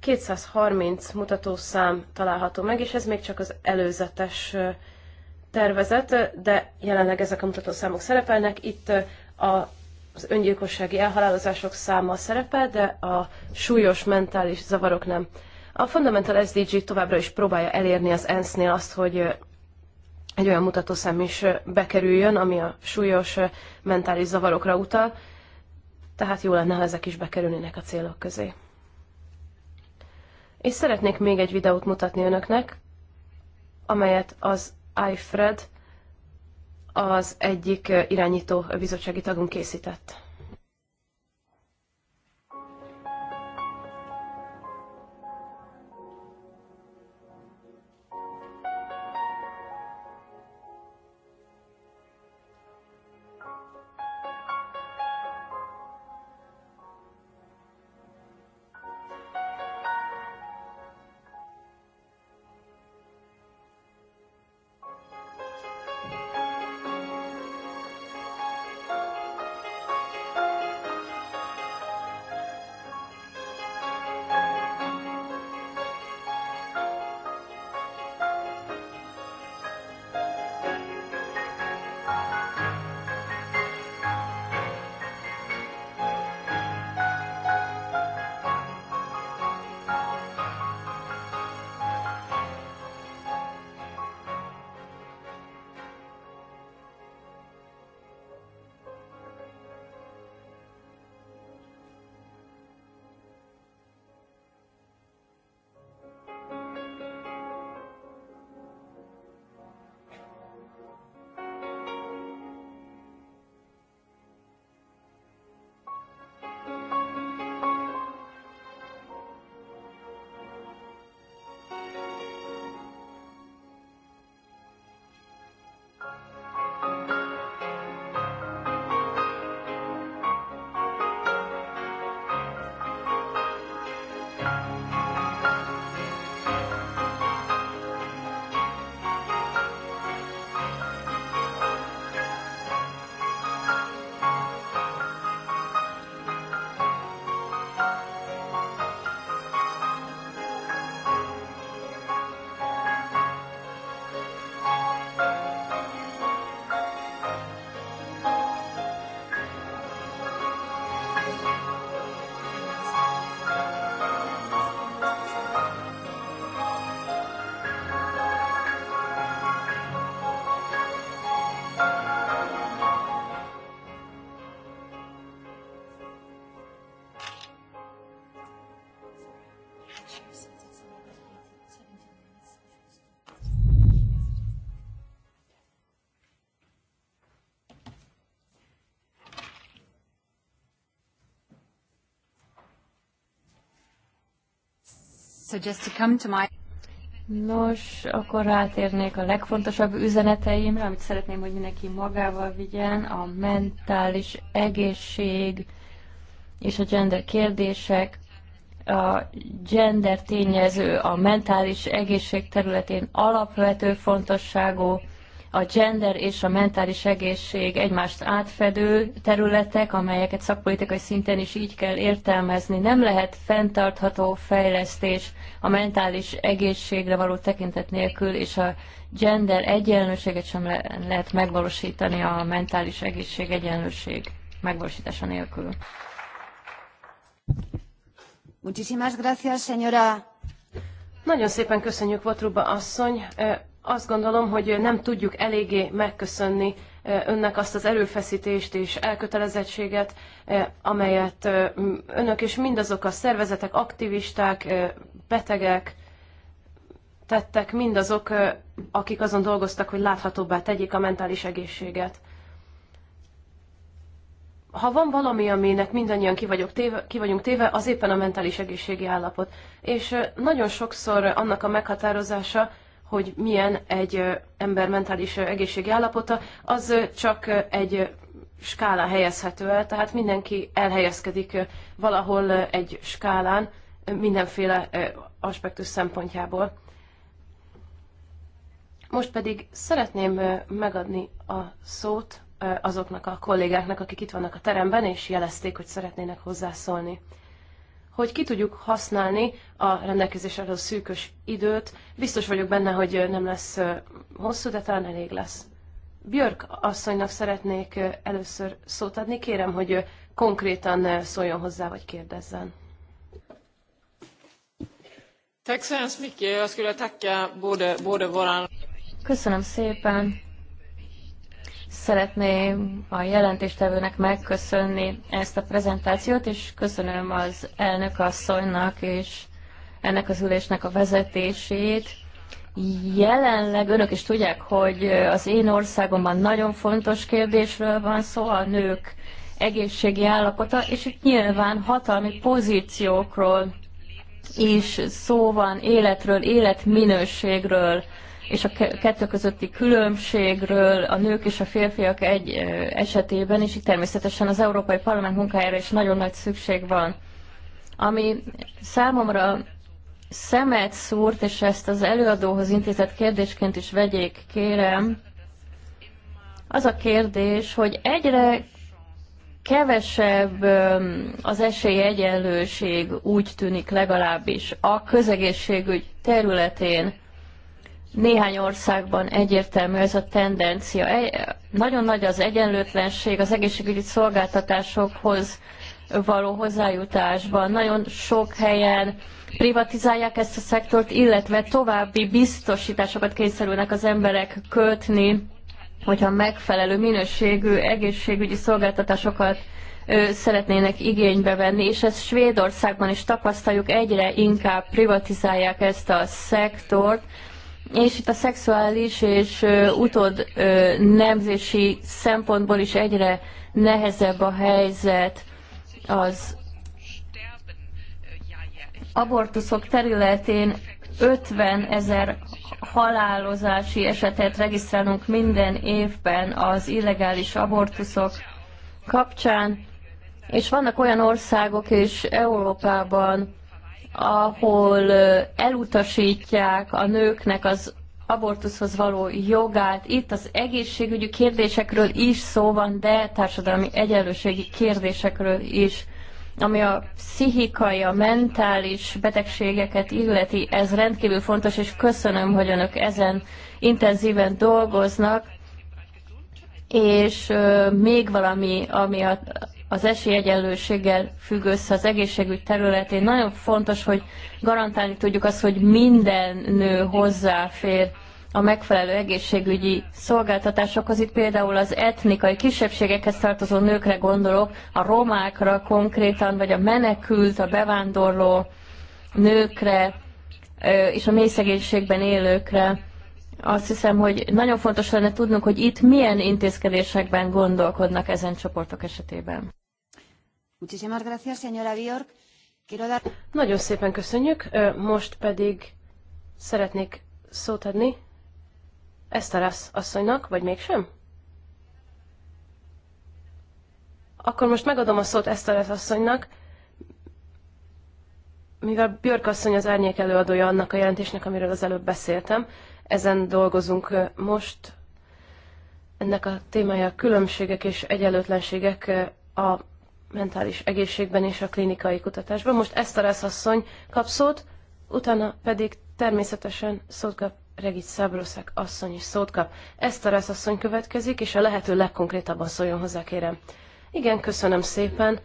230 mutatószám található meg, és ez még csak az előzetes tervezet, de jelenleg ezek a mutatószámok szerepelnek. Itt a az öngyilkossági elhalálozások száma szerepel, de a súlyos mentális zavarok nem. A Fundamental SDG továbbra is próbálja elérni az ENSZ-nél azt, hogy egy olyan mutatószám is bekerüljön, ami a súlyos mentális zavarokra utal, tehát jó lenne, ha ezek is bekerülnének a célok közé. És szeretnék még egy videót mutatni önöknek, amelyet az iFred, az egyik irányító bizottsági tagunk készített. Nos, akkor rátérnék a legfontosabb üzeneteimre, amit szeretném, hogy mindenki magával vigyen, a mentális egészség és a gender kérdések. A gender tényező a mentális egészség területén alapvető fontosságú, a gender és a mentális egészség egymást átfedő területek, amelyeket szakpolitikai szinten is így kell értelmezni. Nem lehet fenntartható fejlesztés a mentális egészségre való tekintet nélkül, és a gender egyenlőséget sem le lehet megvalósítani a mentális egészség egyenlőség megvalósítása nélkül. Muchísimas gracias, señora. Nagyon szépen köszönjük, Votruba asszony. Azt gondolom, hogy nem tudjuk eléggé megköszönni eh, önnek azt az erőfeszítést és elkötelezettséget, eh, amelyet eh, önök és mindazok a szervezetek, aktivisták, betegek tettek, mindazok, akik azon dolgoztak, hogy láthatóbbá tegyék a mentális egészséget. Ha van valami, aminek mindannyian ki, vagyok téve, ki vagyunk téve, az éppen a mentális egészségi állapot. És nagyon sokszor annak a meghatározása, hogy milyen egy ember mentális egészségi állapota, az csak egy skála helyezhető el, tehát mindenki elhelyezkedik valahol egy skálán mindenféle aspektus szempontjából. Most pedig szeretném megadni a szót azoknak a kollégáknak, akik itt vannak a teremben, és jelezték, hogy szeretnének hozzászólni hogy ki tudjuk használni a rendelkezésre a szűkös időt. Biztos vagyok benne, hogy nem lesz hosszú, de talán elég lesz. Björk asszonynak szeretnék először szót adni. Kérem, hogy konkrétan szóljon hozzá, vagy kérdezzen. Köszönöm szépen. Szeretném a jelentéstevőnek megköszönni ezt a prezentációt, és köszönöm az elnök asszonynak és ennek az ülésnek a vezetését. Jelenleg önök is tudják, hogy az én országomban nagyon fontos kérdésről van szó, a nők egészségi állapota, és itt nyilván hatalmi pozíciókról is szó van, életről, életminőségről, és a kettő közötti különbségről a nők és a férfiak egy esetében, és itt természetesen az Európai Parlament munkájára is nagyon nagy szükség van. Ami számomra szemet szúrt, és ezt az előadóhoz intézett kérdésként is vegyék, kérem, az a kérdés, hogy egyre kevesebb az esélyegyenlőség, úgy tűnik legalábbis, a közegészségügy területén néhány országban egyértelmű ez a tendencia. E, nagyon nagy az egyenlőtlenség az egészségügyi szolgáltatásokhoz való hozzájutásban. Nagyon sok helyen privatizálják ezt a szektort, illetve további biztosításokat kényszerülnek az emberek kötni, hogyha megfelelő minőségű egészségügyi szolgáltatásokat szeretnének igénybe venni, és ezt Svédországban is tapasztaljuk, egyre inkább privatizálják ezt a szektort, és itt a szexuális és utód nemzési szempontból is egyre nehezebb a helyzet az abortuszok területén 50 ezer halálozási esetet regisztrálunk minden évben az illegális abortuszok kapcsán, és vannak olyan országok és Európában, ahol elutasítják a nőknek az abortuszhoz való jogát. Itt az egészségügyi kérdésekről is szó van, de társadalmi egyenlőségi kérdésekről is. Ami a pszichikai, a mentális betegségeket illeti, ez rendkívül fontos, és köszönöm, hogy önök ezen intenzíven dolgoznak. És euh, még valami, ami a, az esélyegyenlőséggel függ össze az egészségügy területén. Nagyon fontos, hogy garantálni tudjuk azt, hogy minden nő hozzáfér a megfelelő egészségügyi szolgáltatásokhoz. Itt például az etnikai kisebbségekhez tartozó nőkre gondolok, a romákra konkrétan, vagy a menekült, a bevándorló nőkre, és a mély szegénységben élőkre. Azt hiszem, hogy nagyon fontos lenne tudnunk, hogy itt milyen intézkedésekben gondolkodnak ezen csoportok esetében. Nagyon szépen köszönjük. Most pedig szeretnék szót adni Esztarász asszonynak, vagy mégsem? Akkor most megadom a szót Esztarász asszonynak, mivel Björk asszony az árnyék előadója annak a jelentésnek, amiről az előbb beszéltem, ezen dolgozunk most. Ennek a témája a különbségek és egyenlőtlenségek a mentális egészségben és a klinikai kutatásban. Most ezt a asszony kap szót, utána pedig természetesen szót kap Regis Szabroszek asszony is szót kap. Ezt a asszony következik, és a lehető legkonkrétabban szóljon hozzá, kérem. Igen, köszönöm szépen.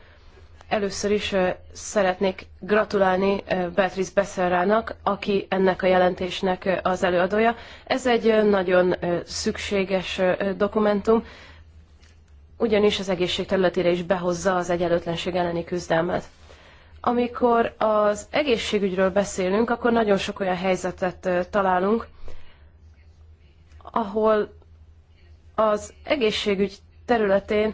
Először is szeretnék gratulálni Beatrice Beszerrának, aki ennek a jelentésnek az előadója. Ez egy nagyon szükséges dokumentum, ugyanis az egészség területére is behozza az egyenlőtlenség elleni küzdelmet. Amikor az egészségügyről beszélünk, akkor nagyon sok olyan helyzetet találunk, ahol az egészségügy területén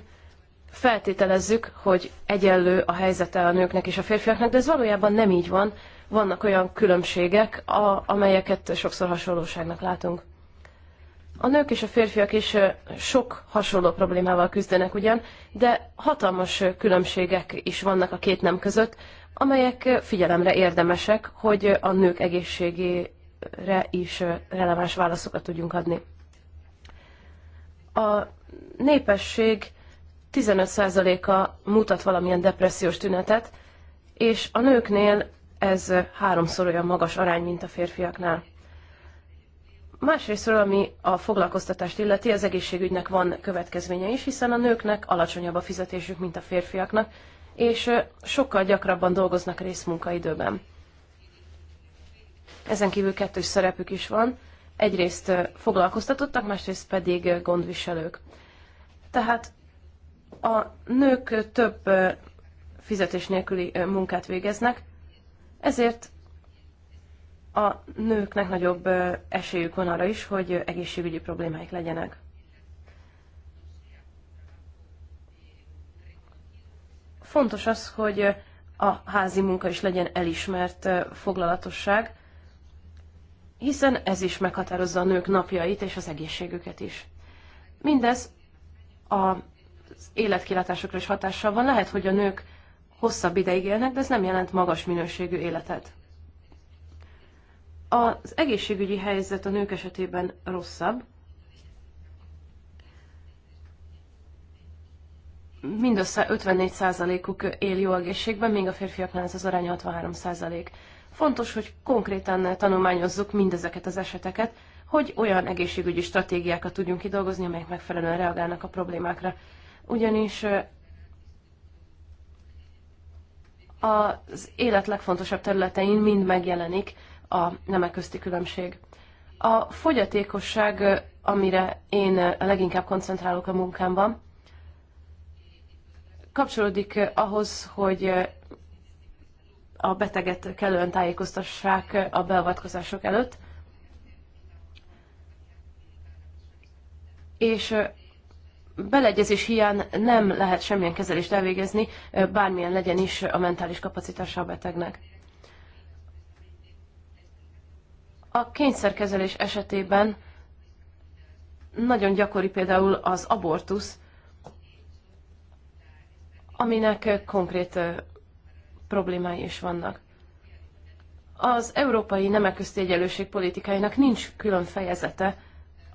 feltételezzük, hogy egyenlő a helyzete a nőknek és a férfiaknak, de ez valójában nem így van. Vannak olyan különbségek, amelyeket sokszor hasonlóságnak látunk. A nők és a férfiak is sok hasonló problémával küzdenek ugyan, de hatalmas különbségek is vannak a két nem között, amelyek figyelemre érdemesek, hogy a nők egészségére is releváns válaszokat tudjunk adni. A népesség 15%-a mutat valamilyen depressziós tünetet, és a nőknél ez háromszor olyan magas arány, mint a férfiaknál. Másrésztről, ami a foglalkoztatást illeti, az egészségügynek van következménye is, hiszen a nőknek alacsonyabb a fizetésük, mint a férfiaknak, és sokkal gyakrabban dolgoznak részmunkaidőben. Ezen kívül kettős szerepük is van, egyrészt foglalkoztatottak, másrészt pedig gondviselők. Tehát a nők több fizetés nélküli munkát végeznek, ezért a nőknek nagyobb esélyük van arra is, hogy egészségügyi problémáik legyenek. Fontos az, hogy a házi munka is legyen elismert foglalatosság, hiszen ez is meghatározza a nők napjait és az egészségüket is. Mindez az életkilátásokra is hatással van. Lehet, hogy a nők hosszabb ideig élnek, de ez nem jelent magas minőségű életet. Az egészségügyi helyzet a nők esetében rosszabb. Mindössze 54%-uk él jó egészségben, míg a férfiaknál ez az arány 63%. Fontos, hogy konkrétan tanulmányozzuk mindezeket az eseteket, hogy olyan egészségügyi stratégiákat tudjunk kidolgozni, amelyek megfelelően reagálnak a problémákra. Ugyanis az élet legfontosabb területein mind megjelenik a nemek közti különbség. A fogyatékosság, amire én leginkább koncentrálok a munkámban, kapcsolódik ahhoz, hogy a beteget kellően tájékoztassák a beavatkozások előtt, és beleegyezés hiány nem lehet semmilyen kezelést elvégezni, bármilyen legyen is a mentális kapacitása a betegnek. A kényszerkezelés esetében nagyon gyakori például az abortusz, aminek konkrét problémái is vannak. Az európai nemek közti egyenlőség politikájának nincs külön fejezete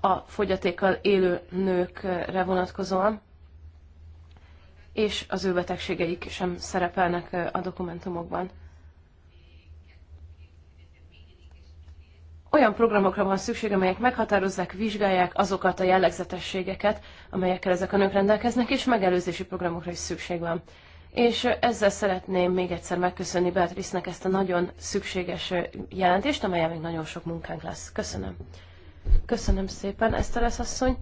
a fogyatékkal élő nőkre vonatkozóan, és az ő betegségeik sem szerepelnek a dokumentumokban. olyan programokra van szükség, amelyek meghatározzák, vizsgálják azokat a jellegzetességeket, amelyekkel ezek a nők rendelkeznek, és megelőzési programokra is szükség van. És ezzel szeretném még egyszer megköszönni Beatrice-nek ezt a nagyon szükséges jelentést, amelyen még nagyon sok munkánk lesz. Köszönöm. Köszönöm szépen, Eszteres asszony.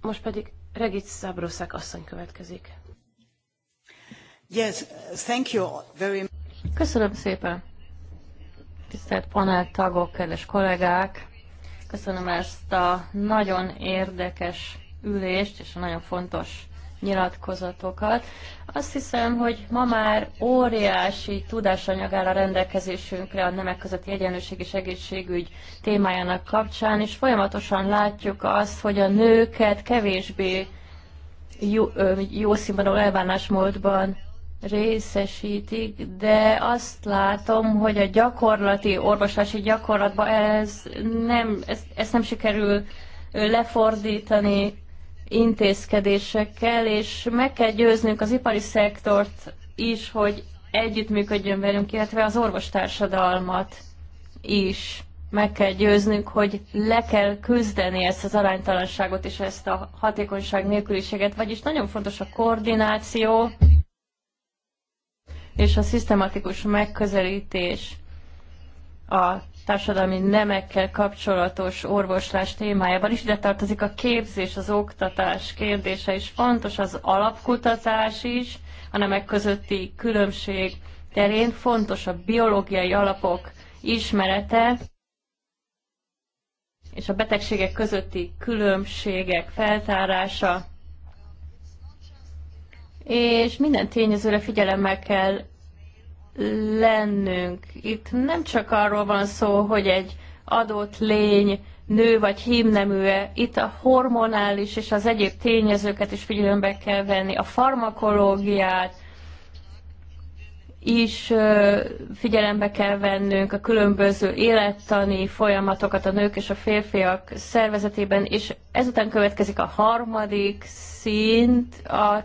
Most pedig Regic Szabruszek asszony következik. Yes, thank you very much. Köszönöm szépen tisztelt paneltagok, kedves kollégák! Köszönöm ezt a nagyon érdekes ülést és a nagyon fontos nyilatkozatokat. Azt hiszem, hogy ma már óriási tudásanyag áll a rendelkezésünkre a nemek közötti egyenlőség és egészségügy témájának kapcsán, és folyamatosan látjuk azt, hogy a nőket kevésbé jó, jó színvonalú elbánásmódban részesítik, de azt látom, hogy a gyakorlati orvoslási gyakorlatban ez nem, ez ez nem sikerül lefordítani intézkedésekkel, és meg kell győznünk az ipari szektort is, hogy együttműködjön velünk, illetve az orvostársadalmat is meg kell győznünk, hogy le kell küzdeni ezt az aránytalanságot és ezt a hatékonyság nélküliséget, vagyis nagyon fontos a koordináció, és a szisztematikus megközelítés a társadalmi nemekkel kapcsolatos orvoslás témájában is. Ide tartozik a képzés, az oktatás kérdése is fontos, az alapkutatás is, a nemek közötti különbség terén fontos a biológiai alapok ismerete és a betegségek közötti különbségek feltárása és minden tényezőre figyelemmel kell lennünk. Itt nem csak arról van szó, hogy egy adott lény nő vagy hímneműe, itt a hormonális és az egyéb tényezőket is figyelembe kell venni, a farmakológiát is figyelembe kell vennünk, a különböző élettani folyamatokat a nők és a férfiak szervezetében, és ezután következik a harmadik szint, a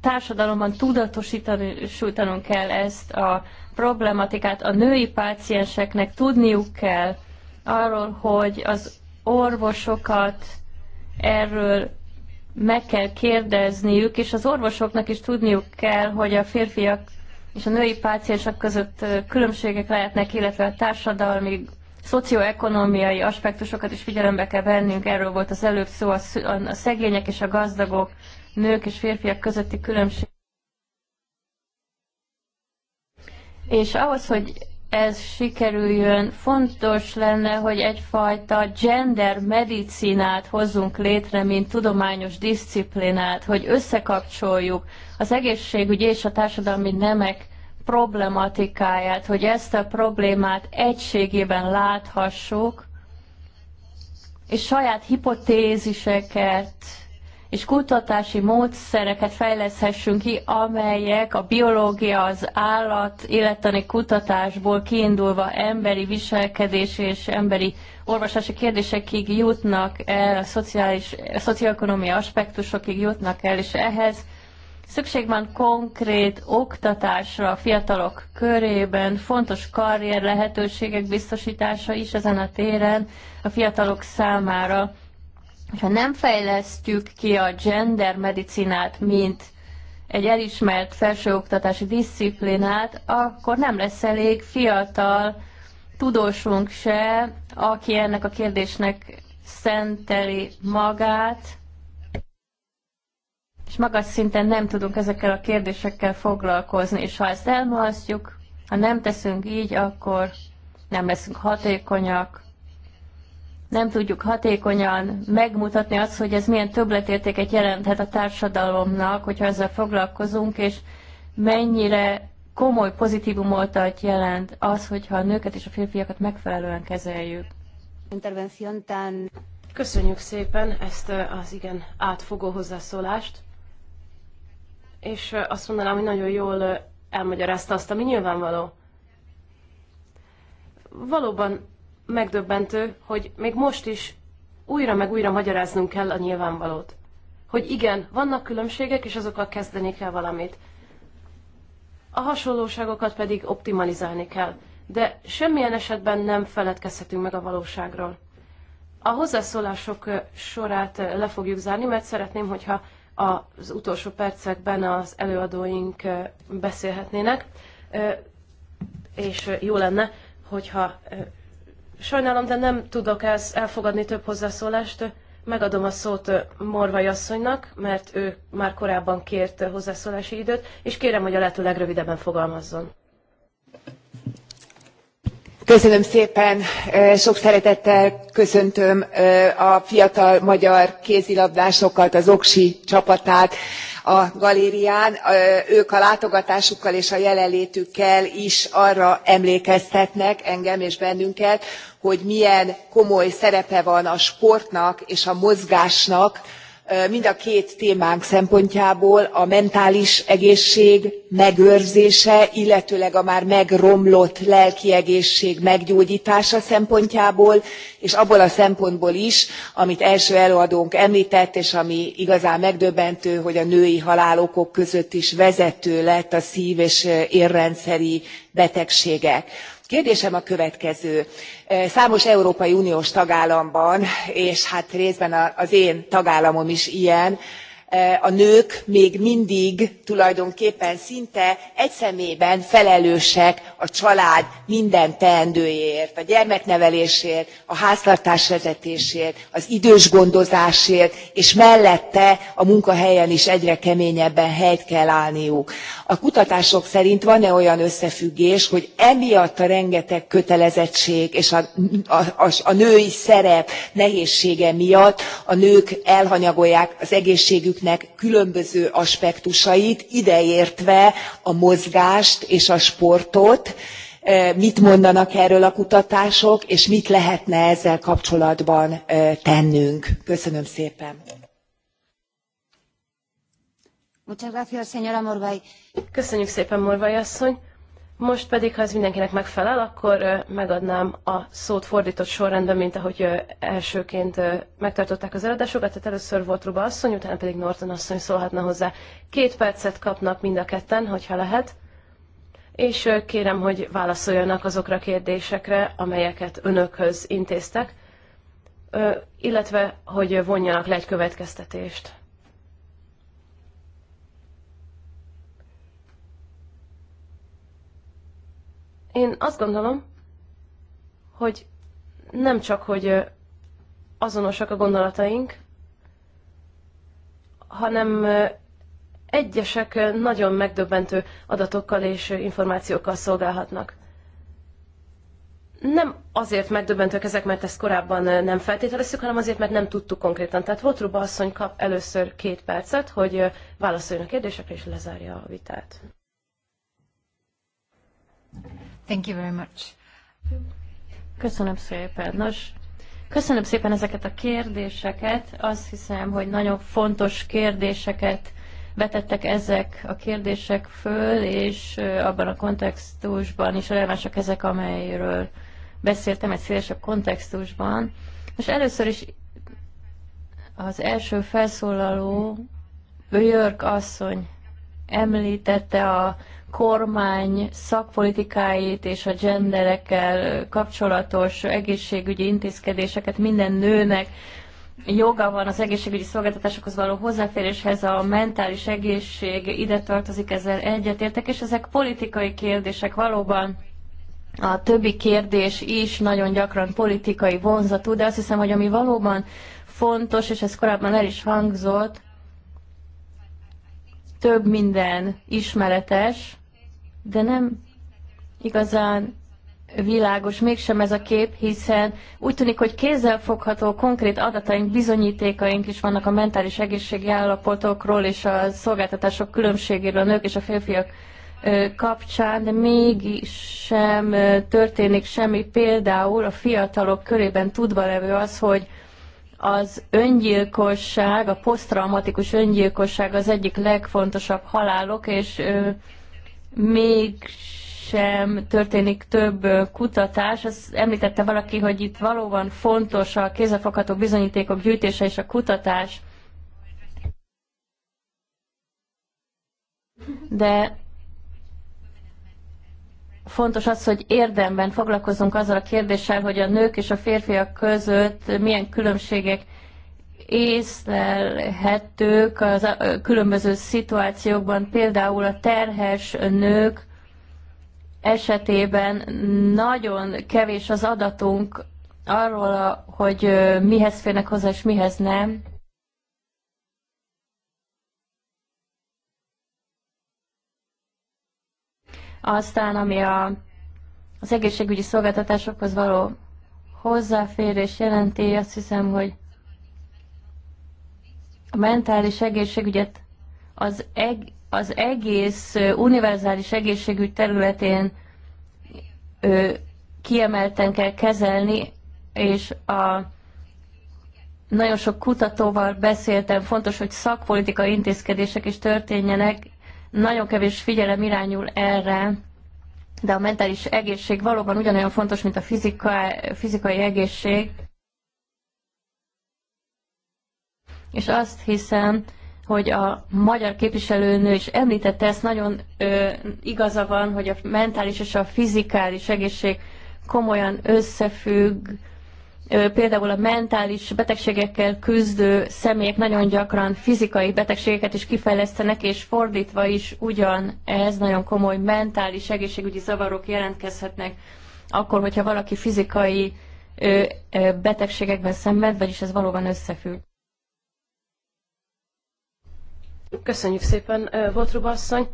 társadalomban tudatosítanunk kell ezt a problematikát. A női pácienseknek tudniuk kell arról, hogy az orvosokat erről meg kell kérdezniük, és az orvosoknak is tudniuk kell, hogy a férfiak és a női páciensek között különbségek lehetnek, illetve a társadalmi, szocioekonomiai aspektusokat is figyelembe kell vennünk. Erről volt az előbb szó, a szegények és a gazdagok nők és férfiak közötti különbség. És ahhoz, hogy ez sikerüljön, fontos lenne, hogy egyfajta gender medicinát hozzunk létre, mint tudományos disziplinát, hogy összekapcsoljuk az egészségügy és a társadalmi nemek problematikáját, hogy ezt a problémát egységében láthassuk, és saját hipotéziseket és kutatási módszereket fejleszhessünk ki, amelyek a biológia, az állat, élettani kutatásból kiindulva emberi viselkedés és emberi orvosási kérdésekig jutnak el, a szociális, a szocioekonomiai aspektusokig jutnak el, és ehhez Szükség van konkrét oktatásra a fiatalok körében, fontos karrier lehetőségek biztosítása is ezen a téren a fiatalok számára ha nem fejlesztjük ki a gender medicinát, mint egy elismert felsőoktatási disziplinát, akkor nem lesz elég fiatal tudósunk se, aki ennek a kérdésnek szenteli magát, és magas szinten nem tudunk ezekkel a kérdésekkel foglalkozni, és ha ezt elmulasztjuk, ha nem teszünk így, akkor nem leszünk hatékonyak, nem tudjuk hatékonyan megmutatni azt, hogy ez milyen többletértéket jelenthet a társadalomnak, hogyha ezzel foglalkozunk, és mennyire komoly pozitívumoltat jelent az, hogyha a nőket és a férfiakat megfelelően kezeljük. Köszönjük szépen ezt az igen átfogó hozzászólást, és azt mondanám, hogy nagyon jól elmagyarázta azt, ami nyilvánvaló. Valóban megdöbbentő, hogy még most is újra meg újra magyaráznunk kell a nyilvánvalót. Hogy igen, vannak különbségek, és azokkal kezdeni kell valamit. A hasonlóságokat pedig optimalizálni kell, de semmilyen esetben nem feledkezhetünk meg a valóságról. A hozzászólások sorát le fogjuk zárni, mert szeretném, hogyha az utolsó percekben az előadóink beszélhetnének, és jó lenne, hogyha Sajnálom, de nem tudok ezt elfogadni több hozzászólást. Megadom a szót Morvai asszonynak, mert ő már korábban kért hozzászólási időt, és kérem, hogy a lehető legrövidebben fogalmazzon sok szeretettel köszöntöm a fiatal magyar kézilabdásokat az oksi csapatát a galérián. ők a látogatásukkal és a jelenlétükkel is arra emlékeztetnek engem és bennünket hogy milyen komoly szerepe van a sportnak és a mozgásnak mind a két témánk szempontjából a mentális egészség megőrzése illetőleg a már megromlott lelki egészség meggyógytása szempontjából és abból a szempontból is amit első előadónk emltett és ami igazán megdöbbentő hogy a női halálokok között is vezető lett a szv és érrendszeri betegségek kérdésem a következő számos európai uniós tagállamban és hát részben az én tagállamom is ilyen a nők még mindig tulajdonképpen szinte egy személyben felelősek a család minden teendőjéért a gyermeknevelésért a háztartás vezetésért az idősgondozásért és mellette a munkahelyen is egyre keményebben helyt kell állniuk a kutatások szerint van e olyan összefüggés hogy emiatt a rengeteg kötelezettség és a, női szerep nehézsége miatt a nők elhanyagolják az egészségüknek különböző aspektusait ideértve a mozgást és a sportot e, mit mondanak erről a kutatások és mit lehetne ezzel kapcsolatban e, tennünk? köszönöm szépen. Köszönjük szépen, Morvai asszony. Most pedig, ha ez mindenkinek megfelel, akkor megadnám a szót fordított sorrendben, mint ahogy elsőként megtartották az előadásokat. Tehát először volt Ruba asszony, utána pedig Norton asszony szólhatna hozzá. Két percet kapnak mind a ketten, hogyha lehet. És kérem, hogy válaszoljanak azokra a kérdésekre, amelyeket önökhöz intéztek, illetve hogy vonjanak le egy következtetést. Én azt gondolom, hogy nem csak, hogy azonosak a gondolataink, hanem egyesek nagyon megdöbbentő adatokkal és információkkal szolgálhatnak. Nem azért megdöbbentők ezek, mert ezt korábban nem feltételeztük, hanem azért, mert nem tudtuk konkrétan. Tehát Votruba asszony kap először két percet, hogy válaszoljon a kérdésekre és lezárja a vitát. Thank you very much. Köszönöm szépen. Nos, köszönöm szépen ezeket a kérdéseket. Azt hiszem, hogy nagyon fontos kérdéseket vetettek ezek a kérdések föl, és abban a kontextusban is relevánsak ezek, amelyről beszéltem egy szélesebb kontextusban. És először is az első felszólaló Björk asszony említette a kormány szakpolitikáit és a genderekkel kapcsolatos egészségügyi intézkedéseket minden nőnek joga van az egészségügyi szolgáltatásokhoz való hozzáféréshez, a mentális egészség ide tartozik, ezzel egyetértek, és ezek politikai kérdések valóban a többi kérdés is nagyon gyakran politikai vonzatú, de azt hiszem, hogy ami valóban fontos, és ez korábban el is hangzott, több minden ismeretes, de nem igazán világos mégsem ez a kép, hiszen úgy tűnik, hogy kézzelfogható konkrét adataink, bizonyítékaink is vannak a mentális egészségi állapotokról és a szolgáltatások különbségéről a nők és a férfiak kapcsán, de mégis sem történik semmi. Például a fiatalok körében tudva levő az, hogy az öngyilkosság, a posztraumatikus öngyilkosság az egyik legfontosabb halálok, és még sem történik több kutatás. Azt említette valaki, hogy itt valóban fontos a kézefogható bizonyítékok gyűjtése és a kutatás. De fontos az, hogy érdemben foglalkozunk azzal a kérdéssel, hogy a nők és a férfiak között milyen különbségek észlelhetők az a különböző szituációkban, például a terhes nők esetében nagyon kevés az adatunk arról, hogy mihez férnek hozzá és mihez nem. Aztán, ami a, az egészségügyi szolgáltatásokhoz való hozzáférés jelenti, azt hiszem, hogy a mentális egészségügyet az, eg, az egész univerzális egészségügy területén ö, kiemelten kell kezelni, és a, nagyon sok kutatóval beszéltem, fontos, hogy szakpolitikai intézkedések is történjenek, nagyon kevés figyelem irányul erre, de a mentális egészség valóban ugyanolyan fontos, mint a fizika, fizikai egészség, és azt hiszem, hogy a magyar képviselőnő is említette ezt, nagyon ö, igaza van, hogy a mentális és a fizikális egészség komolyan összefügg. Ö, például a mentális betegségekkel küzdő személyek nagyon gyakran fizikai betegségeket is kifejlesztenek, és fordítva is ugyan ez nagyon komoly mentális egészségügyi zavarok jelentkezhetnek akkor, hogyha valaki fizikai ö, ö, betegségekben szenved, vagyis ez valóban összefügg. Köszönjük szépen, Botruba asszony.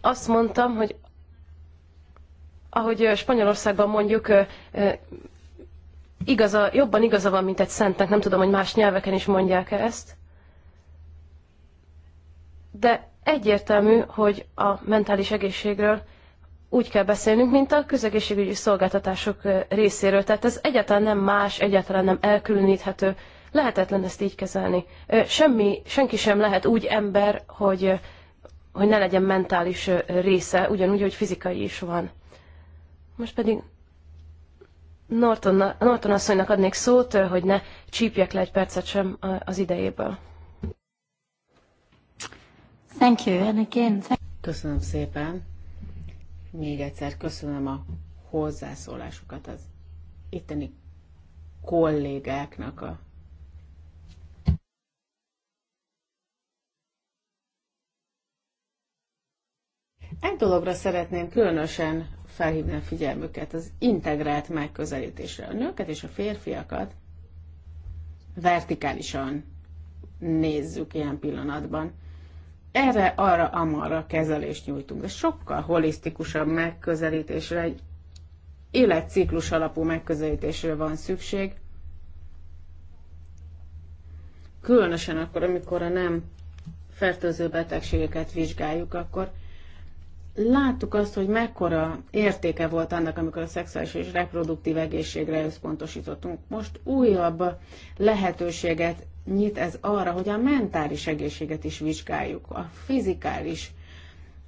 Azt mondtam, hogy ahogy Spanyolországban mondjuk, igaza, jobban igaza van, mint egy szentnek. Nem tudom, hogy más nyelveken is mondják-e ezt. De egyértelmű, hogy a mentális egészségről úgy kell beszélnünk, mint a közegészségügyi szolgáltatások részéről. Tehát ez egyáltalán nem más, egyáltalán nem elkülöníthető. Lehetetlen ezt így kezelni. Semmi, senki sem lehet úgy ember, hogy, hogy ne legyen mentális része, ugyanúgy, hogy fizikai is van. Most pedig Norton, Norton asszonynak adnék szót, hogy ne csípjek le egy percet sem az idejéből. Thank you, and again, thank- Köszönöm szépen. Még egyszer köszönöm a hozzászólásukat az itteni kollégáknak a Egy dologra szeretném különösen felhívni a figyelmüket, az integrált megközelítésre. A nőket és a férfiakat vertikálisan nézzük ilyen pillanatban erre, arra, amarra kezelést nyújtunk. Ez sokkal holisztikusabb megközelítésre, egy életciklus alapú megközelítésre van szükség. Különösen akkor, amikor a nem fertőző betegségeket vizsgáljuk, akkor láttuk azt, hogy mekkora értéke volt annak, amikor a szexuális és reproduktív egészségre összpontosítottunk. Most újabb lehetőséget nyit ez arra, hogy a mentális egészséget is vizsgáljuk, a fizikális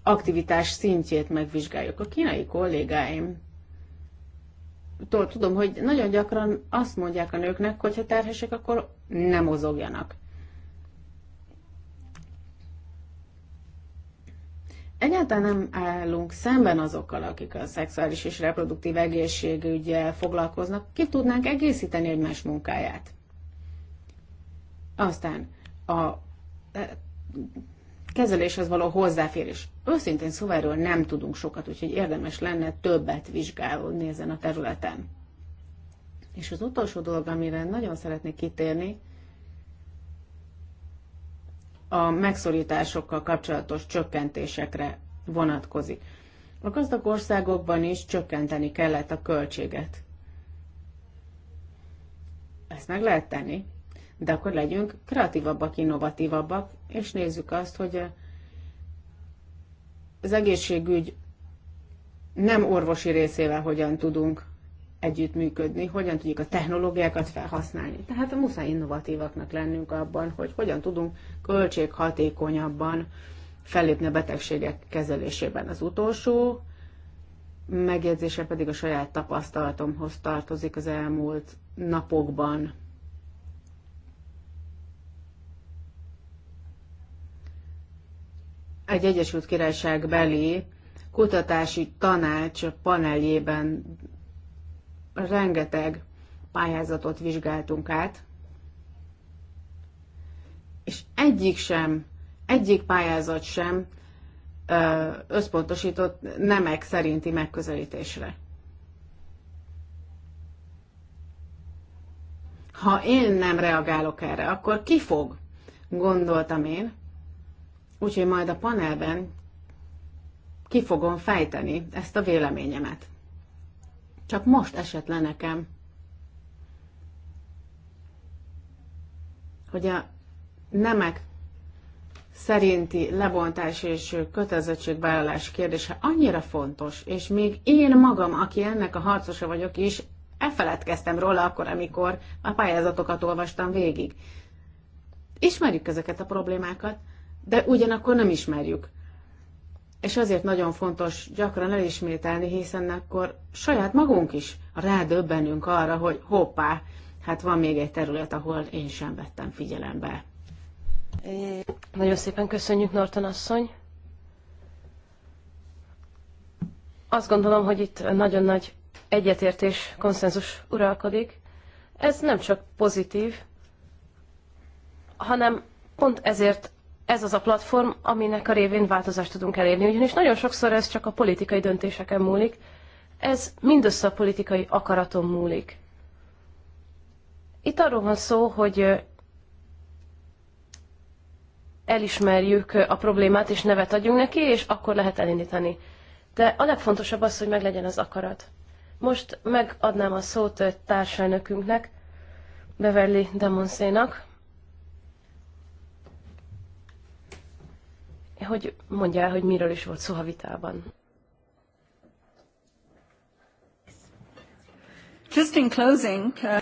aktivitás szintjét megvizsgáljuk. A kínai kollégáim tudom, hogy nagyon gyakran azt mondják a nőknek, hogy ha terhesek, akkor nem mozogjanak. egyáltalán nem állunk szemben azokkal, akik a szexuális és reproduktív egészségügyel foglalkoznak, ki tudnánk egészíteni egymás munkáját. Aztán a e, kezeléshez való hozzáférés. Őszintén szóval erről nem tudunk sokat, úgyhogy érdemes lenne többet vizsgálódni ezen a területen. És az utolsó dolog, amire nagyon szeretnék kitérni, a megszorításokkal kapcsolatos csökkentésekre vonatkozik. A gazdag országokban is csökkenteni kellett a költséget. Ezt meg lehet tenni, de akkor legyünk kreatívabbak, innovatívabbak, és nézzük azt, hogy az egészségügy nem orvosi részével hogyan tudunk együttműködni, hogyan tudjuk a technológiákat felhasználni. Tehát muszáj innovatívaknak lennünk abban, hogy hogyan tudunk költséghatékonyabban fellépni a betegségek kezelésében. Az utolsó megjegyzése pedig a saját tapasztalatomhoz tartozik az elmúlt napokban. Egy Egyesült Királyság beli kutatási tanács paneljében rengeteg pályázatot vizsgáltunk át, és egyik sem, egyik pályázat sem összpontosított nemek szerinti megközelítésre. Ha én nem reagálok erre, akkor ki fog? Gondoltam én. Úgyhogy majd a panelben ki fogom fejteni ezt a véleményemet. Csak most esett le nekem, hogy a nemek szerinti lebontás és kötelezettségvállalás kérdése annyira fontos, és még én magam, aki ennek a harcosa vagyok is, elfeledkeztem róla akkor, amikor a pályázatokat olvastam végig. Ismerjük ezeket a problémákat, de ugyanakkor nem ismerjük és azért nagyon fontos gyakran elismételni, hiszen akkor saját magunk is rádöbbenünk arra, hogy hoppá, hát van még egy terület, ahol én sem vettem figyelembe. Nagyon szépen köszönjük, Norton asszony. Azt gondolom, hogy itt nagyon nagy egyetértés, konszenzus uralkodik. Ez nem csak pozitív, hanem pont ezért ez az a platform, aminek a révén változást tudunk elérni, ugyanis nagyon sokszor ez csak a politikai döntéseken múlik, ez mindössze a politikai akaraton múlik. Itt arról van szó, hogy elismerjük a problémát, és nevet adjunk neki, és akkor lehet elindítani. De a legfontosabb az, hogy meglegyen az akarat. Most megadnám a szót társelnökünknek, Beverly Demonszénak, hogy mondja el, hogy miről is volt szó a vitában. Just in closing, uh...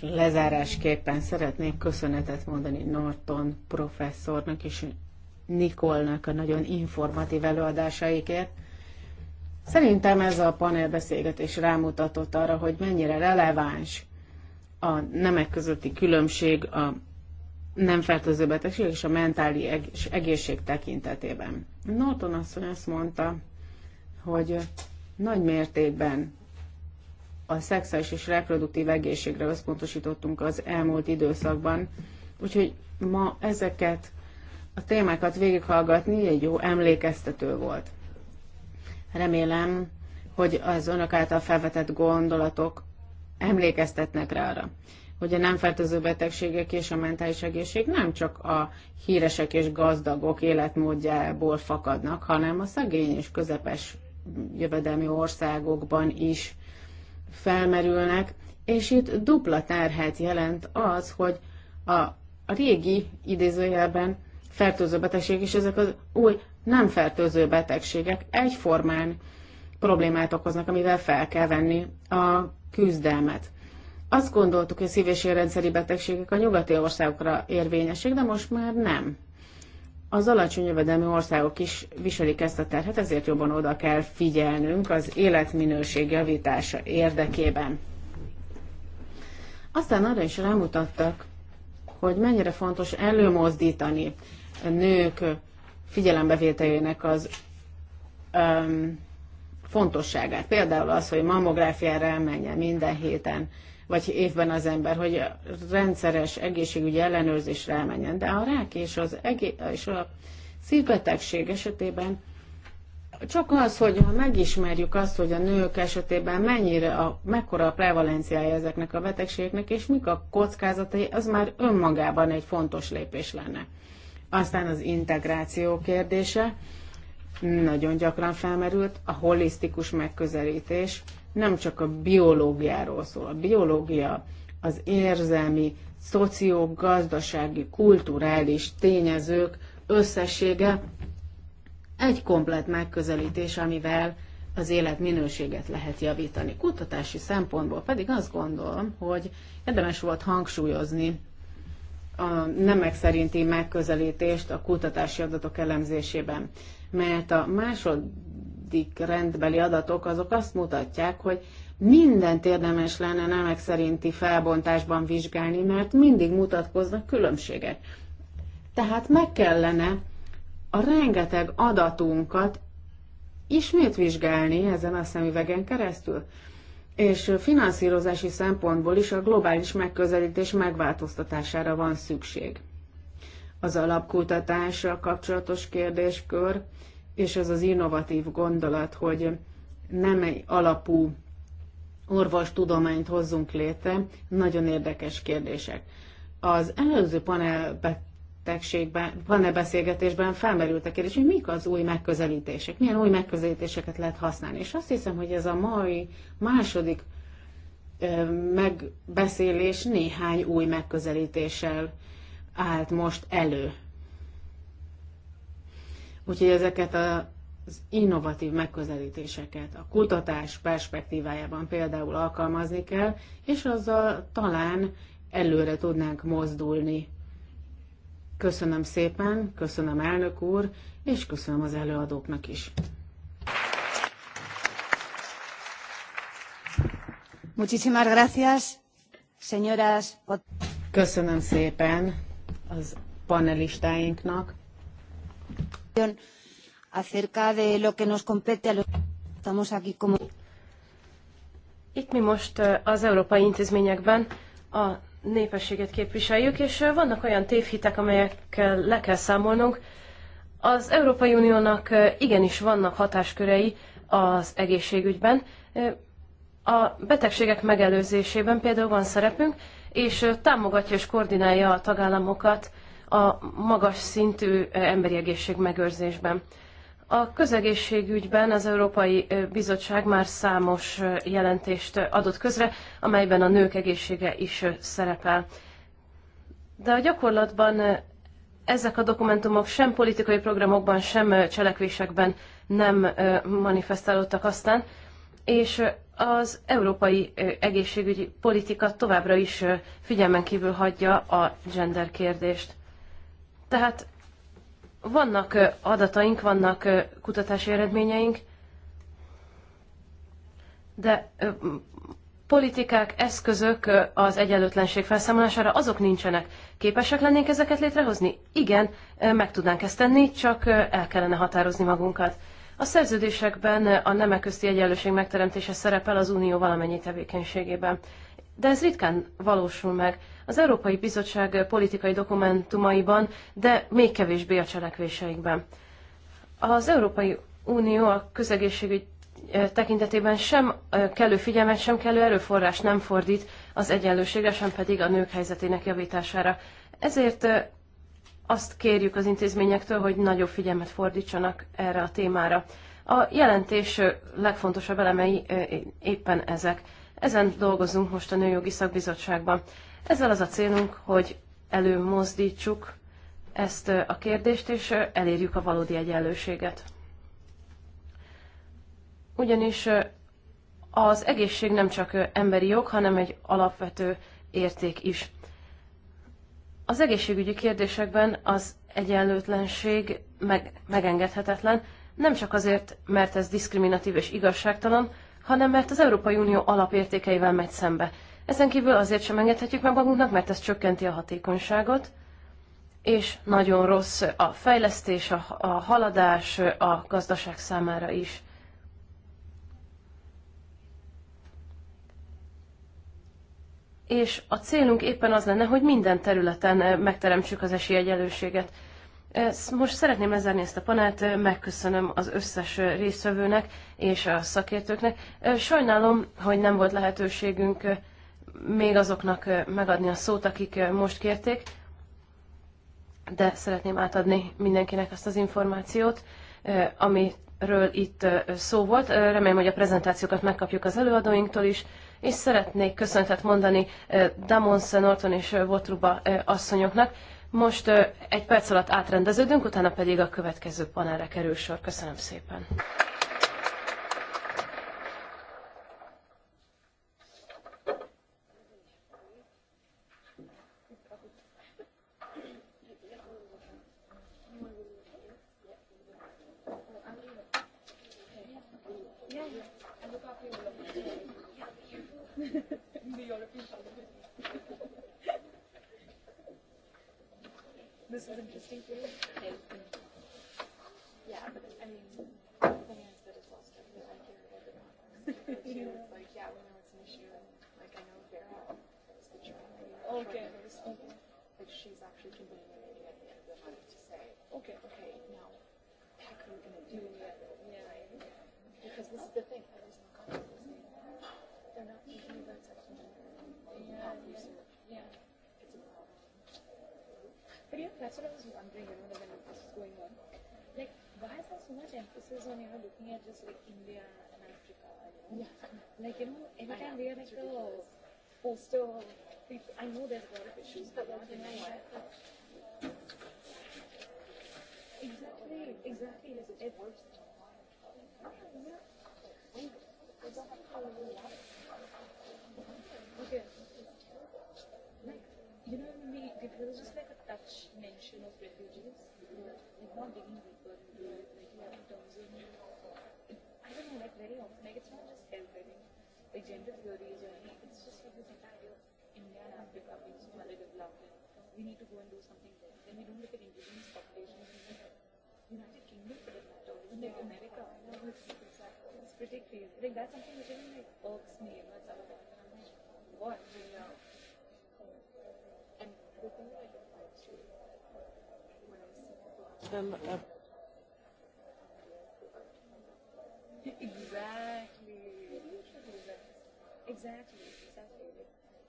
Lezárásképpen szeretnék köszönetet mondani Norton professzornak és Nikolnak a nagyon informatív előadásaikért. Szerintem ez a panelbeszélgetés rámutatott arra, hogy mennyire releváns a nemek közötti különbség a nem fertőző betegség és a mentális egészség tekintetében. Norton asszony azt mondta, hogy nagy mértékben a szexuális és reproduktív egészségre összpontosítottunk az elmúlt időszakban, úgyhogy ma ezeket a témákat végighallgatni egy jó emlékeztető volt. Remélem, hogy az önök által felvetett gondolatok emlékeztetnek rá arra hogy a nem fertőző betegségek és a mentális egészség nem csak a híresek és gazdagok életmódjából fakadnak, hanem a szegény és közepes jövedelmi országokban is felmerülnek, és itt dupla terhet jelent az, hogy a, a régi idézőjelben fertőző betegség és ezek az új nem fertőző betegségek egyformán problémát okoznak, amivel fel kell venni a küzdelmet. Azt gondoltuk, hogy a szív- és érrendszeri betegségek a nyugati országokra érvényesek, de most már nem. Az alacsony jövedelmi országok is viselik ezt a terhet, ezért jobban oda kell figyelnünk az életminőség javítása érdekében. Aztán arra is rámutattak, hogy mennyire fontos előmozdítani a nők figyelembevételének az um, fontosságát. Például az, hogy mammográfiára elmenjen minden héten, vagy évben az ember, hogy rendszeres egészségügyi ellenőrzésre elmenjen. De a rák és, az egé- és a szívbetegség esetében csak az, hogy megismerjük azt, hogy a nők esetében mennyire, a, mekkora a prevalenciája ezeknek a betegségeknek, és mik a kockázatai, az már önmagában egy fontos lépés lenne. Aztán az integráció kérdése nagyon gyakran felmerült, a holisztikus megközelítés, nem csak a biológiáról szól. A biológia az érzelmi, gazdasági, kulturális tényezők összessége egy komplet megközelítés, amivel az élet minőséget lehet javítani. Kutatási szempontból pedig azt gondolom, hogy érdemes volt hangsúlyozni a nemek szerinti megközelítést a kutatási adatok elemzésében, mert a másod statisztik rendbeli adatok azok azt mutatják, hogy mindent érdemes lenne nemek szerinti felbontásban vizsgálni, mert mindig mutatkoznak különbségek. Tehát meg kellene a rengeteg adatunkat ismét vizsgálni ezen a szemüvegen keresztül. És finanszírozási szempontból is a globális megközelítés megváltoztatására van szükség. Az alapkutatásra kapcsolatos kérdéskör és ez az innovatív gondolat, hogy nem egy alapú orvostudományt hozzunk létre, nagyon érdekes kérdések. Az előző panel betegségben, panelbeszélgetésben felmerült a kérdés, hogy mik az új megközelítések, milyen új megközelítéseket lehet használni. És azt hiszem, hogy ez a mai második megbeszélés néhány új megközelítéssel állt most elő. Úgyhogy ezeket az innovatív megközelítéseket a kutatás perspektívájában például alkalmazni kell, és azzal talán előre tudnánk mozdulni. Köszönöm szépen, köszönöm elnök úr, és köszönöm az előadóknak is. Muchísimas gracias, señoras. Köszönöm szépen az panelistáinknak acerca de lo que nos compete a los estamos aquí como... Itt mi most az európai intézményekben a népességet képviseljük, és vannak olyan tévhitek, amelyekkel le kell számolnunk. Az Európai Uniónak igenis vannak hatáskörei az egészségügyben. A betegségek megelőzésében például van szerepünk, és támogatja és koordinálja a tagállamokat a magas szintű emberi egészség megőrzésben. A közegészségügyben az Európai Bizottság már számos jelentést adott közre, amelyben a nők egészsége is szerepel. De a gyakorlatban ezek a dokumentumok sem politikai programokban, sem cselekvésekben nem manifestálódtak aztán, és az európai egészségügyi politika továbbra is figyelmen kívül hagyja a gender kérdést. Tehát vannak adataink, vannak kutatási eredményeink, de politikák, eszközök az egyenlőtlenség felszámolására, azok nincsenek. Képesek lennénk ezeket létrehozni? Igen, meg tudnánk ezt tenni, csak el kellene határozni magunkat. A szerződésekben a nemek közti egyenlőség megteremtése szerepel az unió valamennyi tevékenységében. De ez ritkán valósul meg az Európai Bizottság politikai dokumentumaiban, de még kevésbé a cselekvéseikben. Az Európai Unió a közegészségügy tekintetében sem kellő figyelmet, sem kellő erőforrás nem fordít az egyenlőségre, sem pedig a nők helyzetének javítására. Ezért azt kérjük az intézményektől, hogy nagyobb figyelmet fordítsanak erre a témára. A jelentés legfontosabb elemei éppen ezek. Ezen dolgozunk most a Nőjogi Szakbizottságban. Ezzel az a célunk, hogy előmozdítsuk ezt a kérdést, és elérjük a valódi egyenlőséget. Ugyanis az egészség nem csak emberi jog, hanem egy alapvető érték is. Az egészségügyi kérdésekben az egyenlőtlenség meg, megengedhetetlen, nem csak azért, mert ez diszkriminatív és igazságtalan, hanem mert az Európai Unió alapértékeivel megy szembe. Ezen kívül azért sem engedhetjük meg magunknak, mert ez csökkenti a hatékonyságot, és nagyon rossz a fejlesztés, a, a haladás a gazdaság számára is. És a célunk éppen az lenne, hogy minden területen eh, megteremtsük az esélyegyelőséget. Most szeretném lezárni ezt a panelt, eh, megköszönöm az összes eh, résztvevőnek és a szakértőknek. Sajnálom, hogy nem volt lehetőségünk még azoknak megadni a szót, akik most kérték, de szeretném átadni mindenkinek azt az információt, amiről itt szó volt. Remélem, hogy a prezentációkat megkapjuk az előadóinktól is, és szeretnék köszönetet mondani Damons, Norton és Votruba asszonyoknak. Most egy perc alatt átrendeződünk, utána pedig a következő panelre kerül sor. Köszönöm szépen! This is interesting for you. Yeah, but I mean, the thing is that it's also that I hear about the conference. She was like, yeah, we know it's an issue. And, like, I know Vera is the chair. Okay. okay. Like, she's actually convening a meeting at the end of the month to say, okay, okay, now, heck, are we going to do mm-hmm. it? Yeah. Right? yeah. Because this is the thing. There is no conference. They're not thinking about sex and gender and health research. Yeah. But yeah, that's what I was wondering, you know, when this is going on. Like, why is there so much emphasis on, you know, looking at just like India and Africa, you know? Yeah. Like, you know, every time we are like the uh, poster people, I know there's a lot of issues, but what you know why. Exactly, exactly. It's, it's worse. Yeah. Exactly. You know, we, there was just like a touch mention of refugees, like not digging deeper into it, like yeah, in terms of, I don't know, like very often, like it's not just health, I think, like gender theories or anything, it's just like this entire of India and Africa being so underdeveloped and we need to go and do something there. Then we don't look at indigenous populations, even the United Kingdom for that matter, even like America, it's pretty crazy. Like that's something which even like irks me, you know, at some point. I'm like, what? Yeah. Them up. Uh, exactly. Exactly. Exactly.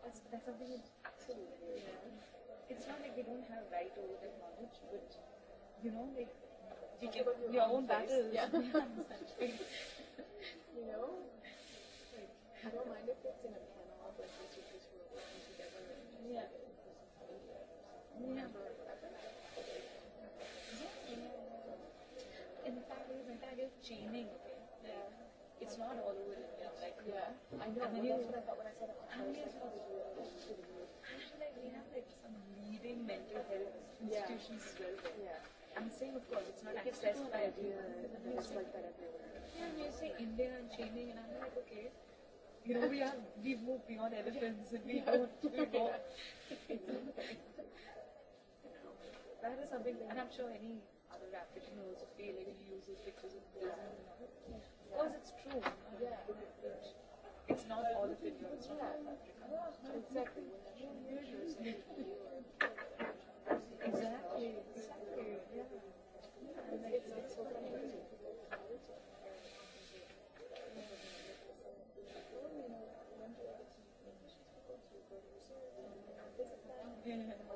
That's that's something that's absolute. Yeah. It's not like they don't have right over that knowledge, but you know, like you give up your, your own, own battles. Yeah. (laughs) (laughs) you know, like I don't mind if it's in a panel, this we're working together. yeah never happened. Yeah, in, in fact, it was entire chaining. Okay? Yeah. It's not all over India. Like, yeah. I know. And then you, that's what I thought when I said it. And I was like, we have like some leading mental health institutions yeah. as well. There. Yeah. I'm saying, of course, it's not it accessed by everyone. It's like that everywhere. Yeah, and you say India and chaining, and I'm like, okay you know, we have we've moved beyond elephants and we yeah. don't we walk. That is something, and I'm sure any other African knows. he uses pictures of girls and Because it's true. Yeah. It's not all of it, it's not all Africa. exactly. exactly. Exactly. Yeah. it's, it's so Yeah.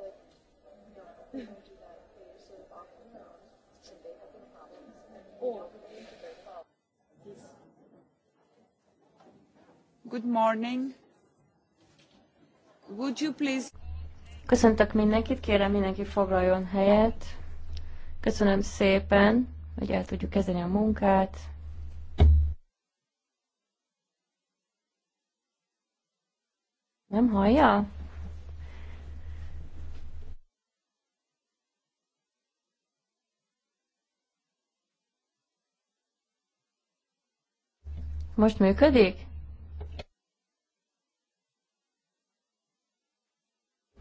Köszöntök mindenkit, kérem mindenki foglaljon helyet. Köszönöm szépen, hogy el tudjuk kezdeni a munkát. Nem hallja? Most működik?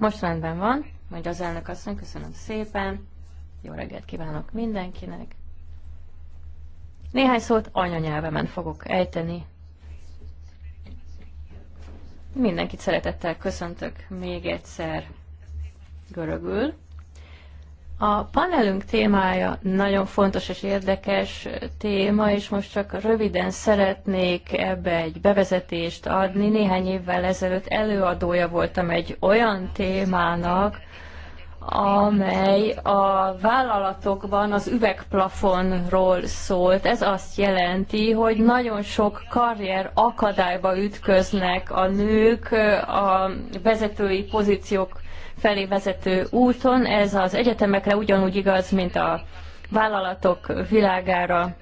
Most rendben van, mondja az elnök asszony, köszönöm szépen. Jó reggelt kívánok mindenkinek. Néhány szót anyanyelvemen fogok ejteni. Mindenkit szeretettel köszöntök még egyszer görögül. A panelünk témája nagyon fontos és érdekes téma, és most csak röviden szeretnék ebbe egy bevezetést adni. Néhány évvel ezelőtt előadója voltam egy olyan témának, amely a vállalatokban az üvegplafonról szólt. Ez azt jelenti, hogy nagyon sok karrier akadályba ütköznek a nők a vezetői pozíciók felé vezető úton. Ez az egyetemekre ugyanúgy igaz, mint a vállalatok világára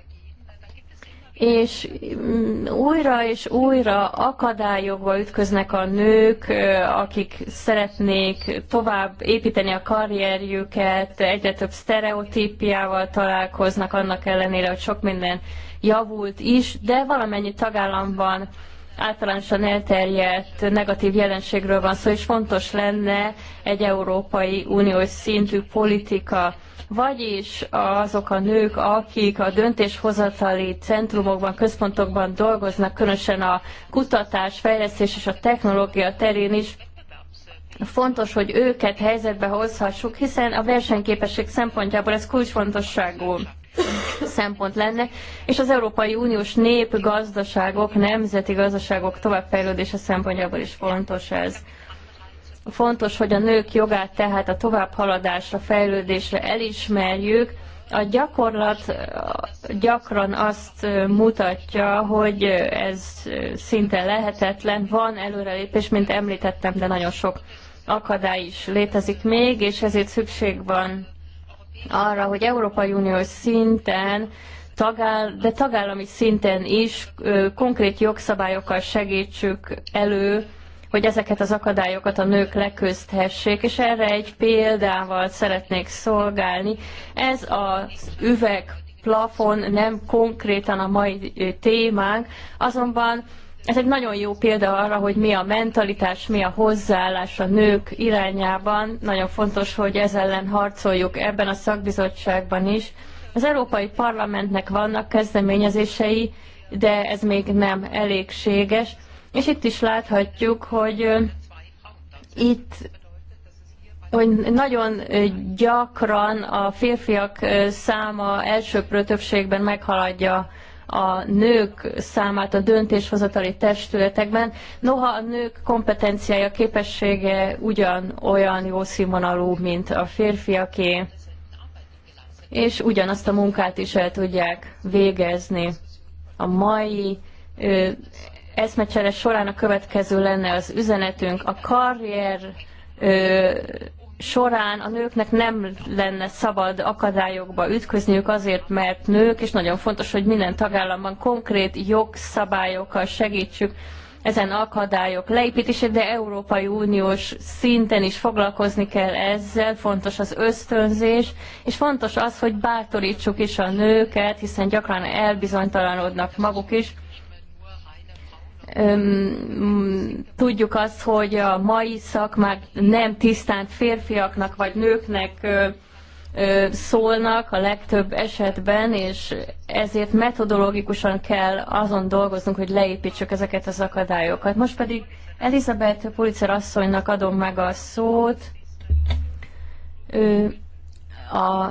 és mm, újra és újra akadályokba ütköznek a nők, akik szeretnék tovább építeni a karrierjüket, egyre több sztereotípiával találkoznak, annak ellenére, hogy sok minden javult is, de valamennyi tagállamban általánosan elterjedt negatív jelenségről van szó, és fontos lenne egy Európai Uniós szintű politika. Vagyis azok a nők, akik a döntéshozatali centrumokban, központokban dolgoznak, különösen a kutatás, fejlesztés és a technológia terén is, fontos, hogy őket helyzetbe hozhassuk, hiszen a versenyképesség szempontjából ez kulcsfontosságú szempont lenne, és az Európai Uniós népgazdaságok, nemzeti gazdaságok továbbfejlődése szempontjából is fontos ez. Fontos, hogy a nők jogát tehát a továbbhaladásra, fejlődésre elismerjük, a gyakorlat gyakran azt mutatja, hogy ez szinte lehetetlen. Van előrelépés, mint említettem, de nagyon sok akadály is létezik még, és ezért szükség van arra, hogy Európai Unió szinten tagáll, de tagállami szinten is ö, konkrét jogszabályokkal segítsük elő, hogy ezeket az akadályokat a nők leközthessék. és erre egy példával szeretnék szolgálni. Ez az üveg plafon nem konkrétan a mai témánk, azonban ez egy nagyon jó példa arra, hogy mi a mentalitás, mi a hozzáállás a nők irányában. Nagyon fontos, hogy ez ellen harcoljuk ebben a szakbizottságban is. Az Európai Parlamentnek vannak kezdeményezései, de ez még nem elégséges. És itt is láthatjuk, hogy itt hogy nagyon gyakran a férfiak száma elsőprő többségben meghaladja a nők számát a döntéshozatali testületekben. Noha a nők kompetenciája, képessége ugyan olyan jó színvonalú, mint a férfiaké, és ugyanazt a munkát is el tudják végezni. A mai ö, eszmecsere során a következő lenne az üzenetünk. A karrier ö, során a nőknek nem lenne szabad akadályokba ütközniük azért, mert nők, és nagyon fontos, hogy minden tagállamban konkrét jogszabályokkal segítsük ezen akadályok leépítését, de Európai Uniós szinten is foglalkozni kell ezzel, fontos az ösztönzés, és fontos az, hogy bátorítsuk is a nőket, hiszen gyakran elbizonytalanodnak maguk is, tudjuk azt, hogy a mai szakmák nem tisztán férfiaknak vagy nőknek szólnak a legtöbb esetben, és ezért metodológikusan kell azon dolgoznunk, hogy leépítsük ezeket az akadályokat. Most pedig Elizabeth Pulitzer asszonynak adom meg a szót. a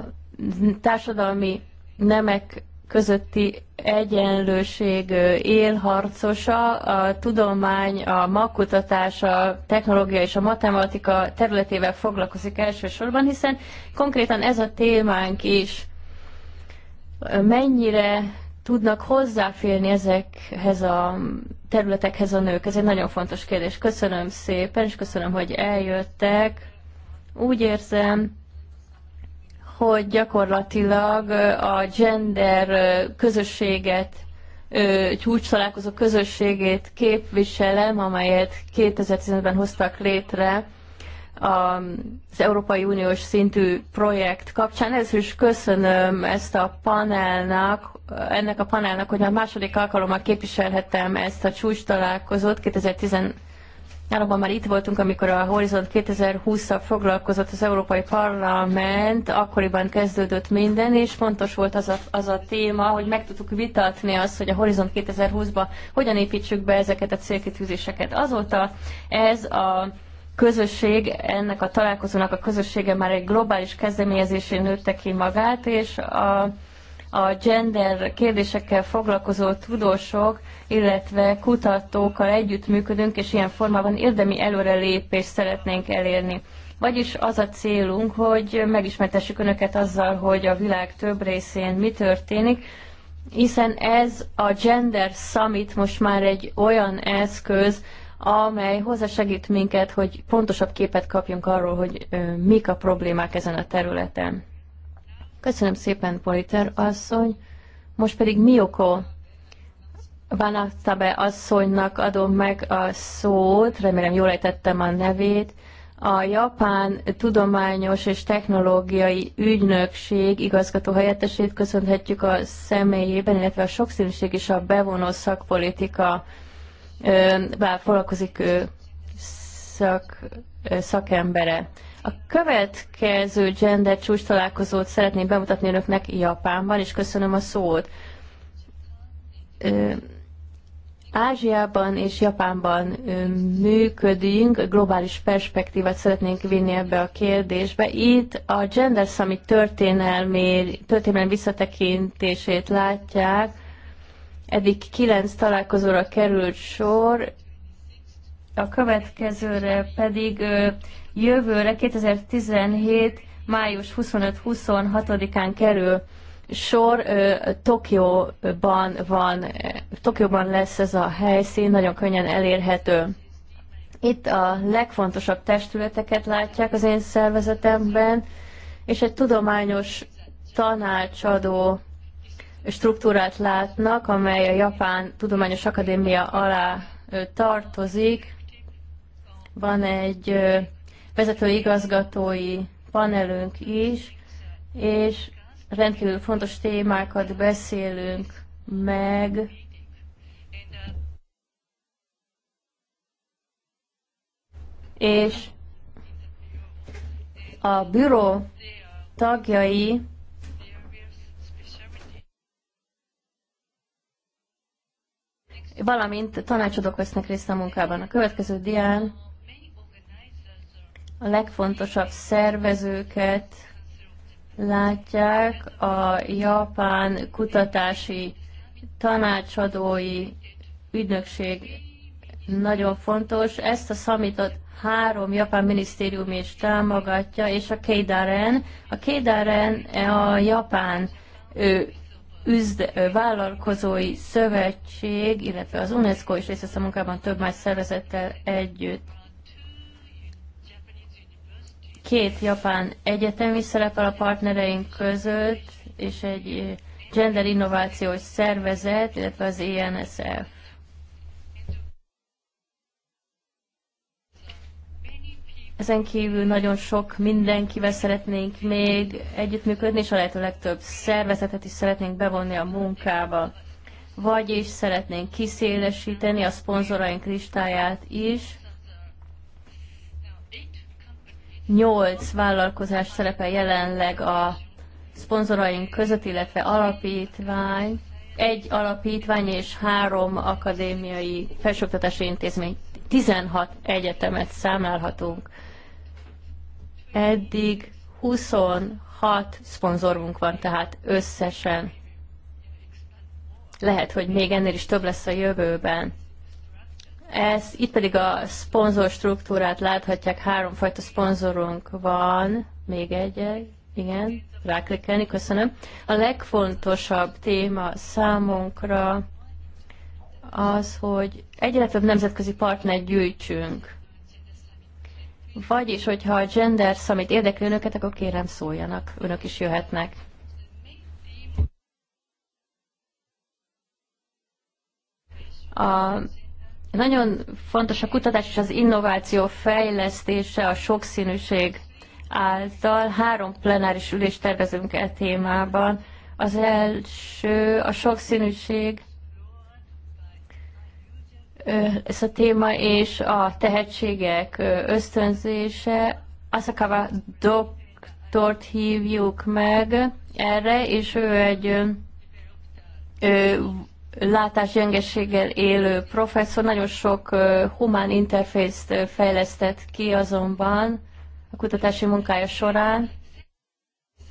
társadalmi nemek közötti egyenlőség élharcosa, a tudomány, a magkutatás, a technológia és a matematika területével foglalkozik elsősorban, hiszen konkrétan ez a témánk is mennyire tudnak hozzáférni ezekhez a területekhez a nők? Ez egy nagyon fontos kérdés. Köszönöm szépen, és köszönöm, hogy eljöttek. Úgy érzem, hogy gyakorlatilag a gender közösséget, csúcs találkozó közösségét képviselem, amelyet 2015-ben hoztak létre az Európai Uniós szintű projekt kapcsán. Ez is köszönöm ezt a panelnak, ennek a panelnak, hogy a második alkalommal képviselhettem ezt a csúcs találkozót 2015 Államban már itt voltunk, amikor a Horizont 2020-szal foglalkozott az Európai Parlament, akkoriban kezdődött minden, és fontos volt az a, az a téma, hogy meg tudtuk vitatni azt, hogy a Horizont 2020-ba hogyan építsük be ezeket a célkitűzéseket. Azóta ez a közösség, ennek a találkozónak a közössége már egy globális kezdeményezésén nőtte ki magát, és a a gender kérdésekkel foglalkozó tudósok, illetve kutatókkal együttműködünk, és ilyen formában érdemi előrelépést szeretnénk elérni. Vagyis az a célunk, hogy megismertessük Önöket azzal, hogy a világ több részén mi történik, hiszen ez a Gender Summit most már egy olyan eszköz, amely hozzásegít minket, hogy pontosabb képet kapjunk arról, hogy mik a problémák ezen a területen. Köszönöm szépen, Politer asszony. Most pedig Mioko Vanatabe asszonynak adom meg a szót, remélem jól ejtettem a nevét. A Japán Tudományos és Technológiai Ügynökség igazgató helyettesét köszönhetjük a személyében, illetve a sokszínűség és a bevonó szakpolitika bár foglalkozik ő szak, szakembere. A következő gender csúcs találkozót szeretném bemutatni önöknek Japánban, és köszönöm a szót. Ö, Ázsiában és Japánban működünk, globális perspektívát szeretnénk vinni ebbe a kérdésbe. Itt a Gender Summit történelmi, történelmi visszatekintését látják. Eddig kilenc találkozóra került sor, a következőre pedig jövőre 2017. május 25-26-án kerül sor Tokióban van, Tokióban lesz ez a helyszín, nagyon könnyen elérhető. Itt a legfontosabb testületeket látják az én szervezetemben, és egy tudományos tanácsadó struktúrát látnak, amely a Japán Tudományos Akadémia alá tartozik. Van egy vezetőigazgatói panelünk is, és rendkívül fontos témákat beszélünk meg. És a büro tagjai valamint tanácsadók vesznek részt a munkában. A következő dián a legfontosabb szervezőket látják a japán kutatási tanácsadói ügynökség nagyon fontos. Ezt a szamitot három japán minisztérium is támogatja, és a Keidaren. A Keidaren a japán ő, üzd, vállalkozói szövetség, illetve az UNESCO is részt vesz a munkában több más szervezettel együtt két japán egyetemi szerepel a partnereink között, és egy eh, gender innovációs szervezet, illetve az ENSF. Ezen kívül nagyon sok mindenkivel szeretnénk még együttműködni, és a lehető legtöbb szervezetet is szeretnénk bevonni a munkába. Vagyis szeretnénk kiszélesíteni a szponzoraink listáját is, Nyolc vállalkozás szerepel jelenleg a szponzoraink között, illetve alapítvány, egy alapítvány és három akadémiai felsőoktatási intézmény, 16 egyetemet számlálhatunk. Eddig 26 szponzorunk van, tehát összesen. Lehet, hogy még ennél is több lesz a jövőben. Ez, itt pedig a szponzor struktúrát láthatják, háromfajta szponzorunk van, még egy, -egy. igen, ráklikkelni, köszönöm. A legfontosabb téma számunkra az, hogy egyre több nemzetközi partnert gyűjtsünk. Vagyis, hogyha a Gender Summit érdekli önöket, akkor kérem szóljanak, önök is jöhetnek. A nagyon fontos a kutatás és az innováció fejlesztése a sokszínűség által. Három plenáris ülést tervezünk e témában. Az első a sokszínűség, ez a téma és a tehetségek ösztönzése. Asakawa doktort hívjuk meg erre, és ő egy ő látásgyengeséggel élő professzor nagyon sok humán interfészt fejlesztett ki azonban a kutatási munkája során.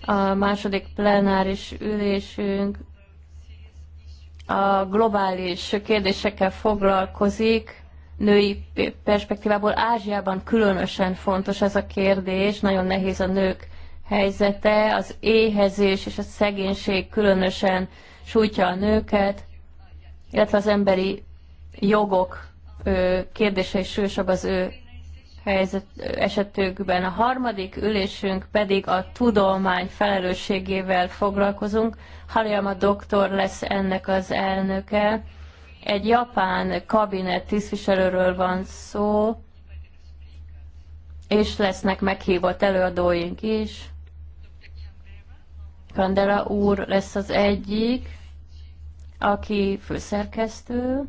A második plenáris ülésünk a globális kérdésekkel foglalkozik, női perspektívából Ázsiában különösen fontos ez a kérdés, nagyon nehéz a nők helyzete, az éhezés és a szegénység különösen sújtja a nőket, illetve az emberi jogok kérdése is súlyosabb az ő helyzet esetükben. A harmadik ülésünk pedig a tudomány felelősségével foglalkozunk. Halyama doktor lesz ennek az elnöke. Egy japán kabinet tisztviselőről van szó, és lesznek meghívott előadóink is. Kandela úr lesz az egyik, aki főszerkesztő,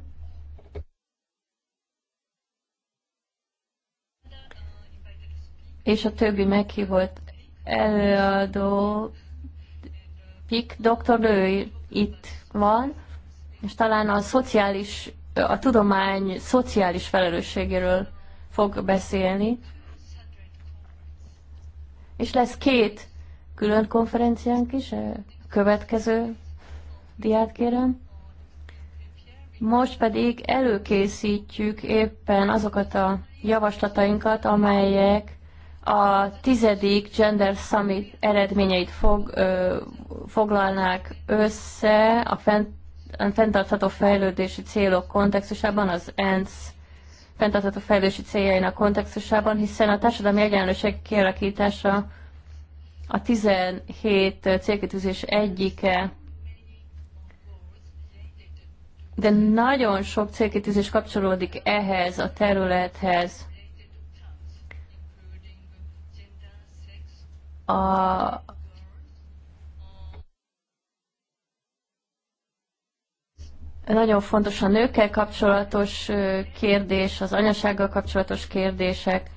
és a többi meghívott előadó Pik ő itt van, és talán a szociális, a tudomány szociális felelősségéről fog beszélni. És lesz két külön konferenciánk is, a következő diát kérem. Most pedig előkészítjük éppen azokat a javaslatainkat, amelyek a tizedik Gender Summit eredményeit fog, ö, foglalnák össze a, fent, fenntartható fejlődési célok kontextusában, az ENSZ fenntartható fejlődési céljainak kontextusában, hiszen a társadalmi egyenlőség kialakítása a 17 célkitűzés egyike de nagyon sok célkitűzés kapcsolódik ehhez a területhez. A, Nagyon fontos a nőkkel kapcsolatos kérdés, az anyasággal kapcsolatos kérdések.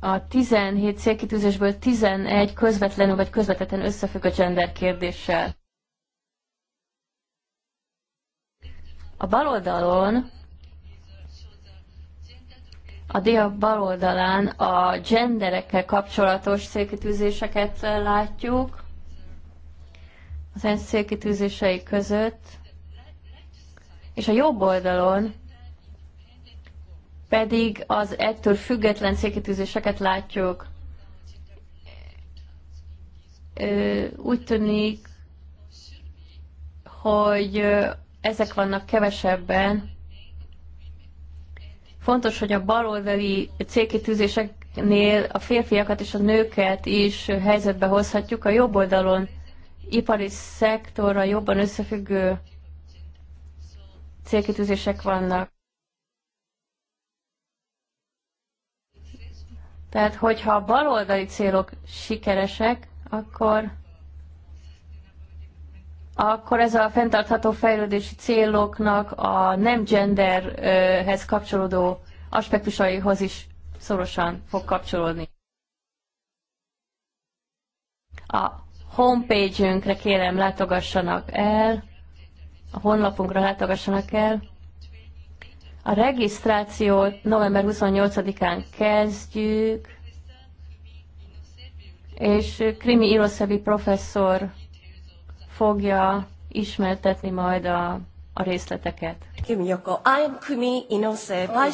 A 17 célkitűzésből 11 közvetlenül vagy közvetetten összefügg a gender kérdéssel. A bal oldalon a dia oldalán a genderekkel kapcsolatos szélkitűzéseket látjuk, az ENSZ szélkitűzései között, és a jobb oldalon pedig az ettől független célkitűzéseket látjuk. Úgy tűnik, hogy ezek vannak kevesebben. Fontos, hogy a baloldali célkitűzéseknél a férfiakat és a nőket is helyzetbe hozhatjuk. A jobb oldalon ipari szektorra jobban összefüggő célkitűzések vannak. Tehát, hogyha a baloldali célok sikeresek, akkor akkor ez a fenntartható fejlődési céloknak a nem genderhez kapcsolódó aspektusaihoz is szorosan fog kapcsolódni. A homepage-ünkre kérem látogassanak el, a honlapunkra látogassanak el. A regisztrációt november 28-án kezdjük, és Krimi Iroszevi professzor fogja ismertetni majd a, a részleteket. Kim Yoko, I'm Kumi Inose, oh, No,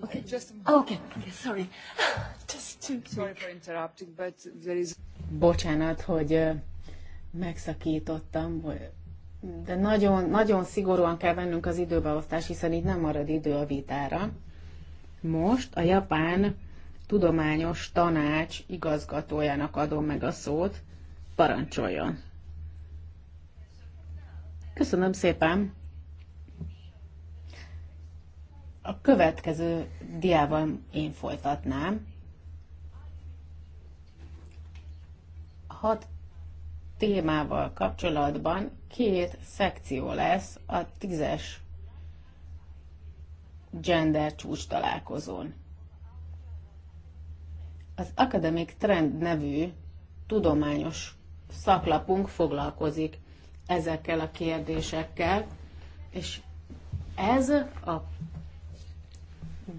okay. Just a oh, okay, okay, sorry. (laughs) Just to... Sorry for interrupting, but there is... Bocsánat, hogy megszakítottam, de nagyon, nagyon szigorúan kell vennünk az időbeosztás, hiszen így nem marad idő a vitára. Most a japán tudományos tanács igazgatójának adom meg a szót, parancsoljon. Köszönöm szépen. A következő diával én folytatnám. Hat témával kapcsolatban két szekció lesz a tízes gender csúcs találkozón. Az Academic Trend nevű tudományos szaklapunk foglalkozik ezekkel a kérdésekkel, és ez a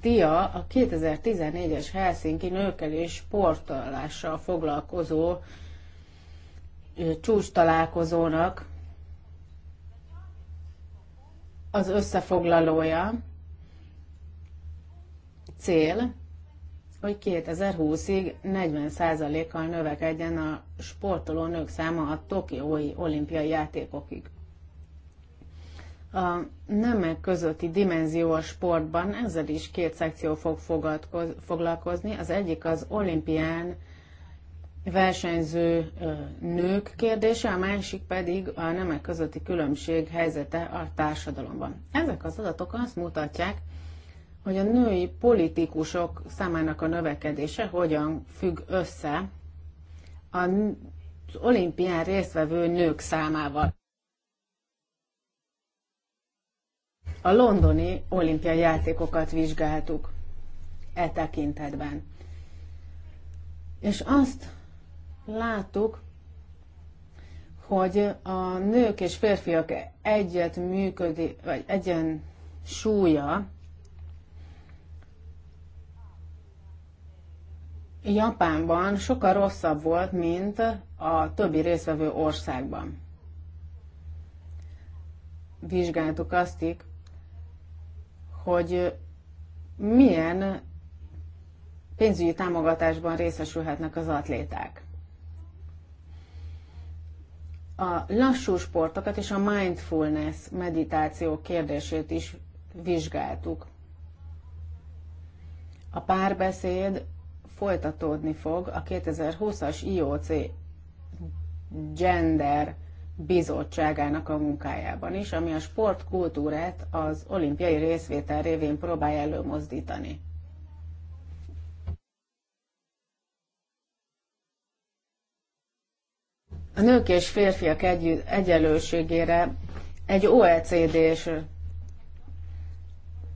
dia a 2014-es Helsinki nőkkel és sportolással foglalkozó csúcs találkozónak az összefoglalója, cél, hogy 2020-ig 40%-kal növekedjen a sportoló nők száma a Tokiói olimpiai játékokig. A nemek közötti dimenzió a sportban ezzel is két szekció fog foglalkozni. Az egyik az olimpián versenyző nők kérdése, a másik pedig a nemek közötti különbség helyzete a társadalomban. Ezek az adatok azt mutatják, hogy a női politikusok számának a növekedése hogyan függ össze az olimpián résztvevő nők számával. A londoni olimpiai játékokat vizsgáltuk e tekintetben. És azt láttuk, hogy a nők és férfiak egyet működik, vagy egyen súlya Japánban sokkal rosszabb volt, mint a többi részvevő országban. Vizsgáltuk azt, hogy milyen pénzügyi támogatásban részesülhetnek az atléták. A lassú sportokat és a mindfulness meditáció kérdését is vizsgáltuk. A párbeszéd folytatódni fog a 2020-as IOC Gender Bizottságának a munkájában is, ami a sportkultúrát az olimpiai részvétel révén próbálja előmozdítani. A nők és férfiak egy, egyenlőségére egy OECD-s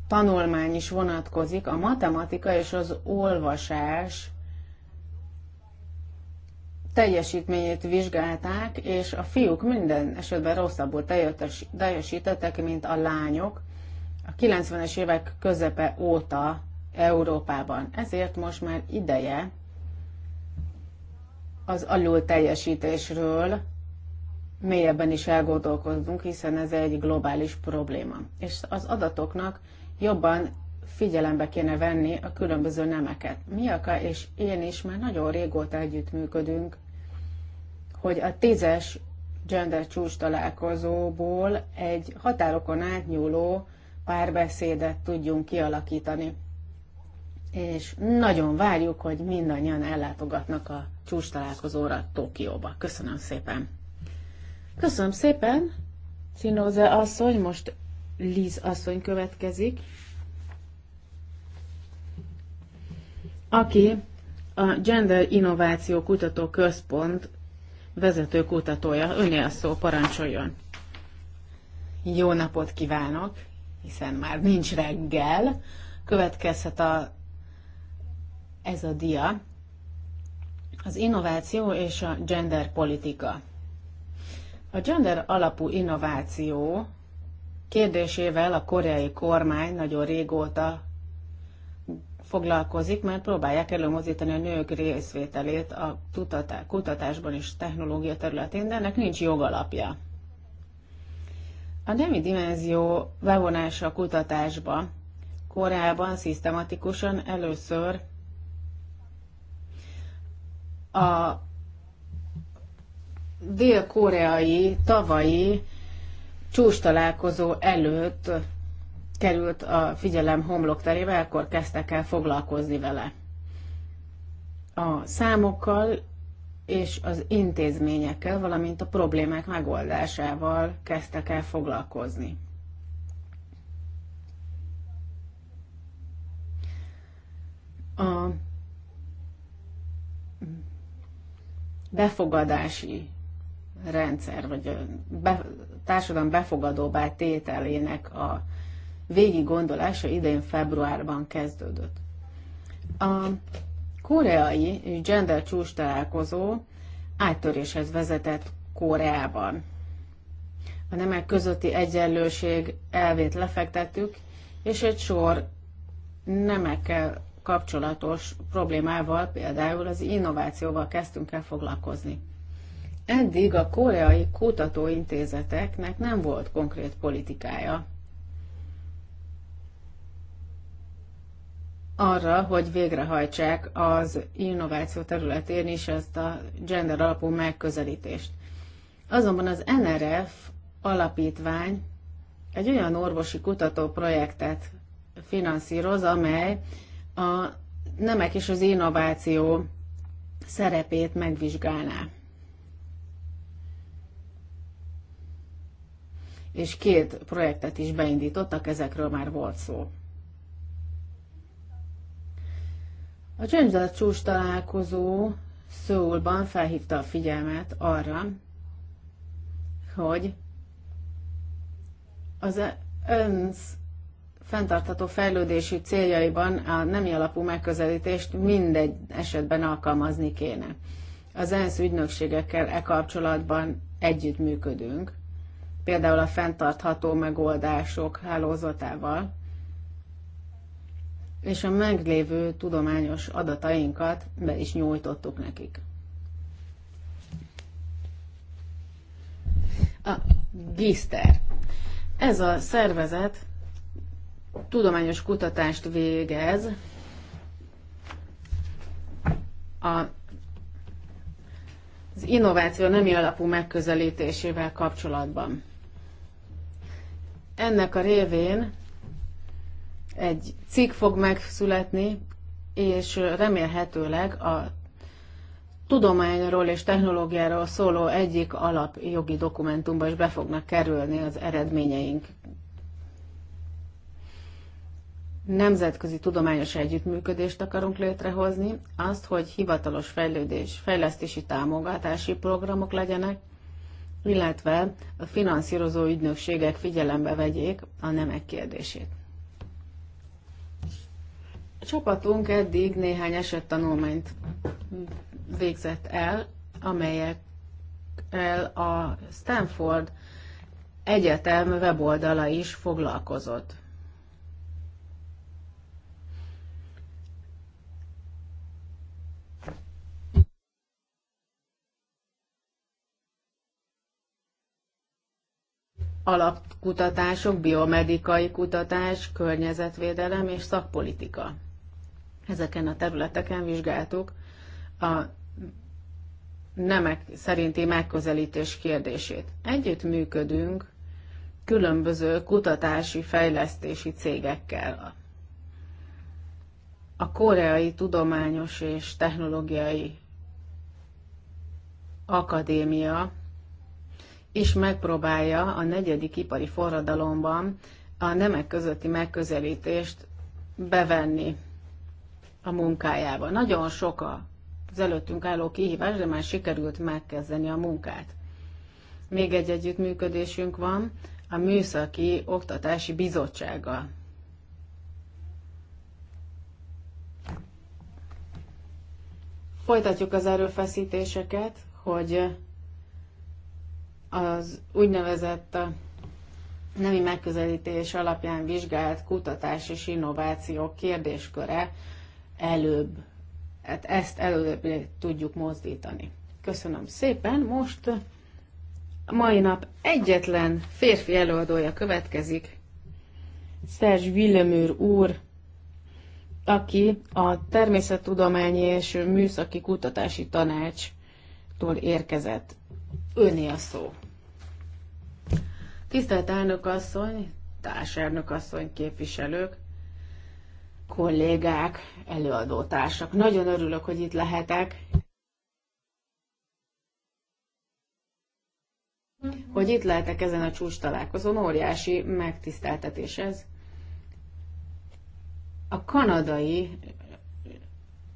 tanulmány is vonatkozik, a matematika és az olvasás teljesítményét vizsgálták, és a fiúk minden esetben rosszabbul teljesítettek, mint a lányok a 90-es évek közepe óta Európában. Ezért most már ideje az alul teljesítésről mélyebben is elgondolkozunk, hiszen ez egy globális probléma. És az adatoknak jobban figyelembe kéne venni a különböző nemeket. Miaka és én is már nagyon régóta együttműködünk, hogy a tízes gender csúcs találkozóból egy határokon átnyúló párbeszédet tudjunk kialakítani. És nagyon várjuk, hogy mindannyian ellátogatnak a csúcs találkozóra Tokióba. Köszönöm szépen! Köszönöm szépen! Cinoze asszony, most Liz asszony következik, aki a Gender Innováció Kutató Központ vezető kutatója. Öné a szó, parancsoljon! Jó napot kívánok, hiszen már nincs reggel. Következhet a, ez a dia. Az innováció és a gender politika. A gender alapú innováció kérdésével a koreai kormány nagyon régóta foglalkozik, mert próbálják előmozdítani a nők részvételét a kutatásban és technológia területén, de ennek nincs jogalapja. A nemi dimenzió bevonása a kutatásba Koreában szisztematikusan először a dél-koreai tavalyi csúcs találkozó előtt került a figyelem terébe, akkor kezdtek el foglalkozni vele. A számokkal és az intézményekkel, valamint a problémák megoldásával kezdtek el foglalkozni. A befogadási rendszer, vagy a be, társadalom befogadóbbá tételének a végig gondolása idén februárban kezdődött. A koreai gender csúcs találkozó áttöréshez vezetett Koreában. A nemek közötti egyenlőség elvét lefektettük, és egy sor nemekkel kapcsolatos problémával, például az innovációval kezdtünk el foglalkozni. Eddig a koreai kutatóintézeteknek nem volt konkrét politikája arra, hogy végrehajtsák az innováció területén is ezt a gender alapú megközelítést. Azonban az NRF alapítvány egy olyan orvosi kutatóprojektet finanszíroz, amely a nemek és az innováció szerepét megvizsgálná. és két projektet is beindítottak, ezekről már volt szó. A James csúcs találkozó Szóulban felhívta a figyelmet arra, hogy az ENSZ fenntartható fejlődési céljaiban a nemi alapú megközelítést mindegy esetben alkalmazni kéne. Az ENSZ ügynökségekkel e kapcsolatban együttműködünk, például a fenntartható megoldások hálózatával, és a meglévő tudományos adatainkat be is nyújtottuk nekik. A GISTER. Ez a szervezet tudományos kutatást végez a, az innováció nemi alapú megközelítésével kapcsolatban. Ennek a révén egy cikk fog megszületni, és remélhetőleg a tudományról és technológiáról szóló egyik alapjogi dokumentumba is be fognak kerülni az eredményeink. Nemzetközi tudományos együttműködést akarunk létrehozni, azt, hogy hivatalos fejlődés, fejlesztési támogatási programok legyenek, illetve a finanszírozó ügynökségek figyelembe vegyék a nemek kérdését. A csapatunk eddig néhány esettanulmányt végzett el, amelyek el a Stanford Egyetem weboldala is foglalkozott. alapkutatások, biomedikai kutatás, környezetvédelem és szakpolitika. Ezeken a területeken vizsgáltuk a nemek szerinti megközelítés kérdését. Együtt működünk különböző kutatási, fejlesztési cégekkel. A Koreai Tudományos és Technológiai Akadémia és megpróbálja a negyedik ipari forradalomban a nemek közötti megközelítést bevenni a munkájába. Nagyon sok az előttünk álló kihívás, de már sikerült megkezdeni a munkát. Még egy együttműködésünk van a Műszaki Oktatási Bizottsággal. Folytatjuk az erőfeszítéseket, hogy az úgynevezett nemi megközelítés alapján vizsgált kutatás és innováció kérdésköre előbb, hát ezt előbb tudjuk mozdítani. Köszönöm szépen, most a mai nap egyetlen férfi előadója következik, Szerzs Villeműr úr, aki a Természettudományi és Műszaki Kutatási Tanácstól érkezett. Öné a szó. Tisztelt elnök asszony, társelnök asszony, képviselők, kollégák, előadótársak. Nagyon örülök, hogy itt lehetek. Hogy itt lehetek ezen a csúcs találkozón, óriási megtiszteltetés ez. A kanadai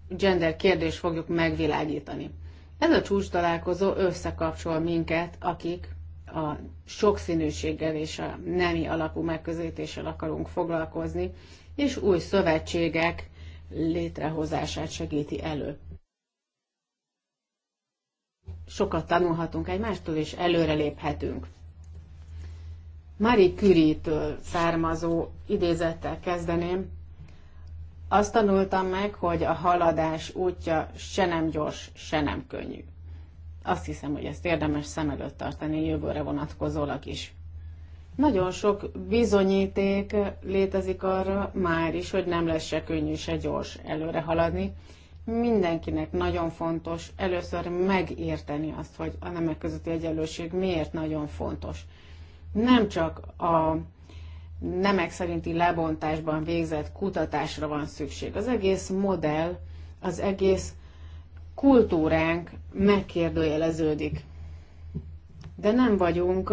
gender kérdést fogjuk megvilágítani. Ez a csúcs találkozó összekapcsol minket, akik a sokszínűséggel és a nemi alapú megközelítéssel akarunk foglalkozni, és új szövetségek létrehozását segíti elő. Sokat tanulhatunk egymástól, és előreléphetünk. Marie Curie-től származó idézettel kezdeném. Azt tanultam meg, hogy a haladás útja se nem gyors, se nem könnyű. Azt hiszem, hogy ezt érdemes szem előtt tartani jövőre vonatkozólag is. Nagyon sok bizonyíték létezik arra már is, hogy nem lesz se könnyű, se gyors előre haladni. Mindenkinek nagyon fontos először megérteni azt, hogy a nemek közötti egyenlőség miért nagyon fontos. Nem csak a nemek szerinti lebontásban végzett kutatásra van szükség. Az egész modell, az egész kultúránk megkérdőjeleződik. De nem vagyunk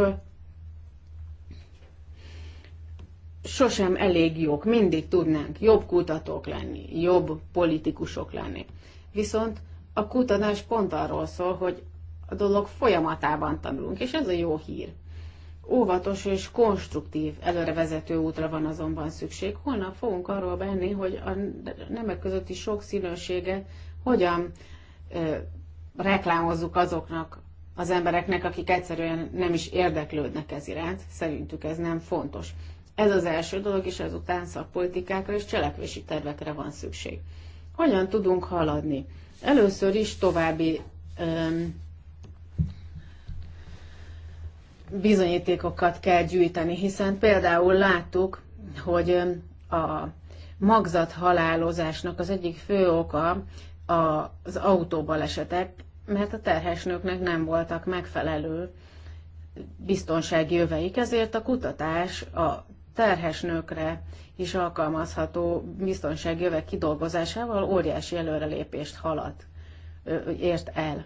sosem elég jók, mindig tudnánk jobb kutatók lenni, jobb politikusok lenni. Viszont a kutatás pont arról szól, hogy a dolog folyamatában tanulunk, és ez a jó hír. Óvatos és konstruktív előrevezető útra van azonban szükség. Holnap fogunk arról benni, hogy a nemek közötti sokszínűséget hogyan reklámozzuk azoknak az embereknek, akik egyszerűen nem is érdeklődnek ez iránt. Szerintük ez nem fontos. Ez az első dolog, és ezután szakpolitikákra és cselekvési tervekre van szükség. Hogyan tudunk haladni? Először is további öm, bizonyítékokat kell gyűjteni, hiszen például láttuk, hogy a magzathalálozásnak az egyik fő oka az autóbalesetek, mert a terhesnőknek nem voltak megfelelő biztonsági öveik, ezért a kutatás a terhesnőkre is alkalmazható biztonsági övek kidolgozásával óriási előrelépést halad, ért el.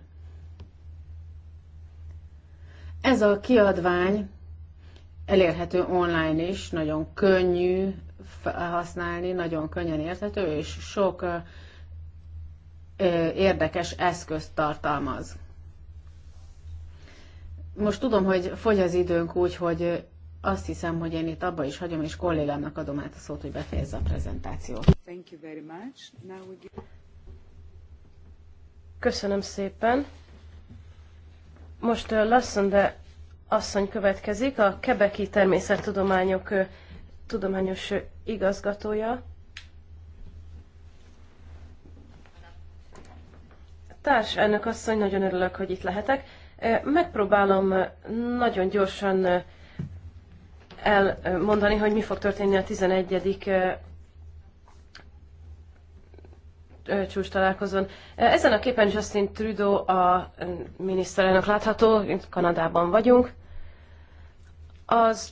Ez a kiadvány elérhető online is, nagyon könnyű használni, nagyon könnyen érthető, és sok érdekes eszközt tartalmaz. Most tudom, hogy fogy az időnk úgy, hogy azt hiszem, hogy én itt abba is hagyom, és kollégámnak adom át a szót, hogy befejezze a prezentációt. Thank you very much. Now we give... Köszönöm szépen. Most lassan, de asszony következik, a Kebeki Természettudományok tudományos igazgatója. Társ elnök asszony, nagyon örülök, hogy itt lehetek. Megpróbálom nagyon gyorsan elmondani, hogy mi fog történni a 11. csúcs találkozón. Ezen a képen Justin Trudeau a miniszterelnök látható, Kanadában vagyunk. Az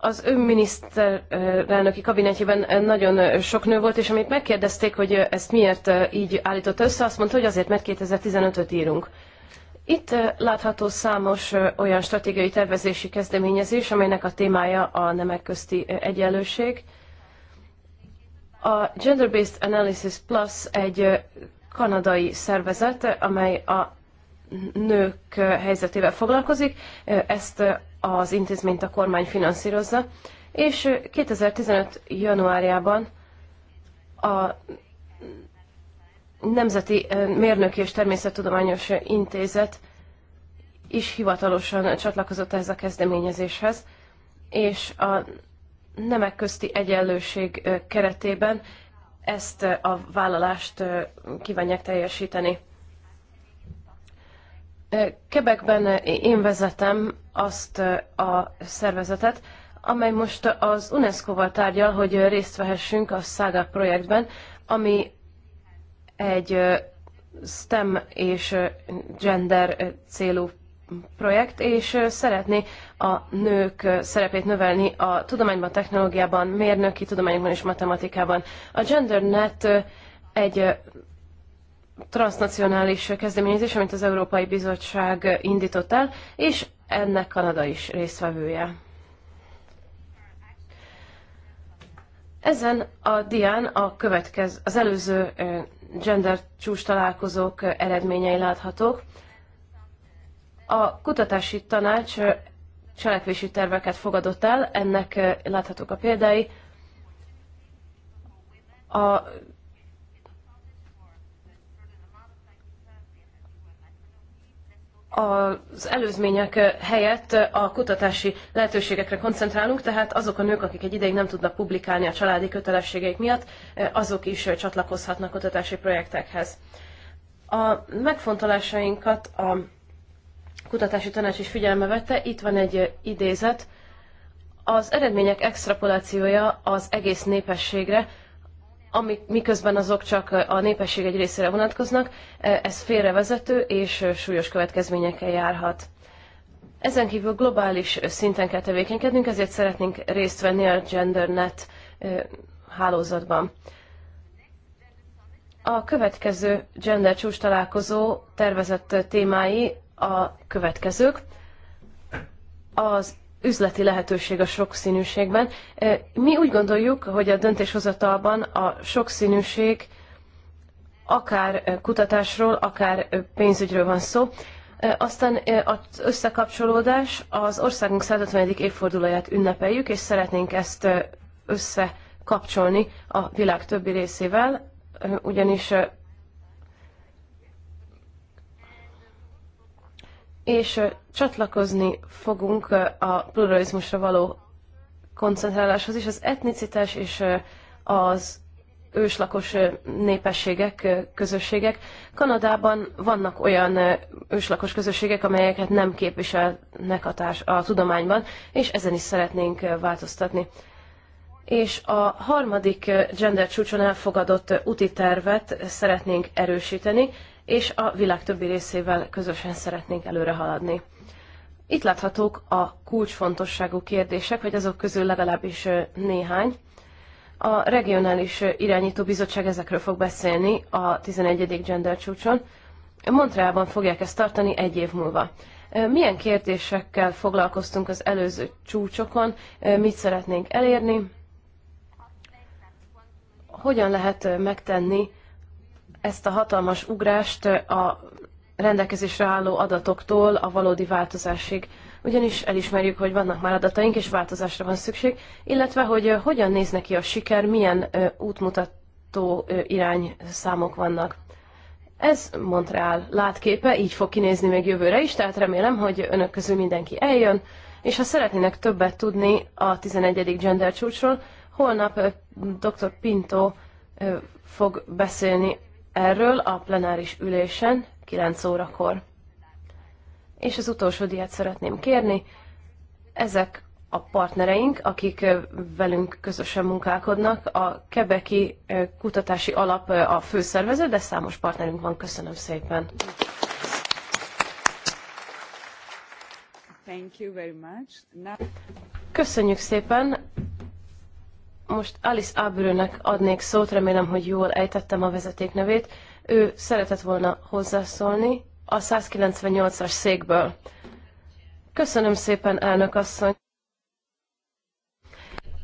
az önminiszterelnöki kabinetjében nagyon sok nő volt, és amit megkérdezték, hogy ezt miért így állított össze, azt mondta, hogy azért, mert 2015-öt írunk. Itt látható számos olyan stratégiai tervezési kezdeményezés, amelynek a témája a nemek közti egyenlőség. A Gender-Based Analysis Plus egy kanadai szervezet, amely a nők helyzetével foglalkozik, ezt az intézményt a kormány finanszírozza, és 2015. januárjában a Nemzeti Mérnöki és Természettudományos Intézet is hivatalosan csatlakozott ez a kezdeményezéshez, és a nemek közti egyenlőség keretében ezt a vállalást kívánják teljesíteni. Kebekben én vezetem azt a szervezetet, amely most az UNESCO-val tárgyal, hogy részt vehessünk a SZÁGA projektben, ami egy STEM és gender célú projekt, és szeretné a nők szerepét növelni a tudományban, technológiában, mérnöki tudományokban és matematikában. A GenderNet egy transnacionális kezdeményezés, amit az Európai Bizottság indított el, és ennek Kanada is résztvevője. Ezen a dián a következ, az előző gender csúcs találkozók eredményei láthatók. A kutatási tanács cselekvési terveket fogadott el, ennek láthatók a példái. A az előzmények helyett a kutatási lehetőségekre koncentrálunk, tehát azok a nők, akik egy ideig nem tudnak publikálni a családi kötelességeik miatt, eh, azok is eh, csatlakozhatnak kutatási projektekhez. A megfontolásainkat a kutatási tanács is figyelme vette, itt van egy eh, idézet, az eredmények extrapolációja az egész népességre amik, miközben azok csak a népesség egy részére vonatkoznak, e, ez félrevezető és súlyos következményekkel járhat. Ezen kívül globális szinten kell tevékenykednünk, ezért szeretnénk részt venni a GenderNet hálózatban. A következő gender csúcs találkozó tervezett témái a következők. Az üzleti lehetőség a sokszínűségben. Mi úgy gondoljuk, hogy a döntéshozatalban a sokszínűség akár kutatásról, akár pénzügyről van szó. Aztán az összekapcsolódás, az országunk 150. évfordulóját ünnepeljük, és szeretnénk ezt összekapcsolni a világ többi részével, ugyanis és csatlakozni fogunk a pluralizmusra való koncentráláshoz is. Az etnicitás és az őslakos népességek, közösségek. Kanadában vannak olyan őslakos közösségek, amelyeket nem képviselnek a, társ, a tudományban, és ezen is szeretnénk változtatni. És a harmadik gender csúcson elfogadott úti tervet szeretnénk erősíteni, és a világ többi részével közösen szeretnénk előre haladni. Itt láthatók a kulcsfontosságú kérdések, vagy azok közül legalábbis néhány. A regionális irányító bizottság ezekről fog beszélni a 11. gender csúcson. Montreában fogják ezt tartani egy év múlva. Milyen kérdésekkel foglalkoztunk az előző csúcsokon, mit szeretnénk elérni, hogyan lehet megtenni ezt a hatalmas ugrást a rendelkezésre álló adatoktól a valódi változásig. Ugyanis elismerjük, hogy vannak már adataink, és változásra van szükség, illetve hogy hogyan néz neki a siker, milyen útmutató irány számok vannak. Ez Montreal látképe, így fog kinézni még jövőre is, tehát remélem, hogy önök közül mindenki eljön, és ha szeretnének többet tudni a 11. gender csúcsról, holnap dr. Pinto fog beszélni erről a plenáris ülésen 9 órakor. És az utolsó diát szeretném kérni. Ezek a partnereink, akik velünk közösen munkálkodnak, a Kebeki Kutatási Alap a főszervező, de számos partnerünk van. Köszönöm szépen! Köszönjük szépen! Most Alice Abrőnek adnék szót, remélem, hogy jól ejtettem a vezeték nevét. Ő szeretett volna hozzászólni a 198-as székből. Köszönöm szépen, elnök asszony!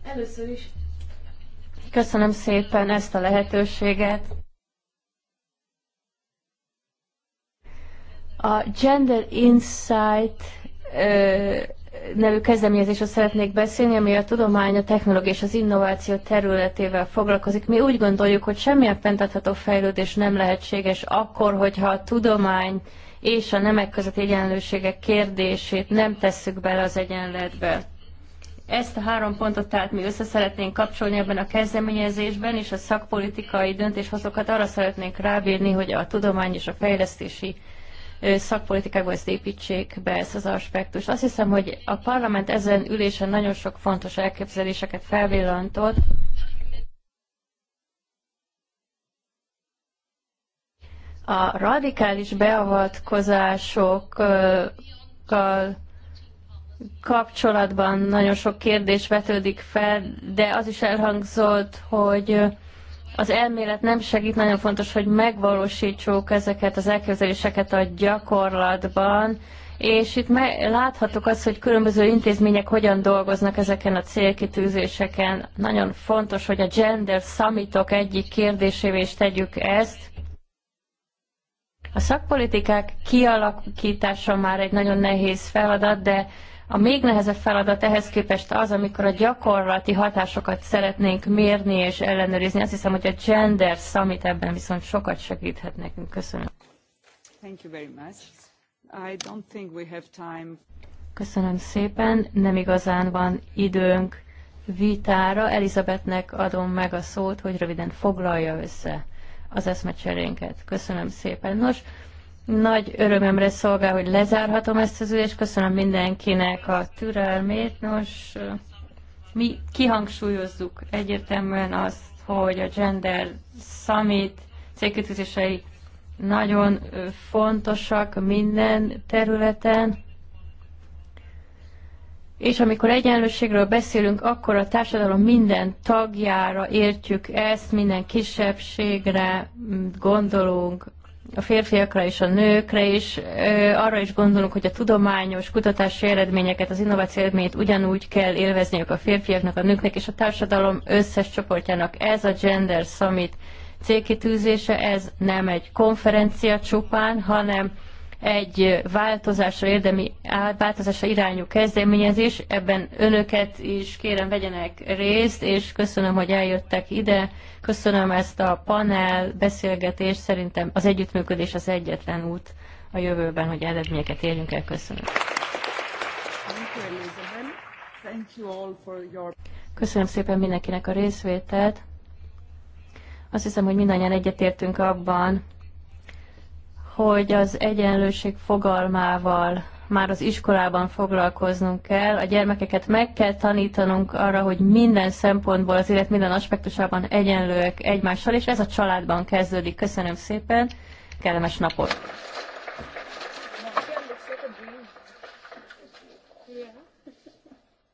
Először is köszönöm szépen ezt a lehetőséget. A Gender Insight nevű kezdeményezésről szeretnék beszélni, ami a tudomány, a technológia és az innováció területével foglalkozik. Mi úgy gondoljuk, hogy semmilyen fenntartható fejlődés nem lehetséges akkor, hogyha a tudomány és a nemek közötti egyenlőségek kérdését nem tesszük bele az egyenletbe. Ezt a három pontot tehát mi össze szeretnénk kapcsolni ebben a kezdeményezésben, és a szakpolitikai döntéshozókat arra szeretnénk rábírni, hogy a tudomány és a fejlesztési szakpolitikákba ezt építsék be, ezt az aspektust. Azt hiszem, hogy a parlament ezen ülésen nagyon sok fontos elképzeléseket felvillantott, a radikális beavatkozásokkal kapcsolatban nagyon sok kérdés vetődik fel, de az is elhangzott, hogy az elmélet nem segít, nagyon fontos, hogy megvalósítsuk ezeket az elképzeléseket a gyakorlatban, és itt láthattuk azt, hogy különböző intézmények hogyan dolgoznak ezeken a célkitűzéseken. Nagyon fontos, hogy a gender summitok egyik kérdésévé is tegyük ezt. A szakpolitikák kialakítása már egy nagyon nehéz feladat, de a még nehezebb feladat ehhez képest az, amikor a gyakorlati hatásokat szeretnénk mérni és ellenőrizni. Azt hiszem, hogy a Gender Summit ebben viszont sokat segíthet nekünk. Köszönöm. Thank you very much. I don't think we have time. Köszönöm szépen. Nem igazán van időnk vitára. Elizabethnek adom meg a szót, hogy röviden foglalja össze az eszmecserénket. Köszönöm szépen. Nos, nagy örömemre szolgál, hogy lezárhatom ezt az ülést. Köszönöm mindenkinek a türelmét. Nos, mi kihangsúlyozzuk egyértelműen azt, hogy a Gender Summit célkütőzései nagyon fontosak minden területen, és amikor egyenlőségről beszélünk, akkor a társadalom minden tagjára értjük ezt, minden kisebbségre gondolunk, a férfiakra és a nőkre is, arra is gondolunk, hogy a tudományos kutatási eredményeket, az innováció eredményét ugyanúgy kell élvezniük a férfiaknak, a nőknek és a társadalom összes csoportjának. Ez a Gender Summit célkitűzése, ez nem egy konferencia csupán, hanem egy változásra, érdemi változásra irányú kezdeményezés. Ebben önöket is kérem vegyenek részt, és köszönöm, hogy eljöttek ide. Köszönöm ezt a panel beszélgetést. Szerintem az együttműködés az egyetlen út a jövőben, hogy eredményeket érjünk el. Köszönöm. Köszönöm szépen mindenkinek a részvételt. Azt hiszem, hogy mindannyian egyetértünk abban, hogy az egyenlőség fogalmával már az iskolában foglalkoznunk kell, a gyermekeket meg kell tanítanunk arra, hogy minden szempontból, az élet minden aspektusában egyenlőek egymással, és ez a családban kezdődik. Köszönöm szépen, kellemes napot!